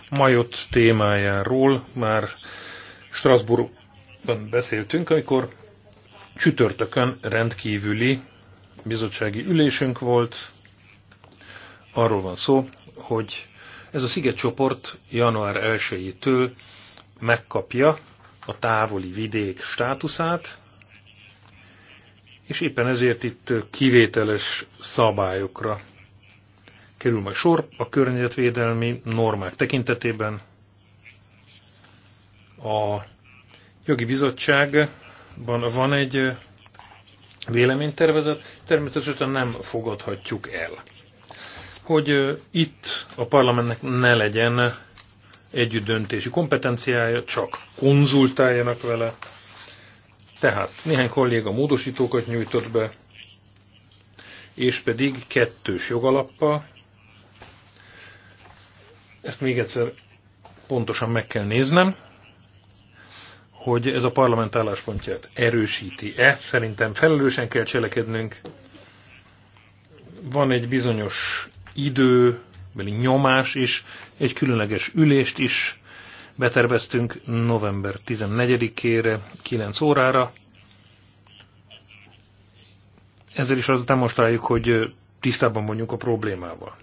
Majott témájáról már Strasbourgban beszéltünk, amikor csütörtökön rendkívüli bizottsági ülésünk volt. Arról van szó, hogy ez a szigetcsoport január 1-től megkapja a távoli vidék státuszát, és éppen ezért itt kivételes szabályokra kerül majd sor a környezetvédelmi normák tekintetében, a jogi bizottságban van egy véleménytervezet, természetesen nem fogadhatjuk el. Hogy itt a parlamentnek ne legyen együtt döntési kompetenciája, csak konzultáljanak vele. Tehát néhány kolléga módosítókat nyújtott be, és pedig kettős jogalappal. Ezt még egyszer pontosan meg kell néznem hogy ez a parlament álláspontját erősíti-e. Szerintem felelősen kell cselekednünk. Van egy bizonyos idő, beli nyomás is, egy különleges ülést is beterveztünk november 14-ére, 9 órára. Ezzel is azt demonstráljuk, hogy tisztában vagyunk a problémával.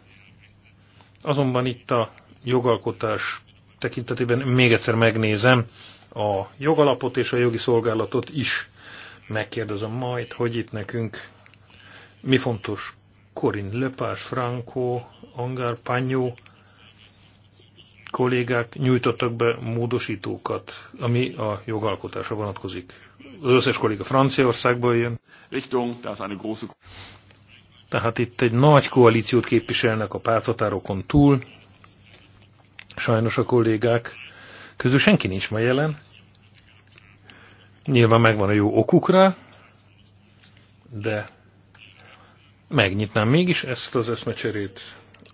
Azonban itt a jogalkotás tekintetében még egyszer megnézem, a jogalapot és a jogi szolgálatot is. Megkérdezem majd, hogy itt nekünk mi fontos. Corin Lepás, Franco, Angar, Panyó kollégák nyújtottak be módosítókat, ami a jogalkotásra vonatkozik. Az összes kolléga Franciaországból jön. Richtung, das eine große... Tehát itt egy nagy koalíciót képviselnek a párthatárokon túl. Sajnos a kollégák közül senki nincs ma jelen. Nyilván megvan a jó okukra, de megnyitnám mégis ezt az eszmecserét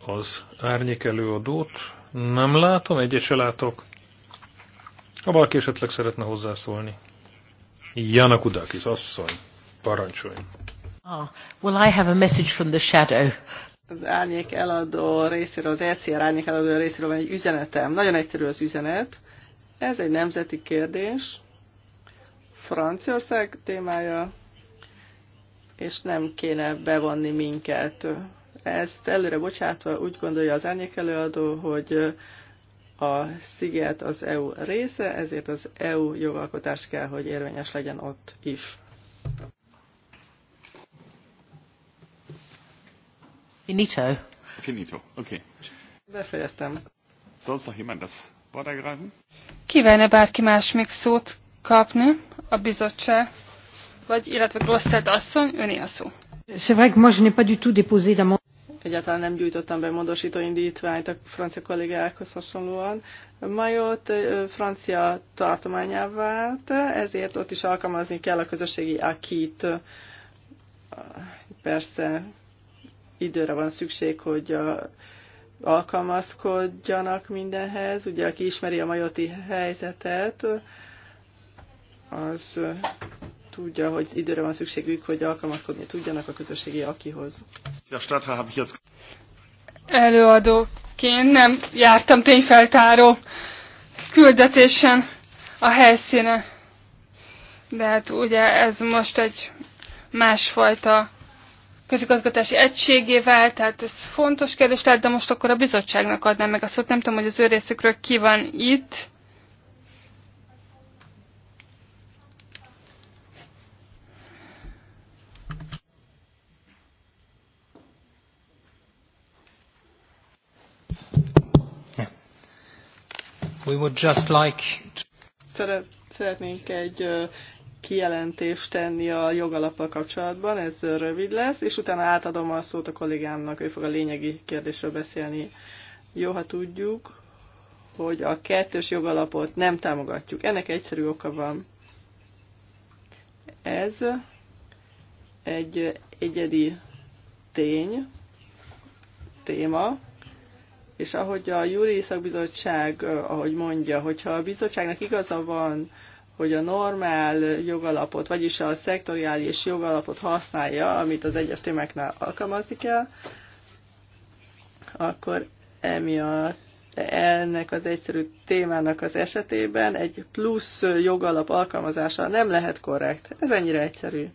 az árnyék előadót. Nem látom, egyet se látok. Ha valaki esetleg szeretne hozzászólni. Jana Kudakis, asszony, parancsolj. Ah, well, I have a message from the shadow. Az árnyék eladó részéről, az ECR árnyék eladó részéről van egy üzenetem. Nagyon egyszerű az üzenet. Ez egy nemzeti kérdés, Franciaország témája, és nem kéne bevonni minket. Ezt előre bocsátva úgy gondolja az előadó, hogy a sziget az EU része, ezért az EU jogalkotás kell, hogy érvényes legyen ott is. Finito. Finito, oké. Okay. Befejeztem. Szóval noch hogy. Kívánne bárki más még szót kapni a bizottság, vagy illetve Grosztelt asszony, öné a szó. egyáltalán nem gyújtottam be módosító indítványt a francia kollégákhoz hasonlóan. Majót francia tartományá vált, ezért ott is alkalmazni kell a közösségi akit. Persze időre van szükség, hogy a alkalmazkodjanak mindenhez. Ugye, aki ismeri a majoti helyzetet, az tudja, hogy időre van szükségük, hogy alkalmazkodni tudjanak a közösségi akihoz. Előadóként nem jártam tényfeltáró küldetésen a helyszíne, De hát ugye ez most egy másfajta közigazgatási egységé vált, tehát ez fontos kérdés lehet, de most akkor a bizottságnak adnám meg a szót. Nem tudom, hogy az ő részükről ki van itt. We would just like to... Szeret, szeretnénk egy kijelentést tenni a jogalappal kapcsolatban, ez rövid lesz, és utána átadom a szót a kollégámnak, ő fog a lényegi kérdésről beszélni. Jó, ha tudjuk, hogy a kettős jogalapot nem támogatjuk. Ennek egyszerű oka van. Ez egy egyedi tény, téma, és ahogy a júri szakbizottság, ahogy mondja, hogyha a bizottságnak igaza van, hogy a normál jogalapot, vagyis a szektoriális jogalapot használja, amit az egyes témáknál alkalmazni kell, akkor emiatt ennek az egyszerű témának az esetében egy plusz jogalap alkalmazása nem lehet korrekt. Ez ennyire egyszerű.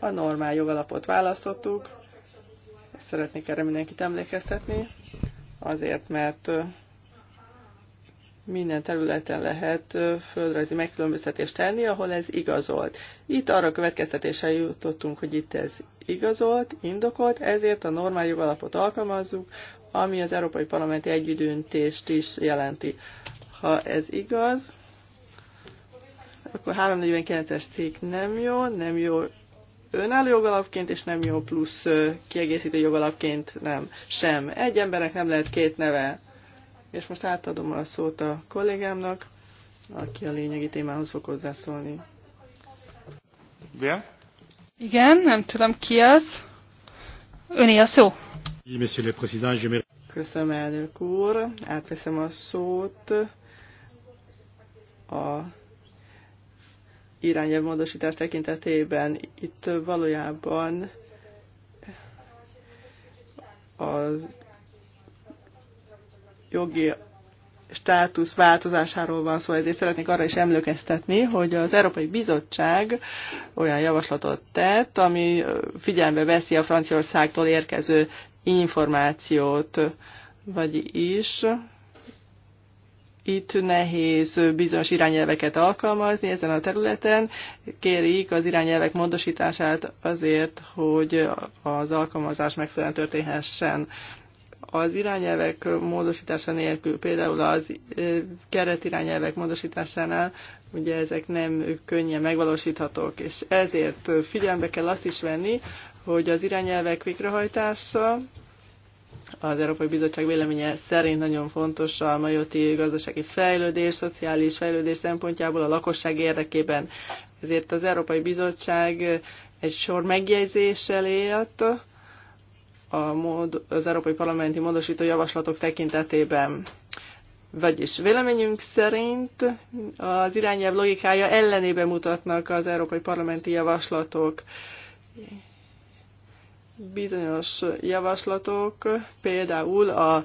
A normál jogalapot választottuk. Szeretnék erre mindenkit emlékeztetni, azért, mert minden területen lehet földrajzi megkülönböztetést tenni, ahol ez igazolt. Itt arra következtetésre jutottunk, hogy itt ez igazolt, indokolt, ezért a normál jogalapot alkalmazzuk, ami az Európai Parlamenti Együdöntést is jelenti. Ha ez igaz, akkor 349-es cikk nem jó, nem jó önálló jogalapként, és nem jó plusz kiegészítő jogalapként nem sem. Egy embernek nem lehet két neve. És most átadom a szót a kollégámnak, aki a lényegi témához fog hozzászólni. Bien? Igen, nem tudom ki az. Öné a szó. Köszönöm, elnök úr. Átveszem a szót a irányelv módosítás tekintetében. Itt valójában a jogi státusz változásáról van szó, ezért szeretnék arra is emlékeztetni, hogy az Európai Bizottság olyan javaslatot tett, ami figyelembe veszi a Franciaországtól érkező információt, vagyis itt nehéz bizonyos irányelveket alkalmazni ezen a területen. Kérik az irányelvek módosítását azért, hogy az alkalmazás megfelelően történhessen. Az irányelvek módosítása nélkül, például az keretirányelvek módosításánál, ugye ezek nem könnyen megvalósíthatók, és ezért figyelembe kell azt is venni, hogy az irányelvek végrehajtása az Európai Bizottság véleménye szerint nagyon fontos a majoti gazdasági fejlődés, szociális fejlődés szempontjából a lakosság érdekében. Ezért az Európai Bizottság egy sor megjegyzéssel élt a mód, az Európai Parlamenti Módosító Javaslatok tekintetében. Vagyis véleményünk szerint az irányelv logikája ellenébe mutatnak az Európai Parlamenti Javaslatok bizonyos javaslatok, például a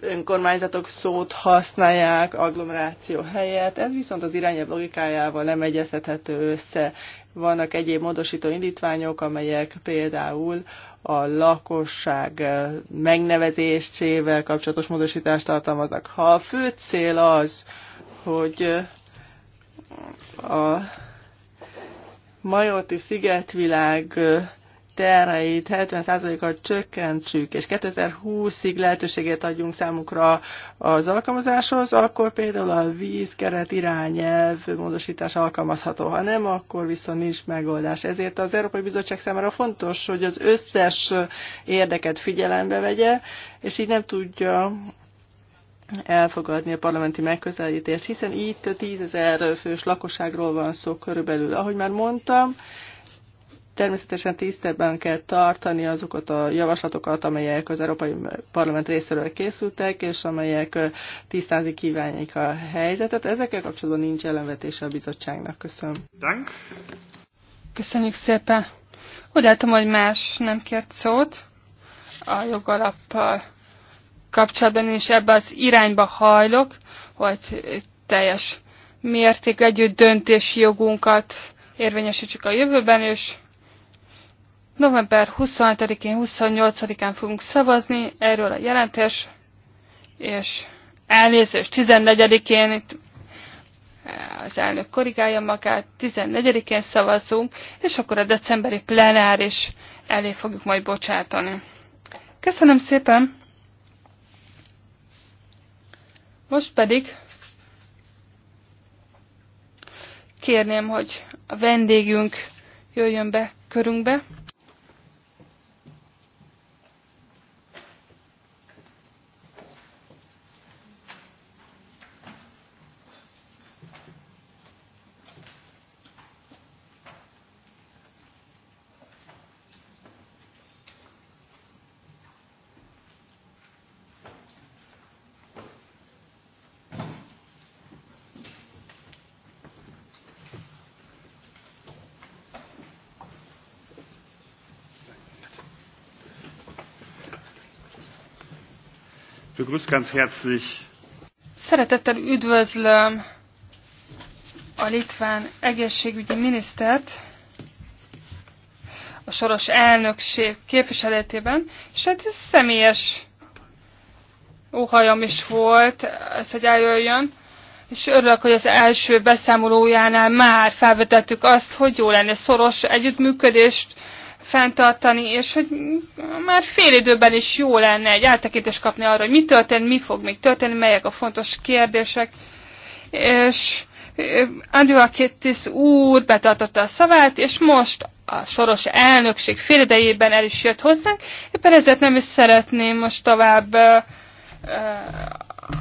önkormányzatok szót használják agglomeráció helyett, ez viszont az irányabb logikájával nem egyeztethető össze. Vannak egyéb módosító indítványok, amelyek például a lakosság megnevezésével kapcsolatos módosítást tartalmaznak. Ha a fő cél az, hogy a Majóti szigetvilág terheit 70 a csökkentsük, és 2020-ig lehetőséget adjunk számukra az alkalmazáshoz, akkor például a vízkeret irányelv módosítás alkalmazható. Ha nem, akkor viszont nincs megoldás. Ezért az Európai Bizottság számára fontos, hogy az összes érdeket figyelembe vegye, és így nem tudja elfogadni a parlamenti megközelítést, hiszen itt 10 ezer fős lakosságról van szó körülbelül. Ahogy már mondtam, Természetesen tisztában kell tartani azokat a javaslatokat, amelyek az Európai Parlament részéről készültek, és amelyek tisztázni kívánják a helyzetet. Ezekkel kapcsolatban nincs ellenvetése a bizottságnak. Köszönöm. Dank. Köszönjük szépen. Úgy látom, hogy más nem kért szót a jogalappal kapcsolatban, is ebbe az irányba hajlok, hogy teljes mértékű együtt döntési jogunkat érvényesítsük a jövőben, és November 27-én, 28-án fogunk szavazni erről a jelentés, és elnézést 14-én, itt eh, az elnök korrigálja magát, 14-én szavazunk, és akkor a decemberi plenáris elé fogjuk majd bocsátani. Köszönöm szépen! Most pedig kérném, hogy a vendégünk jöjjön be körünkbe. begrüßt ganz herzlich. Szeretettel üdvözlöm a litván egészségügyi minisztert a soros elnökség képviseletében, és hát ez személyes óhajam is volt, ez, hogy eljöjjön, és örülök, hogy az első beszámolójánál már felvetettük azt, hogy jó lenne szoros együttműködést fenntartani, és hogy már fél időben is jó lenne egy áttekintést kapni arra, hogy mi történt, mi fog még történni, melyek a fontos kérdések. És eh, Akitis úr betartotta a szavát, és most a soros elnökség fél idejében el is jött hozzánk, éppen ezért nem is szeretném most tovább eh, eh,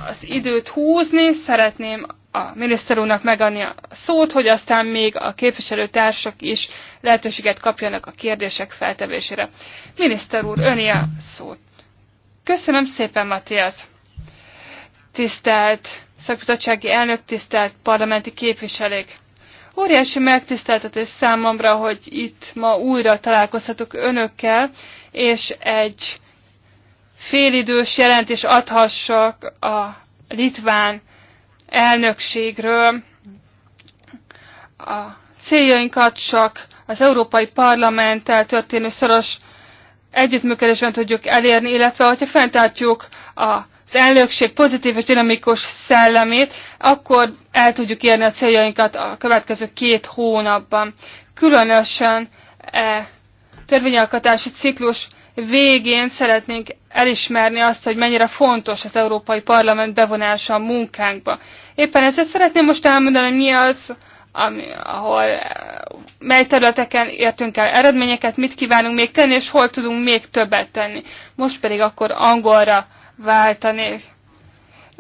az időt húzni, szeretném a miniszter úrnak megadni a szót, hogy aztán még a képviselőtársak is lehetőséget kapjanak a kérdések feltevésére. Miniszter úr, öné a szót. Köszönöm szépen, Matthias. Tisztelt szakbizottsági elnök, tisztelt parlamenti képviselők. Óriási megtiszteltetés számomra, hogy itt ma újra találkozhatok önökkel, és egy félidős jelentés adhassak a litván elnökségről. A céljainkat csak az Európai Parlamenttel történő szoros együttműködésben tudjuk elérni, illetve hogyha fenntartjuk az elnökség pozitív és dinamikus szellemét, akkor el tudjuk érni a céljainkat a következő két hónapban. Különösen e törvényalkotási ciklus végén szeretnénk elismerni azt, hogy mennyire fontos az Európai Parlament bevonása a munkánkba. Éppen ezért szeretném most elmondani, hogy mi az, ami, ahol mely területeken értünk el eredményeket, mit kívánunk még tenni, és hol tudunk még többet tenni. Most pedig akkor angolra váltani.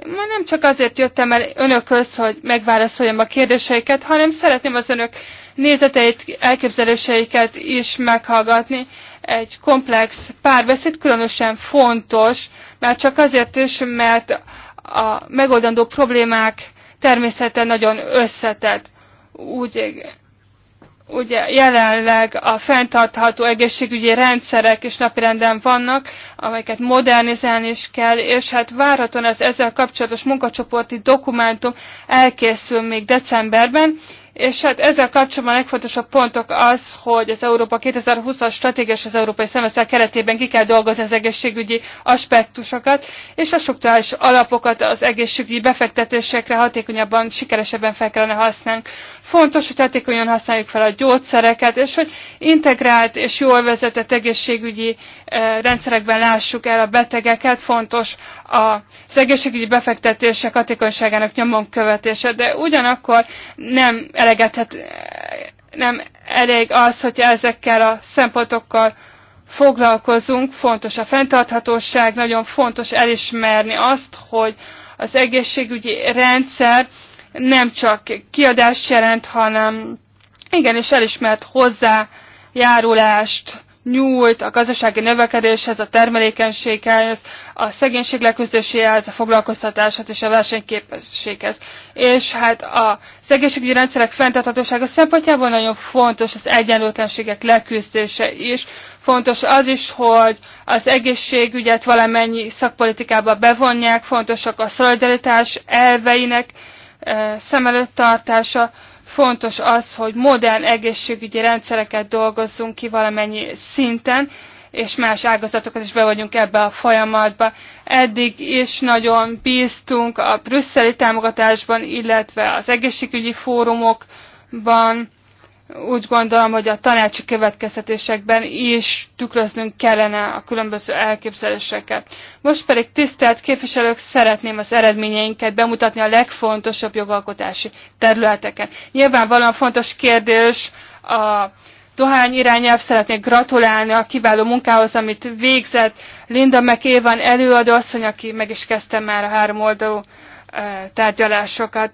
Már nem csak azért jöttem el önökhöz, hogy megválaszoljam a kérdéseiket, hanem szeretném az önök nézeteit, elképzeléseiket is meghallgatni, egy komplex párbeszéd különösen fontos, mert csak azért is, mert a megoldandó problémák természete nagyon összetett. Úgy, ugye jelenleg a fenntartható egészségügyi rendszerek is napirenden vannak, amelyeket modernizálni is kell, és hát várhatóan az ezzel kapcsolatos munkacsoporti dokumentum elkészül még decemberben, és hát ezzel kapcsolatban a legfontosabb pontok az, hogy az Európa 2020-as stratégia és az európai szemeszter keretében ki kell dolgozni az egészségügyi aspektusokat, és a struktúrális alapokat az egészségügyi befektetésekre hatékonyabban, sikeresebben fel kellene használni. Fontos, hogy hatékonyan használjuk fel a gyógyszereket, és hogy integrált és jól vezetett egészségügyi eh, rendszerekben lássuk el a betegeket. Fontos az egészségügyi befektetések hatékonyságának nyomon követése, de ugyanakkor nem elegethet, nem elég az, hogy ezekkel a szempontokkal foglalkozunk, fontos a fenntarthatóság, nagyon fontos elismerni azt, hogy az egészségügyi rendszer nem csak kiadást jelent, hanem igenis elismert hozzájárulást nyújt a gazdasági növekedéshez, a termelékenységhez, a szegénység leküzdéséhez, a foglalkoztatáshoz és a versenyképességhez. És hát a szegénységügyi rendszerek fenntarthatósága szempontjából nagyon fontos az egyenlőtlenségek leküzdése is. Fontos az is, hogy az egészségügyet valamennyi szakpolitikába bevonják, fontosak a szolidaritás elveinek szem előtt tartása, fontos az, hogy modern egészségügyi rendszereket dolgozzunk ki valamennyi szinten, és más ágazatokat is be vagyunk ebbe a folyamatba. Eddig is nagyon bíztunk a brüsszeli támogatásban, illetve az egészségügyi fórumokban, úgy gondolom, hogy a tanácsi következtetésekben is tükröznünk kellene a különböző elképzeléseket. Most pedig tisztelt képviselők, szeretném az eredményeinket bemutatni a legfontosabb jogalkotási területeken. Nyilvánvalóan fontos kérdés a dohány irányelv, szeretnék gratulálni a kiváló munkához, amit végzett Linda McEvan előadó asszony, aki meg is kezdte már a három oldalú tárgyalásokat.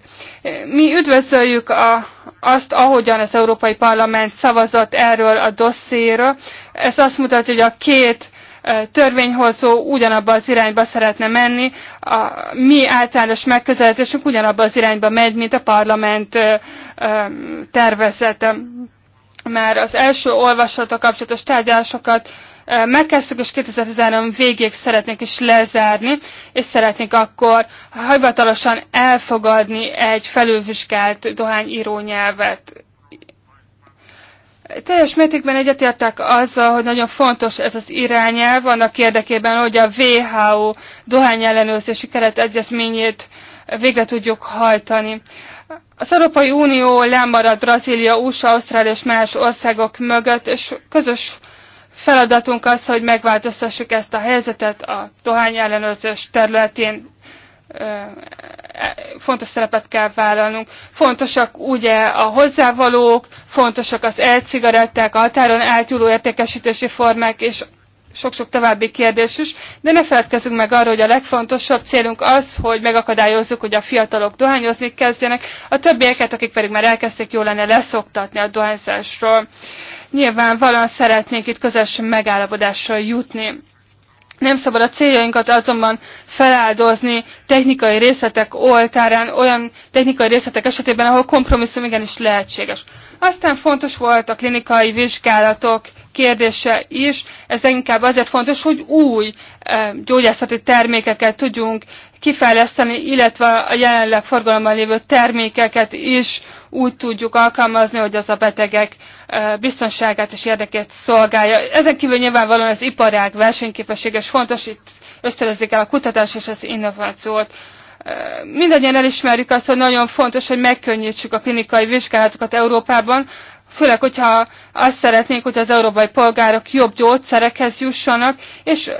Mi üdvözöljük a, azt, ahogyan az Európai Parlament szavazott erről a dosszéről. Ez azt mutatja, hogy a két törvényhozó ugyanabba az irányba szeretne menni, a mi általános megközelítésünk ugyanabba az irányba megy, mint a parlament tervezete. Már az első olvasata kapcsolatos tárgyalásokat megkezdtük, és 2013 végéig szeretnénk is lezárni, és szeretnénk akkor hivatalosan elfogadni egy felülvizsgált dohányíró nyelvet. Teljes mértékben egyetértek azzal, hogy nagyon fontos ez az irányelv annak érdekében, hogy a WHO dohányellenőrzési egyezményét végre tudjuk hajtani. Az Európai Unió lemarad Brazília, USA, Ausztrália és más országok mögött, és közös feladatunk az, hogy megváltoztassuk ezt a helyzetet a dohány ellenőrzős területén e, fontos szerepet kell vállalnunk. Fontosak ugye a hozzávalók, fontosak az elcigaretták, a határon átjúló értékesítési formák és sok-sok további kérdés is, de ne feledkezzünk meg arról, hogy a legfontosabb célunk az, hogy megakadályozzuk, hogy a fiatalok dohányozni kezdjenek, a többieket, akik pedig már elkezdték, jól lenne leszoktatni a dohányzásról nyilvánvalóan szeretnénk itt közös megállapodásra jutni. Nem szabad a céljainkat azonban feláldozni technikai részletek oltárán, olyan technikai részletek esetében, ahol kompromisszum igenis lehetséges. Aztán fontos volt a klinikai vizsgálatok kérdése is, ez inkább azért fontos, hogy új eh, gyógyászati termékeket tudjunk kifejleszteni, illetve a jelenleg forgalomban lévő termékeket is úgy tudjuk alkalmazni, hogy az a betegek biztonságát és érdekét szolgálja. Ezen kívül nyilvánvalóan az iparág versenyképességes fontos, itt ösztönözik el a kutatás és az innovációt. Mindannyian elismerjük azt, hogy nagyon fontos, hogy megkönnyítsük a klinikai vizsgálatokat Európában, főleg, hogyha azt szeretnénk, hogy az európai polgárok jobb gyógyszerekhez jussanak, és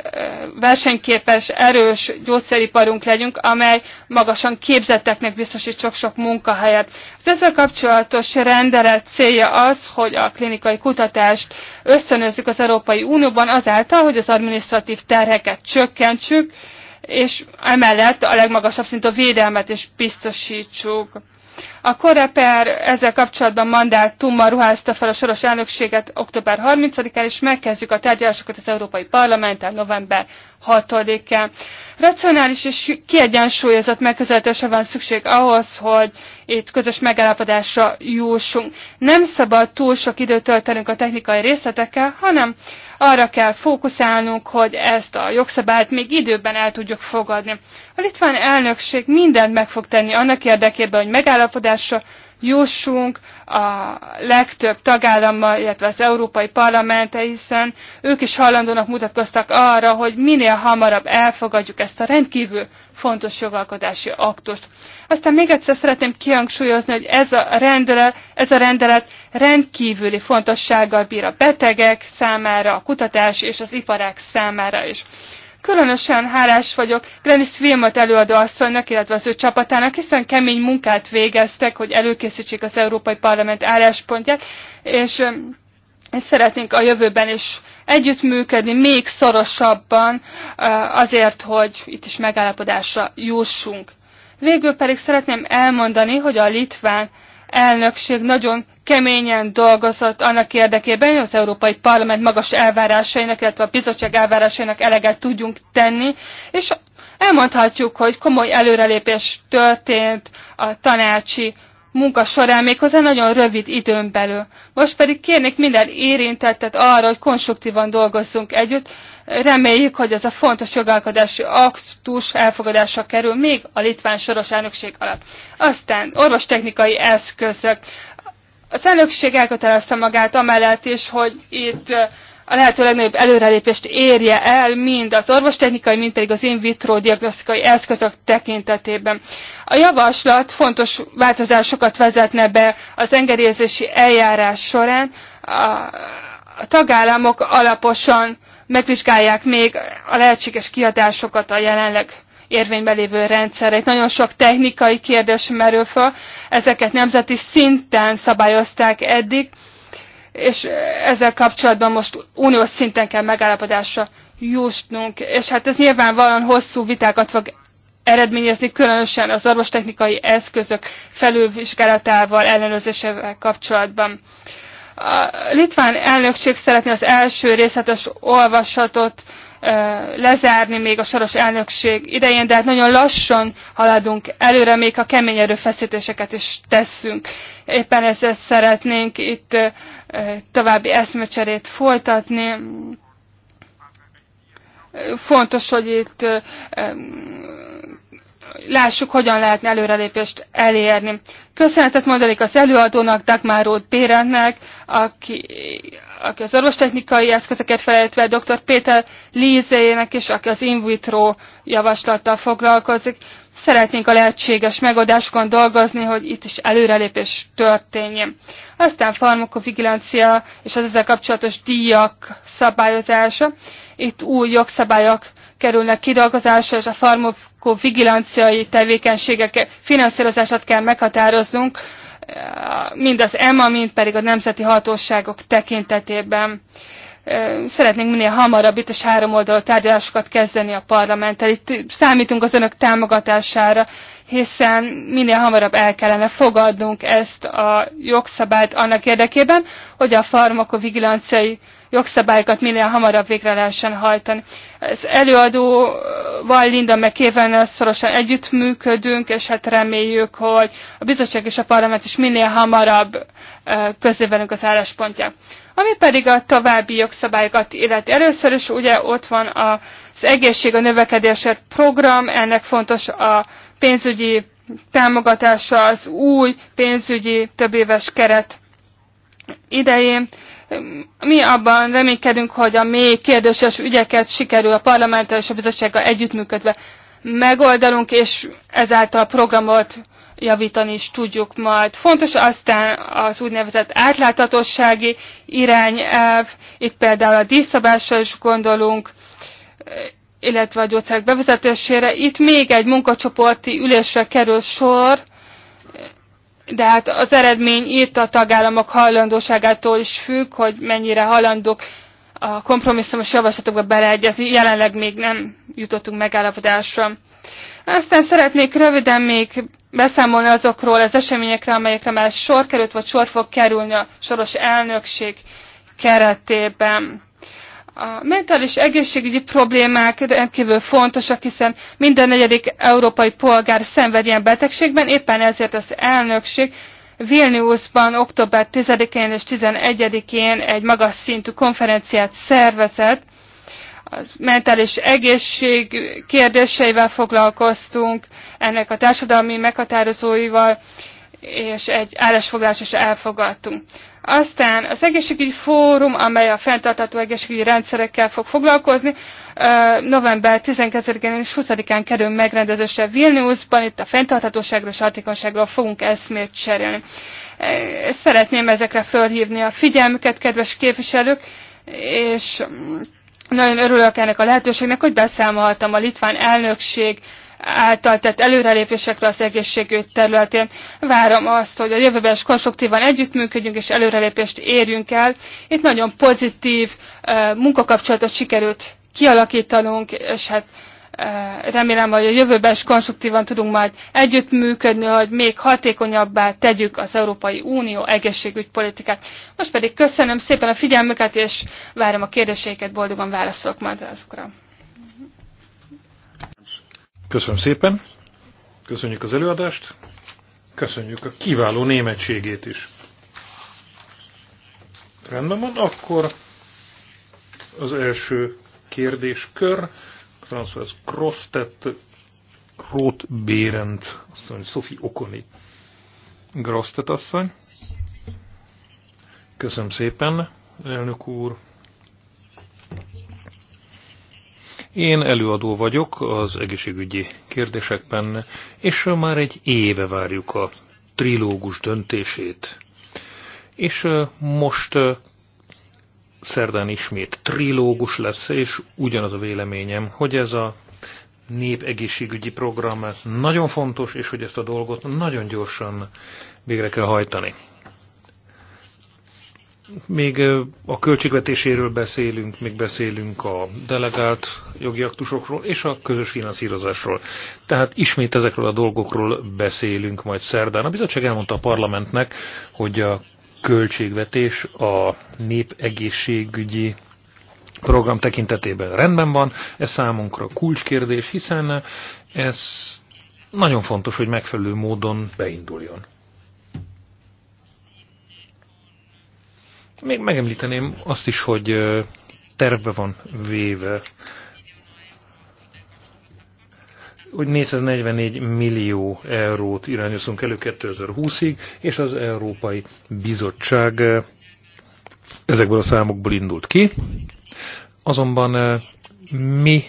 versenyképes, erős gyógyszeriparunk legyünk, amely magasan képzetteknek biztosít sok-sok munkahelyet. Az ezzel kapcsolatos rendelet célja az, hogy a klinikai kutatást ösztönözzük az Európai Unióban azáltal, hogy az administratív terheket csökkentsük, és emellett a legmagasabb szintű védelmet is biztosítsuk. A Coreper ezzel kapcsolatban mandátummal ruházta fel a soros elnökséget október 30-án, és megkezdjük a tárgyalásokat az Európai Parlamenttel november 6-án. Racionális és kiegyensúlyozott megközelítésre van szükség ahhoz, hogy itt közös megállapodásra jussunk. Nem szabad túl sok időt töltenünk a technikai részletekkel, hanem arra kell fókuszálnunk, hogy ezt a jogszabályt még időben el tudjuk fogadni. A litván elnökség mindent meg fog tenni annak érdekében, hogy megállapodásra jussunk, a legtöbb tagállammal, illetve az Európai Parlamente, hiszen ők is hajlandónak mutatkoztak arra, hogy minél hamarabb elfogadjuk ezt a rendkívül fontos jogalkotási aktust. Aztán még egyszer szeretném kihangsúlyozni, hogy ez a rendelet, ez a rendelet rendkívüli fontossággal bír a betegek számára, a kutatás és az iparák számára is. Különösen hálás vagyok Glenis Wilmot előadó asszonynak, illetve az ő csapatának, hiszen kemény munkát végeztek, hogy előkészítsék az Európai Parlament álláspontját, és, és szeretnénk a jövőben is együttműködni még szorosabban azért, hogy itt is megállapodásra jussunk. Végül pedig szeretném elmondani, hogy a litván elnökség nagyon keményen dolgozott annak érdekében, hogy az Európai Parlament magas elvárásainak, illetve a bizottság elvárásainak eleget tudjunk tenni, és elmondhatjuk, hogy komoly előrelépés történt a tanácsi munka során méghozzá nagyon rövid időn belül. Most pedig kérnék minden érintettet arra, hogy konstruktívan dolgozzunk együtt. Reméljük, hogy ez a fontos jogalkodási aktus elfogadásra kerül még a litván soros elnökség alatt. Aztán orvostechnikai eszközök. A elnökség elkötelezte magát amellett is, hogy itt a lehető legnagyobb előrelépést érje el mind az orvostechnikai, mind pedig az in vitro diagnosztikai eszközök tekintetében. A javaslat fontos változásokat vezetne be az engedélyezési eljárás során. A tagállamok alaposan megvizsgálják még a lehetséges kiadásokat a jelenleg érvényben lévő rendszereit. Nagyon sok technikai kérdés merül fel, ezeket nemzeti szinten szabályozták eddig, és ezzel kapcsolatban most uniós szinten kell megállapodásra jussnunk. és hát ez nyilvánvalóan hosszú vitákat fog eredményezni, különösen az orvostechnikai eszközök felülvizsgálatával, ellenőrzésével kapcsolatban. A litván elnökség szeretné az első részletes olvasatot lezárni még a soros elnökség idején, de hát nagyon lassan haladunk előre, még a kemény erőfeszítéseket is tesszünk. Éppen ezért szeretnénk itt további eszmecserét folytatni. Fontos, hogy itt lássuk, hogyan lehetne előrelépést elérni. Köszönetet mondanék az előadónak, Dagmar Roth Bérennek, aki aki az orvostechnikai eszközöket felejtve dr. Péter Lízejének is, aki az in vitro javaslattal foglalkozik. Szeretnénk a lehetséges megoldásokon dolgozni, hogy itt is előrelépés történjen. Aztán farmakovigilancia és az ezzel kapcsolatos díjak szabályozása. Itt új jogszabályok kerülnek kidolgozásra, és a farmakovigilanciai tevékenységek finanszírozását kell meghatároznunk mind az EMA, mind pedig a nemzeti hatóságok tekintetében szeretnénk minél hamarabb itt és három oldalú tárgyalásokat kezdeni a parlamenttel. Itt számítunk az önök támogatására, hiszen minél hamarabb el kellene fogadnunk ezt a jogszabályt annak érdekében, hogy a farmakovigilanciai jogszabályokat minél hamarabb végre lehessen hajtani. Az előadó Linda mcéven szorosan együttműködünk, és hát reméljük, hogy a bizottság és a parlament is minél hamarabb közévelünk az álláspontját. Ami pedig a további jogszabályokat illeti. Először is ugye ott van az egészség a növekedésért program, ennek fontos a pénzügyi támogatása az új pénzügyi többéves keret idején mi abban reménykedünk, hogy a mély kérdéses ügyeket sikerül a parlamenttel és a bizottsággal együttműködve megoldalunk, és ezáltal a programot javítani is tudjuk majd. Fontos aztán az úgynevezett átláthatósági irányelv, itt például a díszabásra is gondolunk, illetve a gyógyszerek bevezetésére. Itt még egy munkacsoporti ülésre kerül sor, de hát az eredmény itt a tagállamok hajlandóságától is függ, hogy mennyire halandók a kompromisszumos javaslatokba beleegyezni, jelenleg még nem jutottunk megállapodásra. Aztán szeretnék röviden még beszámolni azokról az eseményekre, amelyekre már sor került, vagy sor fog kerülni a soros elnökség keretében. A mentális egészségügyi problémák rendkívül fontosak, hiszen minden negyedik európai polgár szenved ilyen betegségben, éppen ezért az elnökség Vilniusban október 10-én és 11-én egy magas szintű konferenciát szervezett, a mentális egészség kérdéseivel foglalkoztunk, ennek a társadalmi meghatározóival, és egy állásfoglalást is elfogadtunk. Aztán az egészségügyi fórum, amely a fenntartató egészségügyi rendszerekkel fog foglalkozni, november 12-én és 20-án kerül megrendezésre Vilniusban, itt a fenntarthatóságról és hatékonyságról fogunk eszmét cserélni. Szeretném ezekre fölhívni a figyelmüket, kedves képviselők, és nagyon örülök ennek a lehetőségnek, hogy beszámolhattam a litván elnökség által tett előrelépésekre az egészségügy területén. Várom azt, hogy a jövőben is konstruktívan együttműködjünk és előrelépést érjünk el. Itt nagyon pozitív munkakapcsolatot sikerült kialakítanunk, és hát remélem, hogy a jövőben is konstruktívan tudunk majd együttműködni, hogy még hatékonyabbá tegyük az Európai Unió egészségügypolitikát. Most pedig köszönöm szépen a figyelmüket, és várom a kérdéseiket, boldogan válaszolok majd azokra. Köszönöm szépen, köszönjük az előadást, köszönjük a kiváló németségét is. Rendben van, akkor az első kérdéskör. François Krostet, Roth Bérend, asszony, Sophie Okoni. Grosztet asszony. Köszönöm szépen, elnök úr. Én előadó vagyok az egészségügyi kérdésekben, és már egy éve várjuk a trilógus döntését. És most szerdán ismét trilógus lesz, és ugyanaz a véleményem, hogy ez a népegészségügyi program ez nagyon fontos, és hogy ezt a dolgot nagyon gyorsan végre kell hajtani még a költségvetéséről beszélünk, még beszélünk a delegált jogi aktusokról és a közös finanszírozásról. Tehát ismét ezekről a dolgokról beszélünk majd szerdán. A bizottság elmondta a parlamentnek, hogy a költségvetés a népegészségügyi program tekintetében rendben van. Ez számunkra kulcskérdés, hiszen ez nagyon fontos, hogy megfelelő módon beinduljon. Még megemlíteném azt is, hogy terve van véve, hogy 444 millió eurót irányozunk elő 2020-ig, és az Európai Bizottság ezekből a számokból indult ki. Azonban mi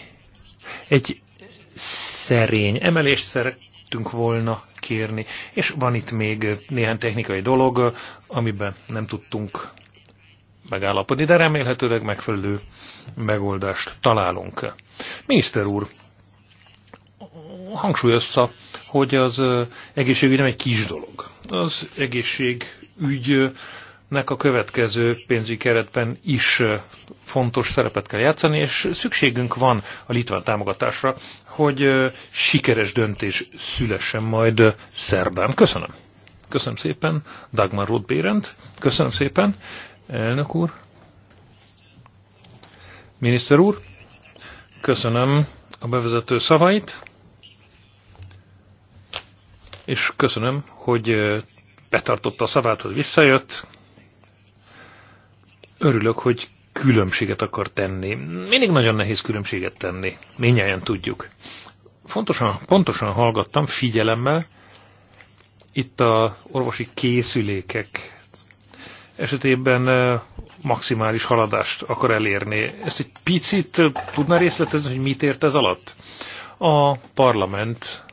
egy szerény emelést szerettünk volna kérni, és van itt még néhány technikai dolog, amiben nem tudtunk megállapodni, de remélhetőleg megfelelő megoldást találunk. Miniszter úr, hangsúlyozza, hogy az egészségügy nem egy kis dolog. Az egészségügynek a következő pénzügyi keretben is fontos szerepet kell játszani, és szükségünk van a litván támogatásra, hogy sikeres döntés szülessen majd szerdán. Köszönöm. Köszönöm szépen, Dagmar Rothbérend. Köszönöm szépen. Elnök úr. Miniszter úr, köszönöm a bevezető szavait, és köszönöm, hogy betartotta a szavát, hogy visszajött. Örülök, hogy különbséget akar tenni. Mindig nagyon nehéz különbséget tenni. Mindjárt tudjuk. Fontosan, pontosan hallgattam figyelemmel. Itt a orvosi készülékek esetében maximális haladást akar elérni. Ezt egy picit tudná részletezni, hogy mit ért ez alatt? A parlament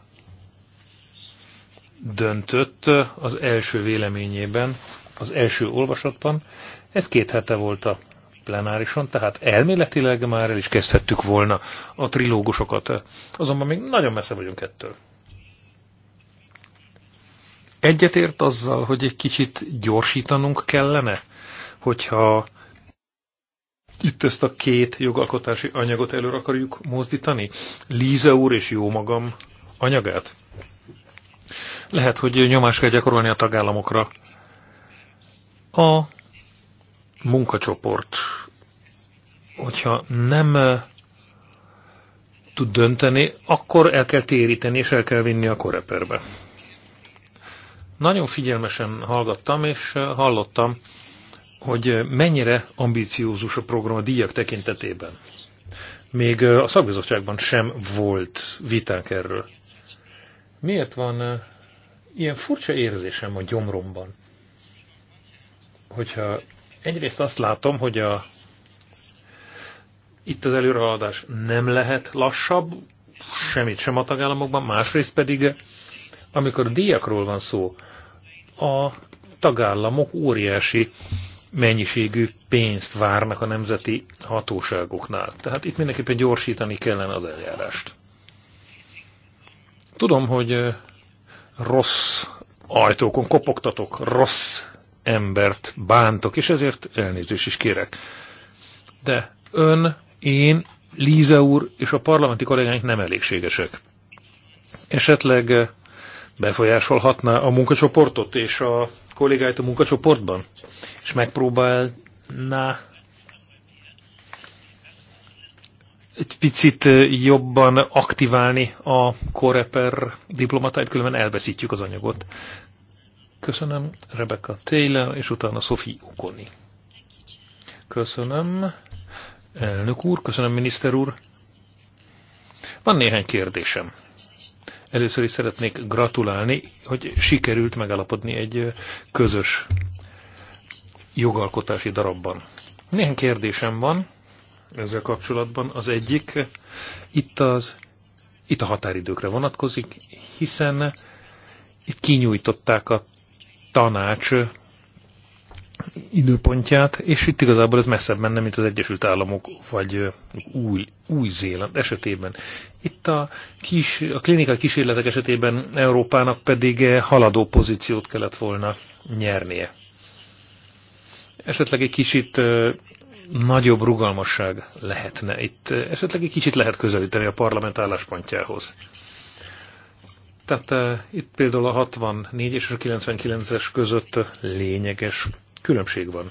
döntött az első véleményében, az első olvasatban. Ez két hete volt a plenárison, tehát elméletileg már el is kezdhettük volna a trilógusokat. Azonban még nagyon messze vagyunk ettől. Egyetért azzal, hogy egy kicsit gyorsítanunk kellene, hogyha itt ezt a két jogalkotási anyagot előre akarjuk mozdítani? Líze úr és jó magam anyagát? Lehet, hogy nyomás kell gyakorolni a tagállamokra. A munkacsoport, hogyha nem eh, tud dönteni, akkor el kell téríteni, és el kell vinni a koreperbe. Nagyon figyelmesen hallgattam, és eh, hallottam, hogy eh, mennyire ambíciózus a program a díjak tekintetében. Még eh, a szakbizottságban sem volt vitánk erről. Miért van ilyen furcsa érzésem a gyomromban? Hogyha egyrészt azt látom, hogy a, itt az előrehaladás nem lehet lassabb, semmit sem a tagállamokban, másrészt pedig amikor díjakról van szó, a tagállamok óriási mennyiségű pénzt várnak a nemzeti hatóságoknál. Tehát itt mindenképpen gyorsítani kellene az eljárást. Tudom, hogy rossz ajtókon kopogtatok, rossz embert bántok, és ezért elnézést is kérek. De ön, én, Líze úr és a parlamenti kollégáink nem elégségesek. Esetleg befolyásolhatná a munkacsoportot és a kollégáit a munkacsoportban, és megpróbálná egy picit jobban aktiválni a koreper diplomatáit, különben elveszítjük az anyagot. Köszönöm Rebecca Taylor, és utána Sophie Okoni. Köszönöm, elnök úr, köszönöm miniszter úr. Van néhány kérdésem. Először is szeretnék gratulálni, hogy sikerült megalapodni egy közös jogalkotási darabban. Néhány kérdésem van ezzel kapcsolatban. Az egyik itt, az, itt a határidőkre vonatkozik, hiszen itt kinyújtották a tanács időpontját, és itt igazából ez messzebb menne, mint az Egyesült Államok vagy új, Új-Zéland esetében. Itt a, kis, a klinikai kísérletek esetében Európának pedig haladó pozíciót kellett volna nyernie. Esetleg egy kicsit nagyobb rugalmasság lehetne itt. Esetleg egy kicsit lehet közelíteni a parlament álláspontjához. Tehát uh, itt például a 64 és a 99-es között lényeges különbség van.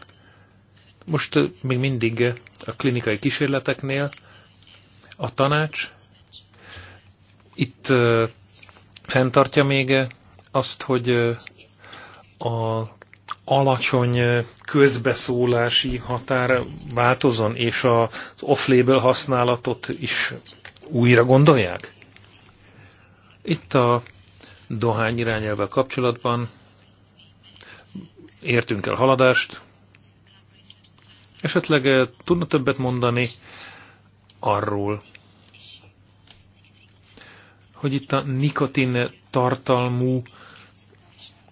Most eh, még mindig eh, a klinikai kísérleteknél a tanács itt eh, fenntartja még azt, hogy a alacsony közbeszólási határ változon, és az off-label használatot is újra gondolják? Itt a dohány irányelvvel kapcsolatban értünk el haladást. Esetleg eh, tudna többet mondani arról, hogy itt a nikotin tartalmú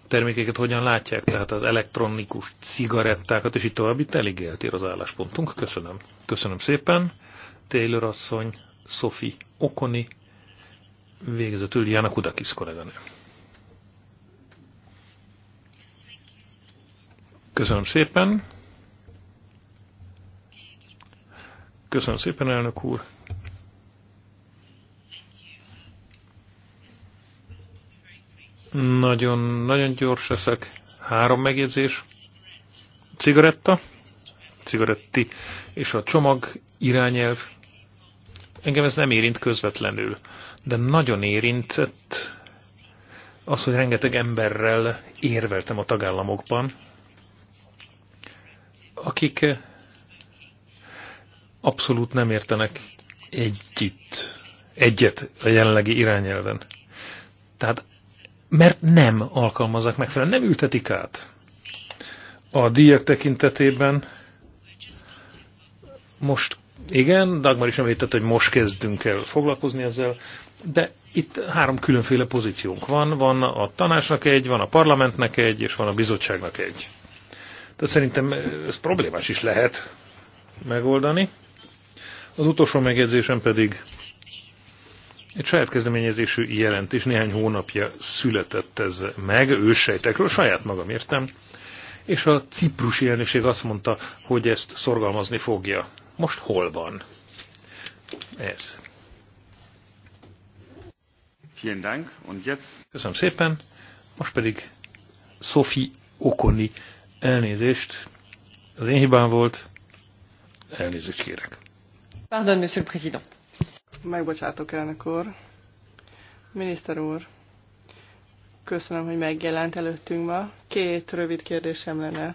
termékeket hogyan látják, tehát az elektronikus cigarettákat, és itt tovább itt elég eltér az álláspontunk. Köszönöm. Köszönöm szépen. Taylor asszony, Sophie Okoni, végezetül Jana Kudakis kolléganő. Köszönöm szépen. Köszönöm szépen, elnök úr. Nagyon, nagyon gyors leszek. Három megjegyzés. Cigaretta, cigaretti és a csomag irányelv. Engem ez nem érint közvetlenül, de nagyon érintett az, hogy rengeteg emberrel érveltem a tagállamokban, akik eh, abszolút nem értenek együtt, egyet a jelenlegi irányelven. Tehát, mert nem alkalmazzák megfelelően, nem ültetik át. A díjak tekintetében most, igen, Dagmar is említett, hogy most kezdünk el foglalkozni ezzel, de itt három különféle pozíciónk van. Van a tanácsnak egy, van a parlamentnek egy, és van a bizottságnak egy. De szerintem ez problémás is lehet megoldani. Az utolsó megjegyzésem pedig egy saját kezdeményezésű jelentés néhány hónapja született ez meg, őssejtekről, saját magam értem, és a ciprusi elnökség azt mondta, hogy ezt szorgalmazni fogja. Most hol van ez? Köszönöm szépen, most pedig Sophie Okoni Elnézést, az én hibám volt, elnézést kérek. Pardon, monsieur le président. Megbocsátok, elnök úr. Miniszter úr, köszönöm, hogy megjelent előttünk ma. Két rövid kérdésem lenne.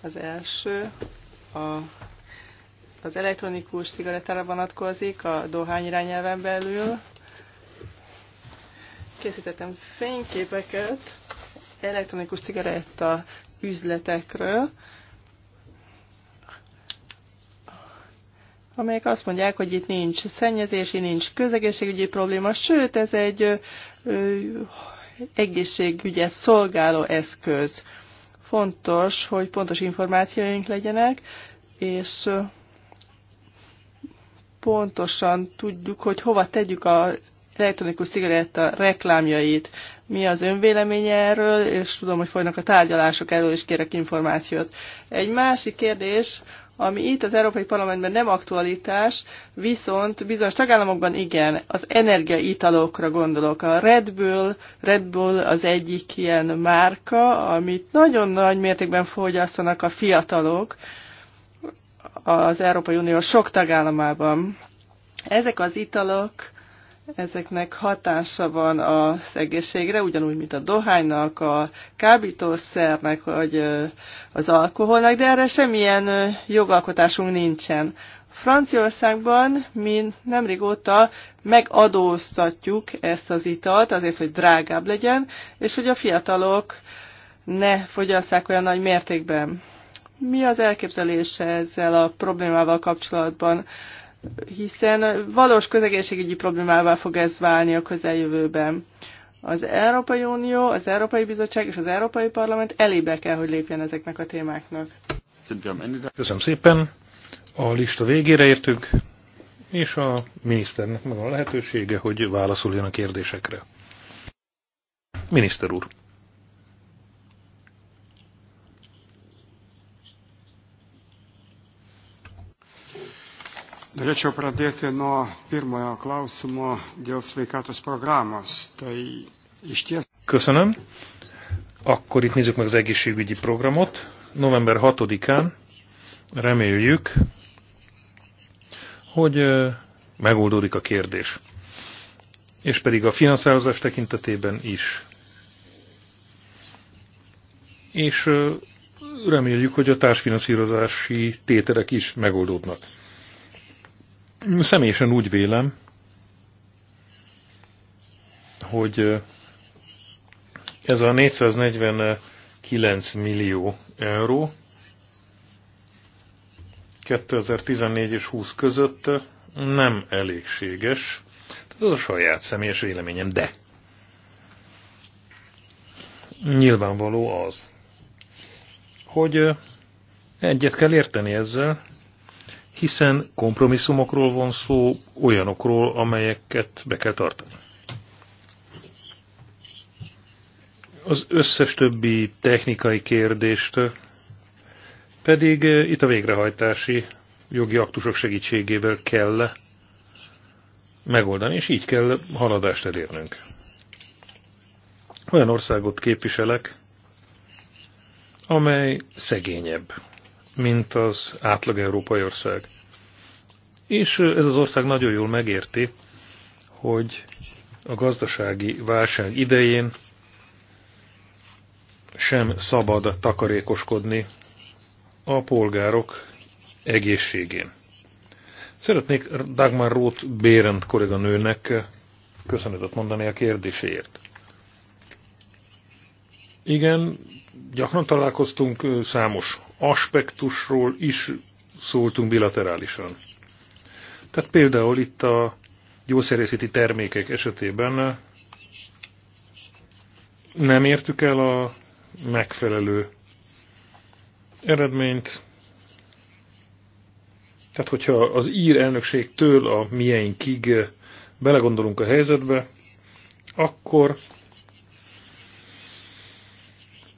Az első, a, az elektronikus cigarettára vonatkozik a dohány irányelven belül. Készítettem fényképeket elektronikus cigaretta üzletekről, amelyek azt mondják, hogy itt nincs szennyezési, nincs közegészségügyi probléma, sőt, ez egy ö, egészségügyet szolgáló eszköz. Fontos, hogy pontos információink legyenek, és pontosan tudjuk, hogy hova tegyük a elektronikus cigaretta reklámjait mi az önvéleménye erről, és tudom, hogy folynak a tárgyalások erről, és kérek információt. Egy másik kérdés, ami itt az Európai Parlamentben nem aktualitás, viszont bizonyos tagállamokban igen, az energiaitalokra gondolok. A Red Bull, Red Bull az egyik ilyen márka, amit nagyon nagy mértékben fogyasztanak a fiatalok az Európai Unió sok tagállamában. Ezek az italok ezeknek hatása van az egészségre, ugyanúgy, mint a dohánynak, a kábítószernek, vagy az alkoholnak, de erre semmilyen jogalkotásunk nincsen. Franciaországban mi nem régóta megadóztatjuk ezt az italt azért, hogy drágább legyen, és hogy a fiatalok ne fogyasszák olyan nagy mértékben. Mi az elképzelése ezzel a problémával kapcsolatban? hiszen valós közegészségügyi problémává fog ez válni a közeljövőben. Az Európai Unió, az Európai Bizottság és az Európai Parlament elébe kell, hogy lépjen ezeknek a témáknak. Köszönöm szépen. A lista végére értünk, és a miniszternek megvan a lehetősége, hogy válaszoljon a kérdésekre. Miniszter úr! Norėčiau pradėti nuo pirmojo klausimo dėl sveikatos programos. Tai iš ties... Köszönöm. Akkor itt nézzük meg az egészségügyi programot. November 6-án reméljük, hogy megoldódik a kérdés. És pedig a finanszírozás tekintetében is. És reméljük, hogy a társfinanszírozási tételek is megoldódnak Személyesen úgy vélem, hogy ez a 449 millió euró 2014 és 20 között nem elégséges. Tehát az a saját személyes véleményem, de nyilvánvaló az, hogy egyet kell érteni ezzel, hiszen kompromisszumokról van szó, olyanokról, amelyeket be kell tartani. Az összes többi technikai kérdést pedig eh, itt a végrehajtási jogi aktusok segítségével kell megoldani, és így kell haladást elérnünk. Olyan országot képviselek, amely szegényebb mint az átlag európai ország. És ez az ország nagyon jól megérti, hogy a gazdasági válság idején sem szabad takarékoskodni a polgárok egészségén. Szeretnék Dagmar Roth Bérend kolléganőnek köszönetet mondani a kérdéséért. Igen, gyakran találkoztunk, számos aspektusról is szóltunk bilaterálisan. Tehát például itt a gyógyszerészeti termékek esetében nem értük el a megfelelő eredményt. Tehát, hogyha az ír elnökségtől a mieinkig belegondolunk a helyzetbe, akkor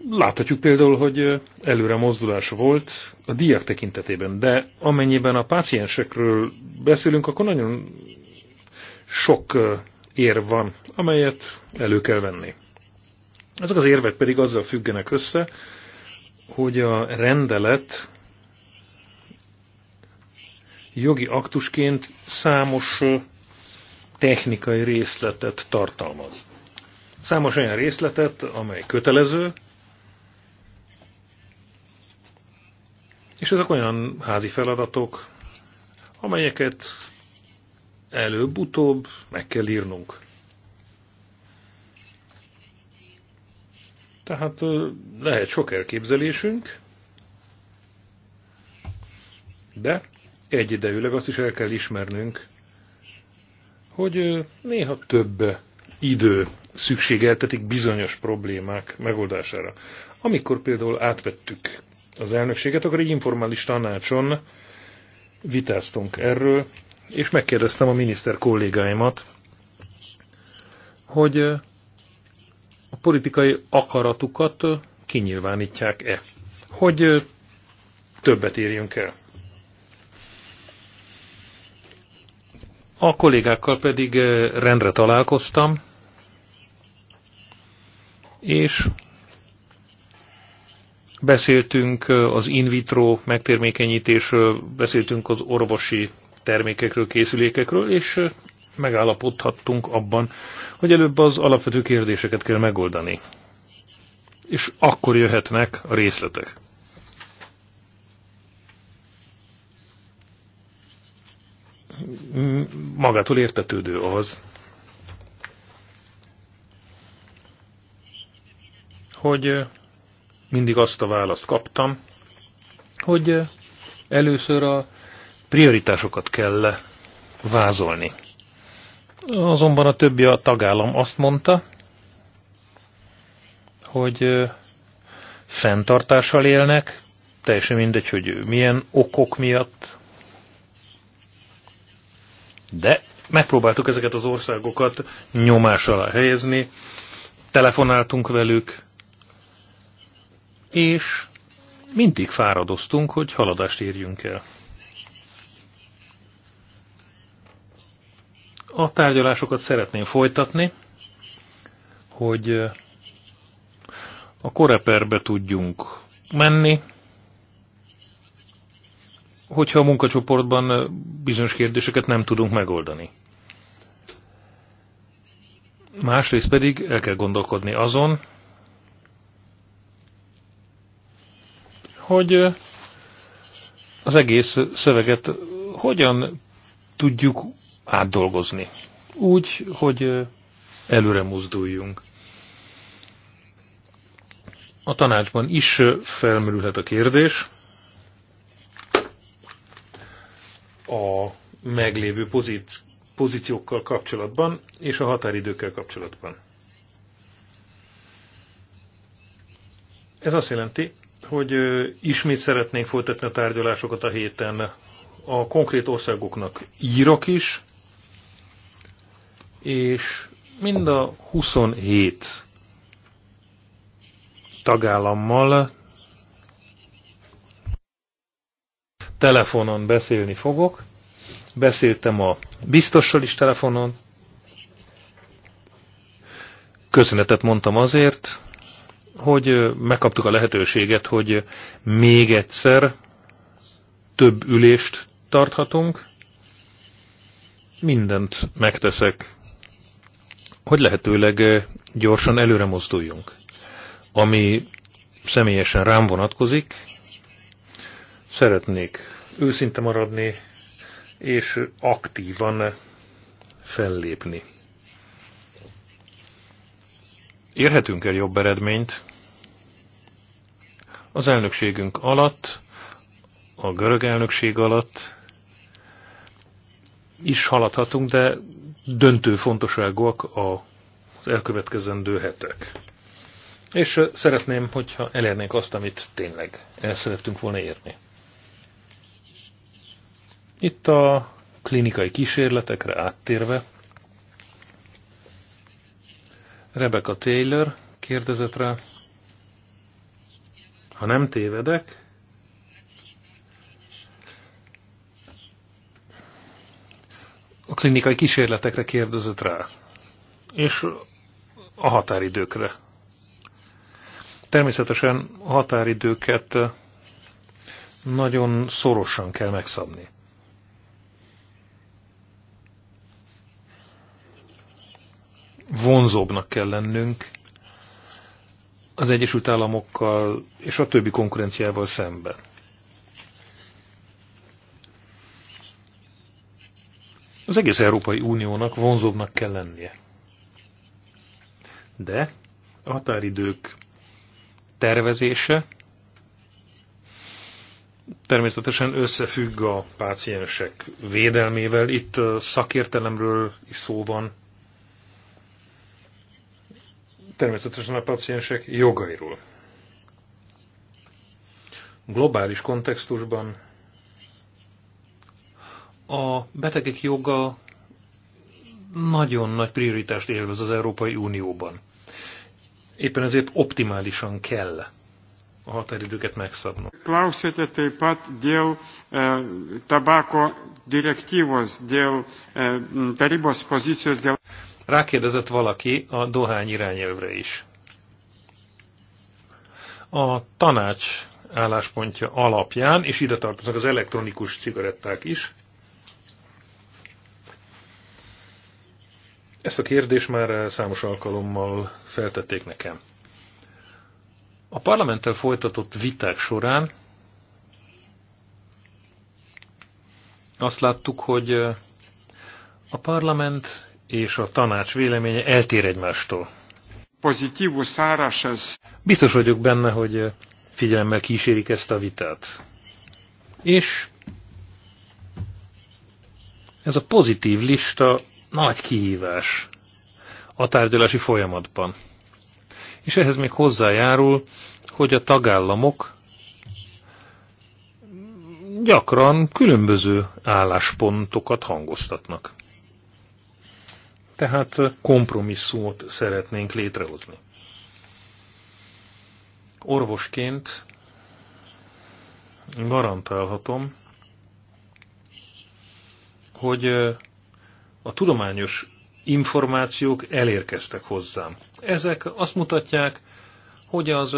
Láthatjuk például, hogy előre mozdulás volt a díjak tekintetében, de amennyiben a páciensekről beszélünk, akkor nagyon sok ér van, amelyet elő kell venni. Ezek az érvek pedig azzal függenek össze, hogy a rendelet jogi aktusként számos technikai részletet tartalmaz. Számos olyan részletet, amely kötelező, És ezek olyan házi feladatok, amelyeket előbb-utóbb meg kell írnunk. Tehát lehet sok elképzelésünk, de egyidejűleg azt is el kell ismernünk, hogy néha több idő szükségeltetik bizonyos problémák megoldására. Amikor például átvettük az elnökséget, akkor egy informális tanácson vitáztunk erről, és megkérdeztem a miniszter kollégáimat, hogy a politikai akaratukat kinyilvánítják-e, hogy többet érjünk el. A kollégákkal pedig rendre találkoztam, és Beszéltünk az in vitro megtermékenyítésről, beszéltünk az orvosi termékekről, készülékekről, és megállapodhattunk abban, hogy előbb az alapvető kérdéseket kell megoldani. És akkor jöhetnek a részletek. Magától értetődő az, hogy mindig azt a választ kaptam, hogy először a prioritásokat kell vázolni. Azonban a többi a tagállam azt mondta, hogy fenntartással élnek, teljesen mindegy, hogy milyen okok miatt. De megpróbáltuk ezeket az országokat nyomás alá helyezni, telefonáltunk velük, és mindig fáradoztunk, hogy haladást érjünk el. A tárgyalásokat szeretném folytatni, hogy a koreperbe tudjunk menni, hogyha a munkacsoportban bizonyos kérdéseket nem tudunk megoldani. Másrészt pedig el kell gondolkodni azon, hogy az egész szöveget hogyan tudjuk átdolgozni. Úgy, hogy előre mozduljunk. A tanácsban is felmerülhet a kérdés. A meglévő pozíció pozíciókkal kapcsolatban és a határidőkkel kapcsolatban. Ez azt jelenti, hogy ismét szeretnénk folytatni a tárgyalásokat a héten a konkrét országoknak írok is, és mind a 27 tagállammal telefonon beszélni fogok. Beszéltem a biztossal is telefonon. Köszönetet mondtam azért, hogy megkaptuk a lehetőséget, hogy még egyszer több ülést tarthatunk. Mindent megteszek, hogy lehetőleg gyorsan előre mozduljunk. Ami személyesen rám vonatkozik, szeretnék őszinte maradni, és aktívan fellépni. Érhetünk el jobb eredményt, az elnökségünk alatt, a görög elnökség alatt is haladhatunk, de döntő fontosságúak az elkövetkezendő hetek. És szeretném, hogyha elérnénk azt, amit tényleg el szerettünk volna érni. Itt a klinikai kísérletekre áttérve, Rebecca Taylor kérdezett rá, ha nem tévedek, a klinikai kísérletekre kérdezett rá, és a határidőkre. Természetesen a határidőket nagyon szorosan kell megszabni. Vonzóbbnak kell lennünk, az Egyesült Államokkal és a többi konkurenciával szemben. Az egész Európai Uniónak vonzóbbnak kell lennie. De a határidők tervezése természetesen összefügg a páciensek védelmével. Itt szakértelemről is szó van, természetesen a paciensek jogairól. Globális kontextusban a betegek joga nagyon nagy prioritást élvez az Európai Unióban. Éppen ezért optimálisan kell a határidőket megszabnunk. Klausėte taip pat dėl e, tabako taribos dėl e, Rákérdezett valaki a dohány irányelvre is. A tanács álláspontja alapján, és ide tartoznak az elektronikus cigaretták is, Ezt a kérdést már számos alkalommal feltették nekem. A parlamenttel folytatott viták során azt láttuk, hogy a parlament és a tanács véleménye eltér egymástól. Biztos vagyok benne, hogy figyelemmel kísérik ezt a vitát. És ez a pozitív lista nagy kihívás a tárgyalási folyamatban. És ehhez még hozzájárul, hogy a tagállamok gyakran különböző álláspontokat hangoztatnak tehát kompromisszumot szeretnénk létrehozni. Orvosként garantálhatom, hogy a tudományos információk elérkeztek hozzám. Ezek azt mutatják, hogy az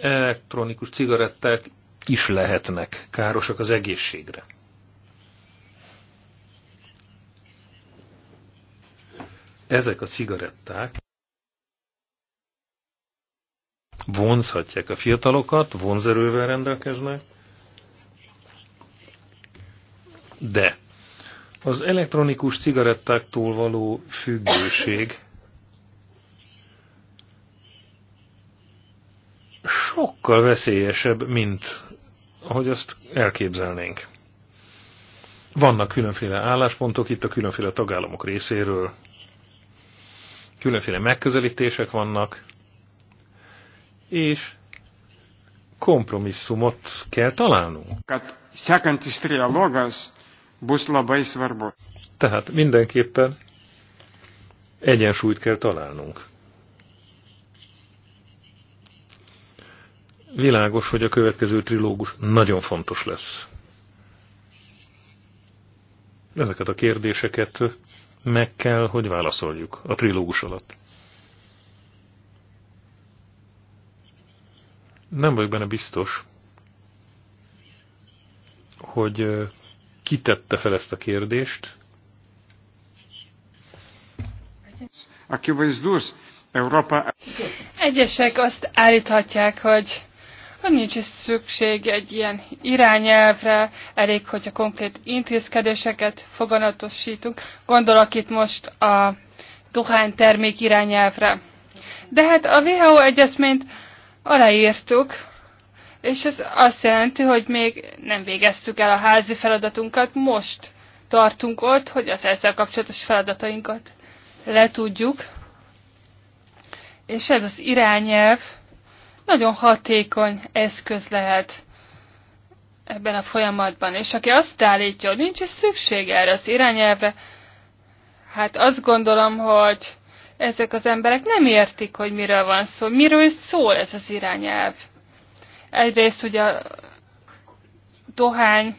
elektronikus cigaretták is lehetnek károsak az egészségre. ezek a cigaretták vonzhatják a fiatalokat, vonzerővel rendelkeznek, de az elektronikus cigarettáktól való függőség sokkal veszélyesebb, mint ahogy azt elképzelnénk. Vannak különféle álláspontok itt a különféle tagállamok részéről, különféle megközelítések vannak, és kompromisszumot kell találnunk. Tehát mindenképpen egyensúlyt kell találnunk. Világos, hogy a következő trilógus nagyon fontos lesz. Ezeket a kérdéseket meg kell, hogy válaszoljuk a trilógus alatt. Nem vagyok benne biztos, hogy kitette fel ezt a kérdést. Egyesek azt állíthatják, hogy hogy nincs is szükség egy ilyen irányelvre, elég, hogyha konkrét intézkedéseket foganatosítunk. Gondolok itt most a dohánytermék irányelvre. De hát a WHO egyezményt aláírtuk, és ez azt jelenti, hogy még nem végeztük el a házi feladatunkat, most tartunk ott, hogy az ezzel kapcsolatos feladatainkat letudjuk. És ez az irányelv nagyon hatékony eszköz lehet ebben a folyamatban. És aki azt állítja, hogy nincs is szükség erre az irányelvre, hát azt gondolom, hogy ezek az emberek nem értik, hogy miről van szó, miről is szól ez az irányelv. Egyrészt hogy a dohány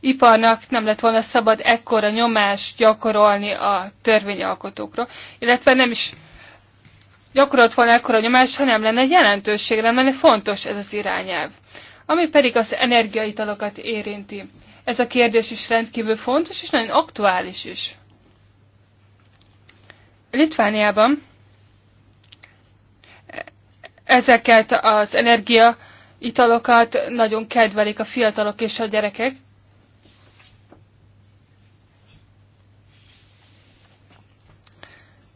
iparnak nem lett volna szabad ekkora nyomást gyakorolni a törvényalkotókra, illetve nem is gyakorolt volna ekkora nyomás, ha nem lenne jelentőség, nem lenne fontos ez az irányelv. Ami pedig az energiaitalokat érinti. Ez a kérdés is rendkívül fontos, és nagyon aktuális is. Litvániában ezeket az energiaitalokat nagyon kedvelik a fiatalok és a gyerekek.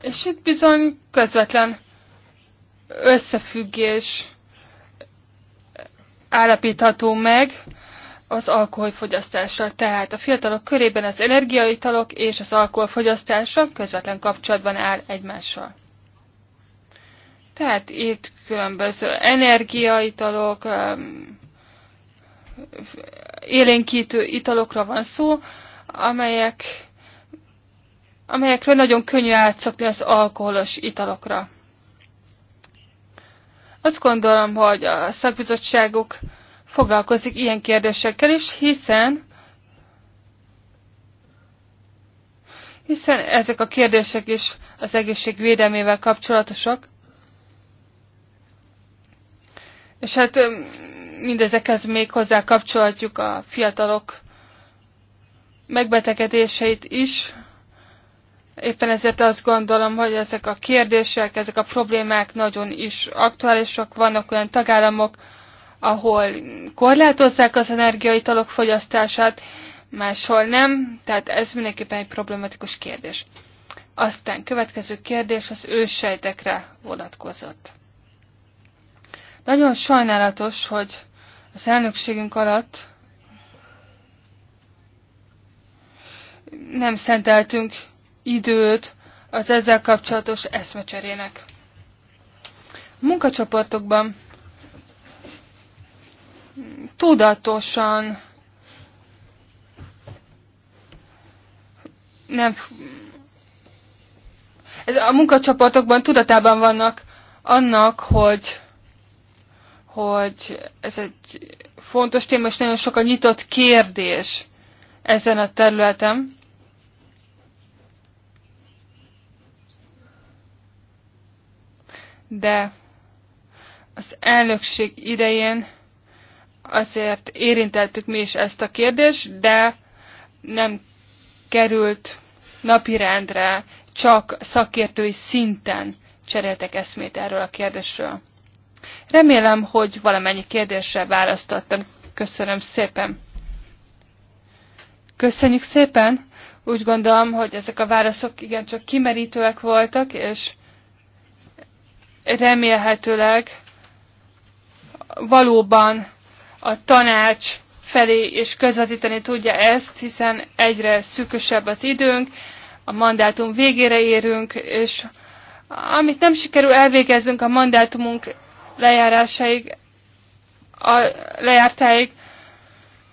És itt bizony közvetlen összefüggés állapítható meg az alkoholfogyasztással. Tehát a fiatalok körében az energiaitalok és az alkoholfogyasztása közvetlen kapcsolatban áll egymással. Tehát itt különböző energiaitalok, um, élénkítő italokra van szó, amelyek, amelyekről nagyon könnyű átszokni az alkoholos italokra. Azt gondolom, hogy a szakbizottságok foglalkozik ilyen kérdésekkel is, hiszen hiszen ezek a kérdések is az egészség védelmével kapcsolatosak. És hát mindezekhez még hozzá kapcsolhatjuk a fiatalok megbetegedéseit is, Éppen ezért azt gondolom, hogy ezek a kérdések, ezek a problémák nagyon is aktuálisak. Vannak olyan tagállamok, ahol korlátozzák az energiaitalok fogyasztását, máshol nem, tehát ez mindenképpen egy problematikus kérdés. Aztán következő kérdés az ősejtekre vonatkozott. Nagyon sajnálatos, hogy az elnökségünk alatt nem szenteltünk időt az ezzel kapcsolatos eszmecserének. Munkacsoportokban tudatosan nem ez a munkacsoportokban tudatában vannak annak, hogy, hogy ez egy fontos téma, és nagyon sok a nyitott kérdés ezen a területen. de az elnökség idején azért érintettük mi is ezt a kérdést, de nem került napirendre, csak szakértői szinten cseréltek eszmét erről a kérdésről. Remélem, hogy valamennyi kérdésre választottam. Köszönöm szépen. Köszönjük szépen! Úgy gondolom, hogy ezek a válaszok igencsak kimerítőek voltak, és remélhetőleg valóban a tanács felé és közvetíteni tudja ezt, hiszen egyre szűkösebb az időnk, a mandátum végére érünk, és amit nem sikerül elvégeznünk a mandátumunk lejárásáig, a lejártáig,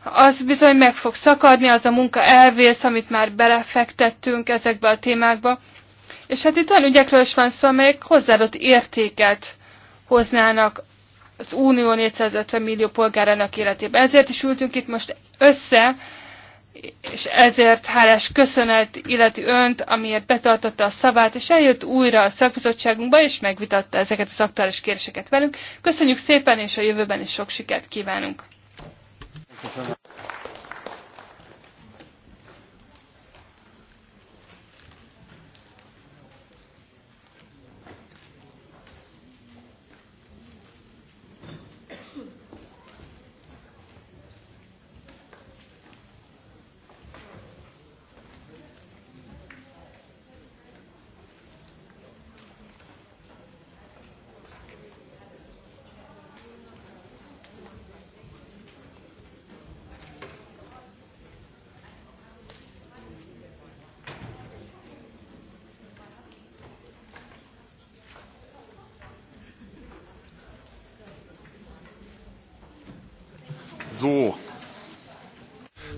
az bizony meg fog szakadni, az a munka elvész, amit már belefektettünk ezekbe a témákba, és hát itt olyan ügyekről is van szó, amelyek hozzáadott értéket hoznának az Unió 450 millió polgárának életében. Ezért is ültünk itt most össze, és ezért hálás köszönet illeti önt, amiért betartotta a szavát, és eljött újra a szakbizottságunkba, és megvitatta ezeket az aktuális kérdéseket velünk. Köszönjük szépen, és a jövőben is sok sikert kívánunk! Köszönöm.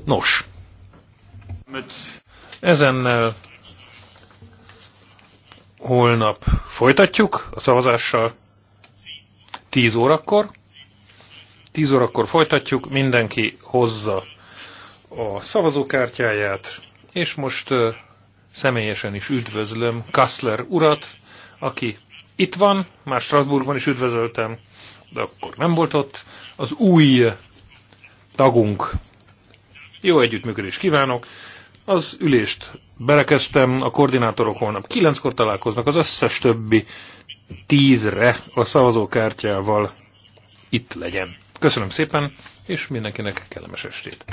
Nos, ezennel holnap folytatjuk a szavazással 10 órakor. 10 órakor folytatjuk, mindenki hozza a szavazókártyáját, és most személyesen is üdvözlöm Kassler urat, aki itt van, már Strasbourgban is üdvözöltem, de akkor nem volt ott, az új tagunk, jó együttműködést kívánok. Az ülést berekeztem, a koordinátorok holnap kilenckor találkoznak, az összes többi tízre a szavazókártyával itt legyen. Köszönöm szépen, és mindenkinek kellemes estét!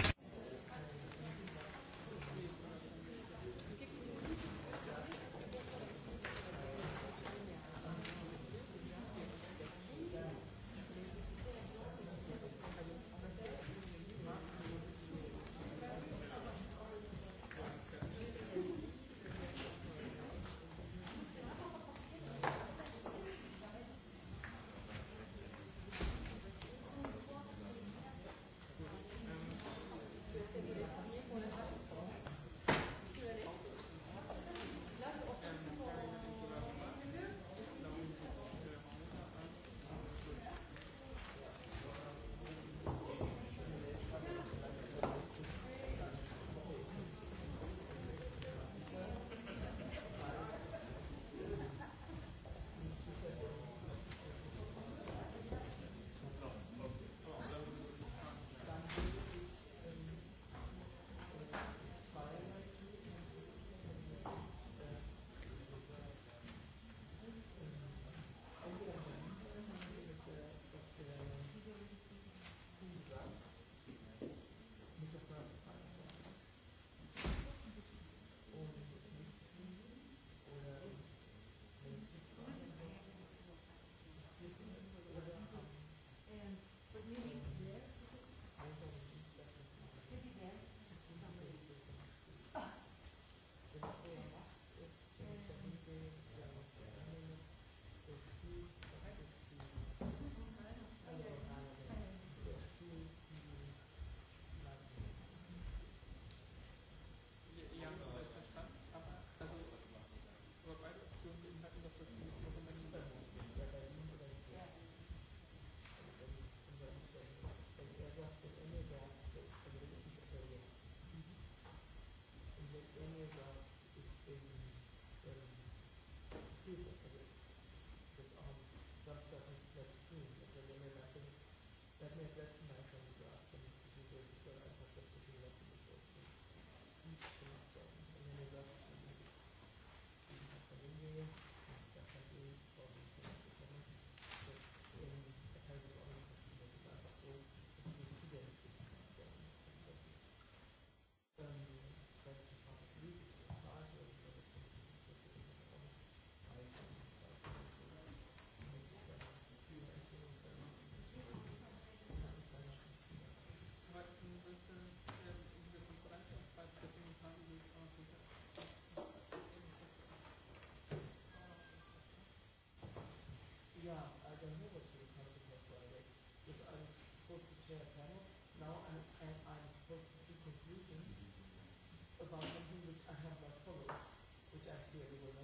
their panel. Now I'm, and I'm supposed to see conclusions about something which I have not followed, which I clearly will not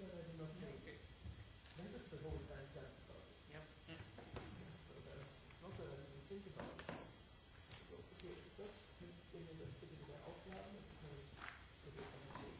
realizing, okay, maybe this is only 10 cents. Yep. So that's not that I didn't think about it. So, okay, ist das in den Investitionen der Aufgaben? Das ist eine, das ist eine